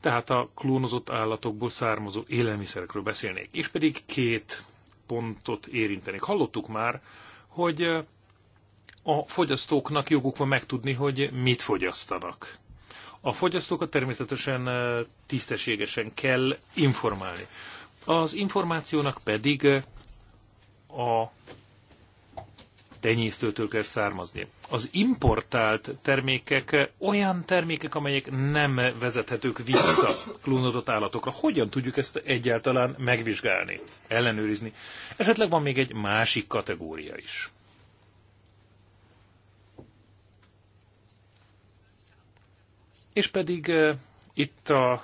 Tehát a klónozott állatokból származó élelmiszerekről beszélnék. És pedig két pontot érintenék. Hallottuk már, hogy eh, a fogyasztóknak joguk van megtudni, hogy mit fogyasztanak. A fogyasztókat természetesen tisztességesen kell informálni. Az információnak pedig a tenyésztőtől kell származni. Az importált termékek olyan termékek, amelyek nem vezethetők vissza klónodott állatokra. Hogyan tudjuk ezt egyáltalán megvizsgálni, ellenőrizni? Esetleg van még egy másik kategória is. És pedig itt a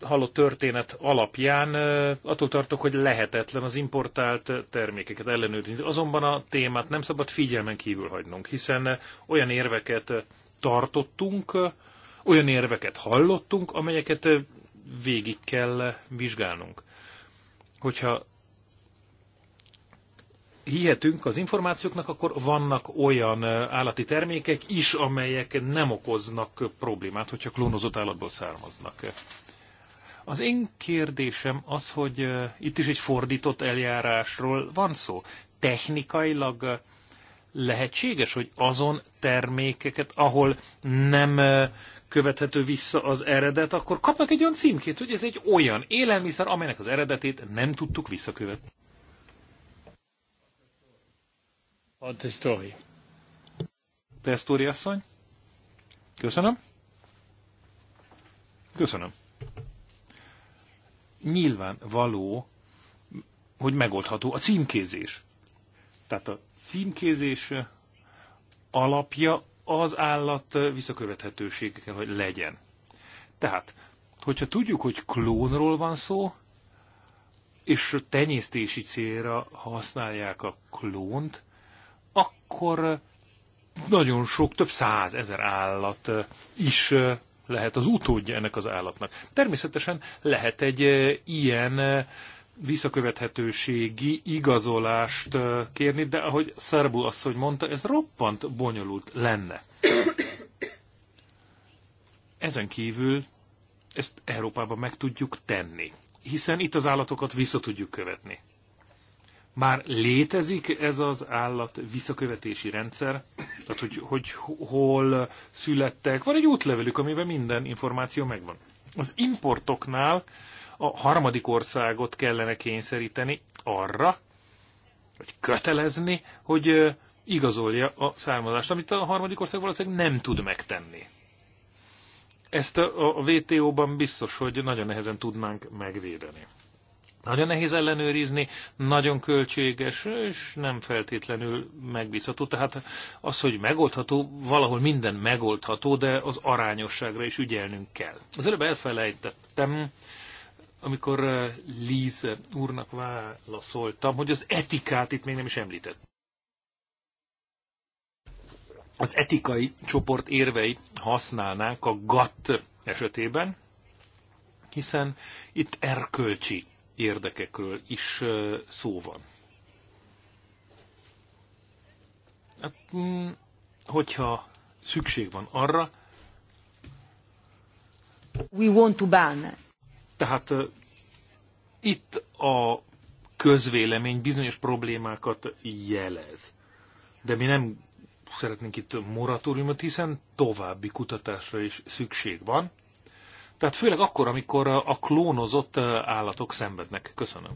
hallott történet alapján attól tartok, hogy lehetetlen az importált termékeket ellenőrizni. Azonban a témát nem szabad figyelmen kívül hagynunk, hiszen olyan érveket tartottunk, olyan érveket hallottunk, amelyeket végig kell vizsgálnunk. Hogyha hihetünk az információknak, akkor vannak olyan állati termékek is, amelyek nem okoznak problémát, hogyha klónozott állatból származnak. Az én kérdésem az, hogy itt is egy fordított eljárásról van szó. Technikailag lehetséges, hogy azon termékeket, ahol nem követhető vissza az eredet, akkor kapnak egy olyan címkét, hogy ez egy olyan élelmiszer, amelynek az eredetét nem tudtuk visszakövetni. A Testori. Testori asszony. Köszönöm. Köszönöm. Nyilván való, hogy megoldható a címkézés. Tehát a címkézés alapja az állat visszakövethetősége kell, hogy legyen. Tehát, hogyha tudjuk, hogy klónról van szó, és tenyésztési célra használják a klónt, akkor nagyon sok, több százezer állat is lehet az utódja ennek az állatnak. Természetesen lehet egy ilyen visszakövethetőségi igazolást kérni, de ahogy Szerbu asszony mondta, ez roppant bonyolult lenne. Ezen kívül ezt Európában meg tudjuk tenni, hiszen itt az állatokat vissza tudjuk követni. Már létezik ez az állat visszakövetési rendszer? Tehát, hogy, hogy hol születtek? Van egy útlevelük, amiben minden információ megvan. Az importoknál a harmadik országot kellene kényszeríteni arra, hogy kötelezni, hogy igazolja a származást, amit a harmadik ország valószínűleg nem tud megtenni. Ezt a WTO-ban biztos, hogy nagyon nehezen tudnánk megvédeni. Nagyon nehéz ellenőrizni, nagyon költséges, és nem feltétlenül megbízható. Tehát az, hogy megoldható, valahol minden megoldható, de az arányosságra is ügyelnünk kell. Az előbb elfelejtettem, amikor eh, Líz úrnak válaszoltam, hogy az etikát itt még nem is említett. Az etikai csoport érvei használnánk a GATT esetében, hiszen itt erkölcsi érdekekről is szó van. Hát, mm, hogyha szükség van arra, We want to ban. Tehát itt a közvélemény bizonyos problémákat jelez. De mi nem szeretnénk itt moratóriumot, hiszen további kutatásra is szükség van, tehát főleg akkor, amikor a klónozott állatok szenvednek. Köszönöm.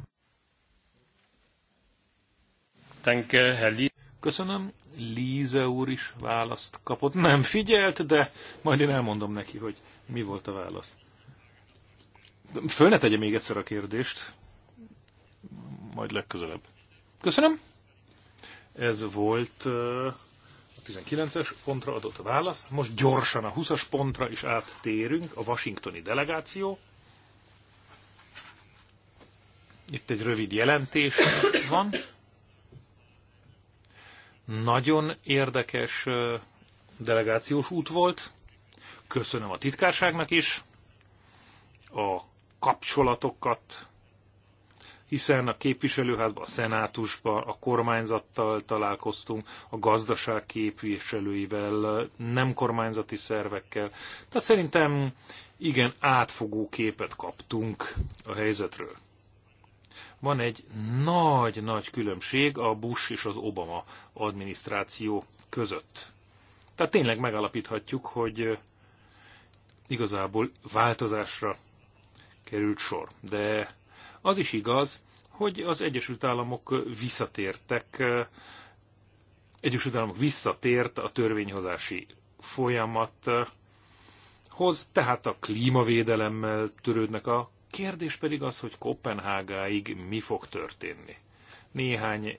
Köszönöm. Líze úr is választ kapott. Nem figyelt, de majd én elmondom neki, hogy mi volt a válasz. Föl ne tegye még egyszer a kérdést. Majd legközelebb. Köszönöm. Ez volt 19-es pontra adott a válasz. Most gyorsan a 20-as pontra is áttérünk, a washingtoni delegáció. Itt egy rövid jelentés van. Nagyon érdekes delegációs út volt. Köszönöm a titkárságnak is a kapcsolatokat hiszen a képviselőházban, a szenátusban, a kormányzattal találkoztunk, a gazdaság képviselőivel, nem kormányzati szervekkel. Tehát szerintem igen átfogó képet kaptunk a helyzetről. Van egy nagy-nagy különbség a Bush és az Obama adminisztráció között. Tehát tényleg megalapíthatjuk, hogy igazából változásra került sor. De az is igaz, hogy az Egyesült Államok visszatértek, Egyesült Államok visszatért a törvényhozási folyamathoz, tehát a klímavédelemmel törődnek a kérdés pedig az, hogy Kopenhágáig mi fog történni. Néhány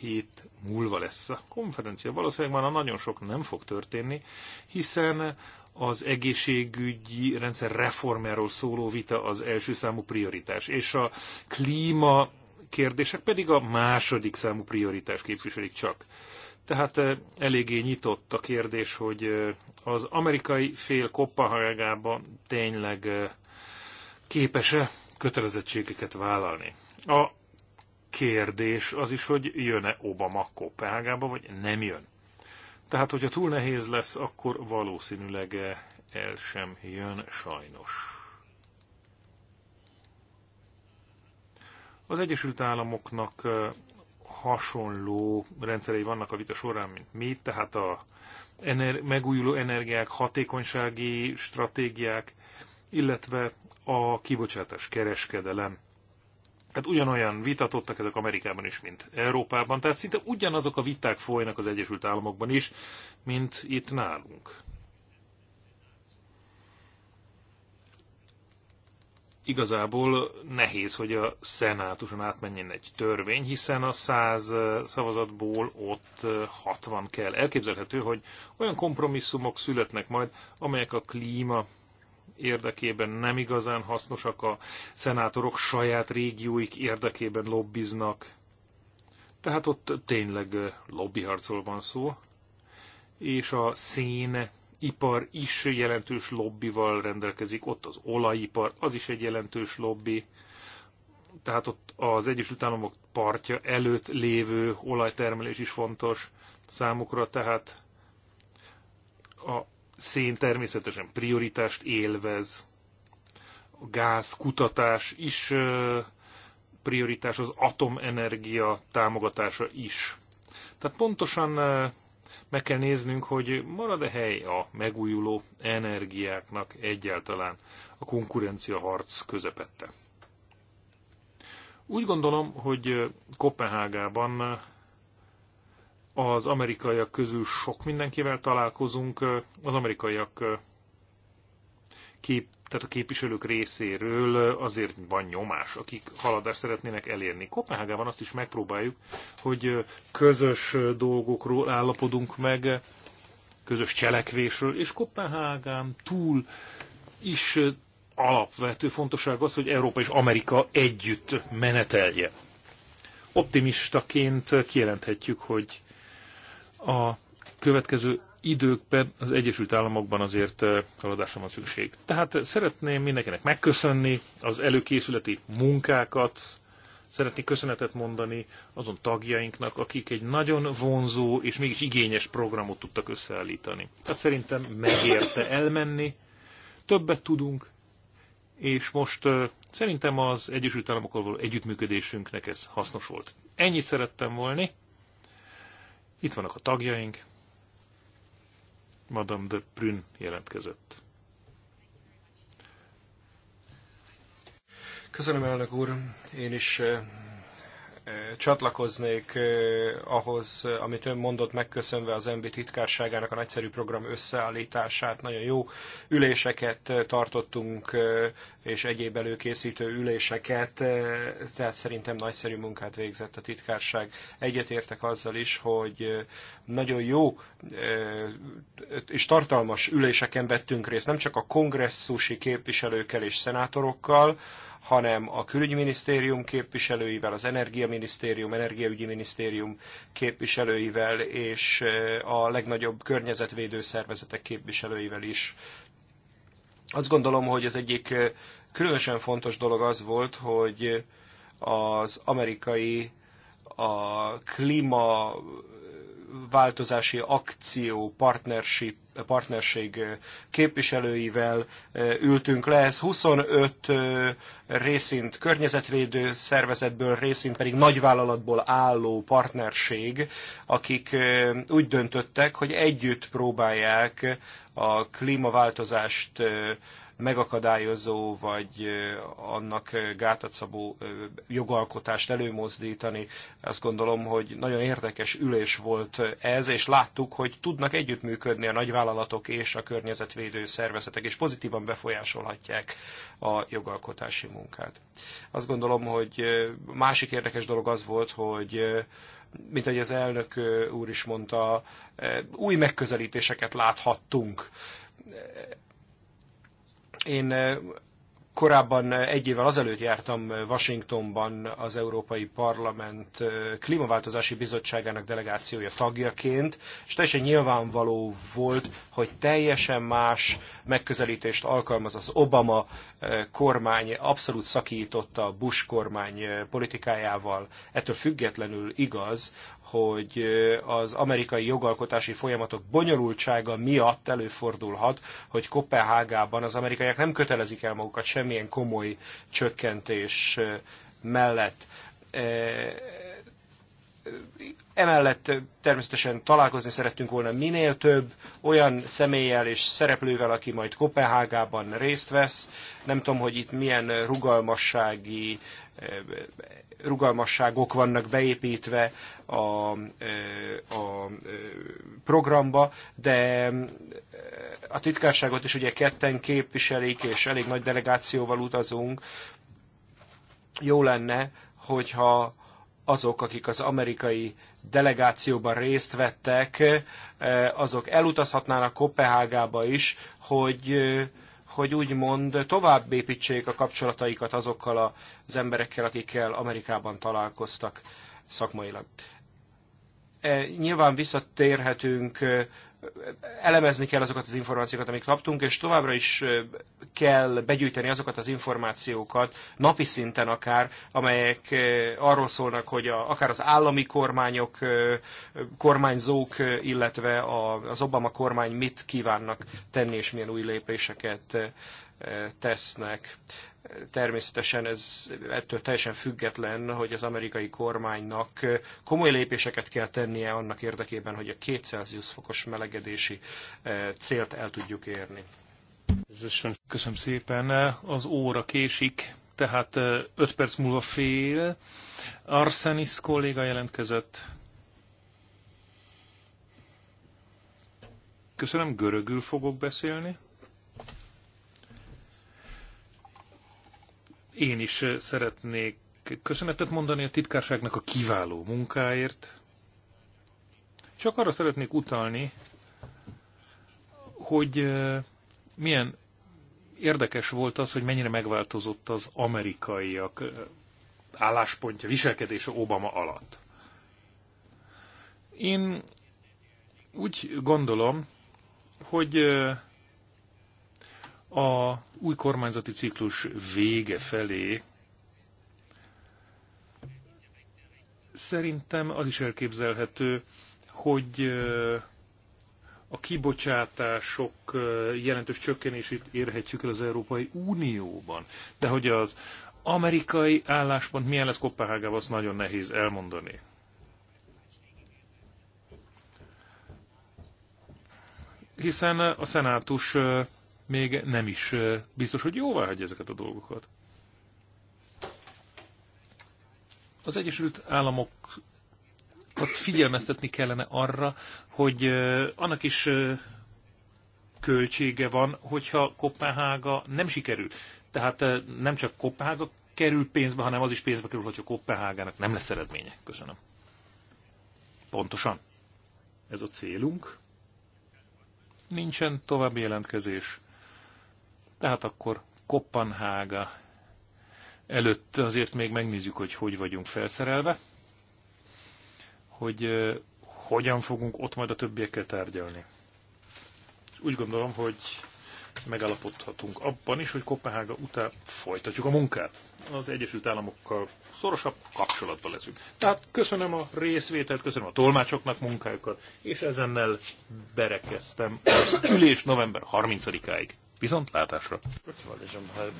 hét múlva lesz a konferencia. Valószínűleg már nagyon sok nem fog történni, hiszen az egészségügyi rendszer reformjáról szóló vita az első számú prioritás, és a klíma kérdések pedig a második számú prioritás képviselik csak. Tehát eh, eléggé nyitott a kérdés, hogy eh, az amerikai fél Kopenhágában tényleg eh, képes-e kötelezettségeket vállalni. A kérdés az is, hogy jön-e Obama Kopenhágába, vagy nem jön. Tehát, hogyha túl nehéz lesz, akkor valószínűleg el sem jön sajnos. Az Egyesült Államoknak hasonló rendszerei vannak a vita során, mint mi, tehát a ener- megújuló energiák, hatékonysági stratégiák, illetve a kibocsátás kereskedelem tehát ugyanolyan vitatottak ezek Amerikában is, mint Európában, tehát szinte ugyanazok a viták folynak az Egyesült Államokban is, mint itt nálunk. Igazából nehéz, hogy a szenátuson átmenjen egy törvény, hiszen a száz szavazatból ott 60 kell. Elképzelhető, hogy olyan kompromisszumok születnek majd, amelyek a klíma érdekében nem igazán hasznosak, a szenátorok saját régióik érdekében lobbiznak. Tehát ott tényleg lobbyharcról van szó, és a szén ipar is jelentős lobbival rendelkezik, ott az olajipar, az is egy jelentős lobby. Tehát ott az Egyesült Államok partja előtt lévő olajtermelés is fontos számukra, tehát a szén természetesen prioritást élvez, a gáz kutatás is prioritás, az atomenergia támogatása is. Tehát pontosan meg kell néznünk, hogy marad-e hely a megújuló energiáknak egyáltalán a konkurencia harc közepette. Úgy gondolom, hogy Kopenhágában az amerikaiak közül sok mindenkivel találkozunk, az amerikaiak kép, tehát a képviselők részéről azért van nyomás, akik haladást szeretnének elérni. Kopenhágában azt is megpróbáljuk, hogy közös dolgokról állapodunk meg, közös cselekvésről, és Kopenhágán túl is alapvető fontosság az, hogy Európa és Amerika együtt menetelje. Optimistaként kijelenthetjük, hogy a következő időkben az Egyesült Államokban azért haladásra eh, van szükség. Tehát szeretném mindenkinek megköszönni az előkészületi munkákat, szeretnék köszönetet mondani azon tagjainknak, akik egy nagyon vonzó és mégis igényes programot tudtak összeállítani. Tehát szerintem megérte elmenni, többet tudunk, és most eh, szerintem az Egyesült Államokkal való együttműködésünknek ez hasznos volt. Ennyit szerettem volna. Itt vannak a tagjaink. Madame de Prün jelentkezett. Köszönöm, elnök úr. Én is eh, csatlakoznék ahhoz, amit ön mondott, megköszönve az MB titkárságának a nagyszerű program összeállítását. Nagyon jó üléseket tartottunk, és egyéb előkészítő üléseket, tehát szerintem nagyszerű munkát végzett a titkárság. Egyetértek azzal is, hogy nagyon jó és tartalmas üléseken vettünk részt, nem csak a kongresszusi képviselőkkel és szenátorokkal, hanem a külügyminisztérium képviselőivel, az energiaminisztérium, energiaügyi minisztérium képviselőivel és eh, a legnagyobb környezetvédő szervezetek képviselőivel is. Azt gondolom, hogy az egyik eh, különösen fontos dolog az volt, hogy az amerikai a klíma változási akció partnership, partnerség képviselőivel ültünk le. Ez 25 részint környezetvédő szervezetből, részint pedig nagyvállalatból álló partnerség, akik úgy döntöttek, hogy együtt próbálják a klímaváltozást megakadályozó vagy annak gátat szabó jogalkotást előmozdítani. Azt gondolom, hogy nagyon érdekes ülés volt ez, és láttuk, hogy tudnak együttműködni a nagyvállalatok és a környezetvédő szervezetek, és pozitívan befolyásolhatják a jogalkotási munkát. Azt gondolom, hogy másik érdekes dolog az volt, hogy mint ahogy az elnök úr is mondta, új megközelítéseket láthattunk én korábban egy évvel azelőtt jártam Washingtonban az Európai Parlament Klímaváltozási Bizottságának delegációja tagjaként, és teljesen nyilvánvaló volt, hogy teljesen más megközelítést alkalmaz az Obama kormány, abszolút szakította a Bush kormány politikájával. Ettől függetlenül igaz, hogy az amerikai jogalkotási folyamatok bonyolultsága miatt előfordulhat, hogy Kopenhágában az amerikaiak nem kötelezik el magukat semmilyen komoly csökkentés mellett Emellett természetesen találkozni szerettünk volna minél több olyan személlyel és szereplővel, aki majd Kopenhágában részt vesz. Nem tudom, hogy itt milyen rugalmassági rugalmasságok vannak beépítve a, a programba, de a titkárságot is ugye ketten képviselik, és elég nagy delegációval utazunk. Jó lenne, hogyha azok, akik az amerikai delegációban részt vettek, eh, azok elutazhatnának Kopenhágába is, hogy eh, hogy úgymond tovább építsék a kapcsolataikat azokkal az emberekkel, akikkel Amerikában találkoztak szakmailag. Eh, nyilván visszatérhetünk elemezni kell azokat az információkat, amik kaptunk, és továbbra is kell begyűjteni azokat az információkat, napi szinten akár, amelyek arról szólnak, hogy a, akár az állami kormányok, kormányzók, illetve a, az Obama kormány mit kívánnak tenni, és milyen új lépéseket tesznek természetesen ez ettől teljesen független, hogy az amerikai kormánynak komoly lépéseket kell tennie annak érdekében, hogy a 2 Celsius fokos melegedési eh, célt el tudjuk érni. Köszönöm szépen. Az óra késik, tehát 5 eh, perc múlva fél. Arsenis kolléga jelentkezett. Köszönöm, görögül fogok beszélni. Én is szeretnék köszönetet mondani a titkárságnak a kiváló munkáért. Csak arra szeretnék utalni, hogy milyen érdekes volt az, hogy mennyire megváltozott az amerikaiak álláspontja, viselkedése Obama alatt. Én úgy gondolom, hogy a új kormányzati ciklus vége felé szerintem az is elképzelhető, hogy a kibocsátások jelentős csökkenését érhetjük el az Európai Unióban. De hogy az amerikai álláspont milyen lesz Kopenhágában, azt nagyon nehéz elmondani. Hiszen a szenátus még nem is biztos, hogy jóvá hagyja ezeket a dolgokat. Az Egyesült Államokat figyelmeztetni kellene arra, hogy annak is költsége van, hogyha Kopenhága nem sikerül. Tehát nem csak Kopenhága kerül pénzbe, hanem az is pénzbe kerül, hogyha Kopenhágának nem lesz eredménye. Köszönöm. Pontosan. Ez a célunk. Nincsen további jelentkezés. Tehát akkor Kopenhága előtt azért még megnézzük, hogy hogy vagyunk felszerelve, hogy hogyan fogunk ott majd a többiekkel tárgyalni. Úgy gondolom, hogy megállapodhatunk abban is, hogy Kopenhága után folytatjuk a munkát. Az Egyesült Államokkal szorosabb kapcsolatban leszünk. Tehát köszönöm a részvételt, köszönöm a tolmácsoknak munkájukat, és ezennel berekeztem az ülés november 30-áig. Viszontlátásra! Köszönöm.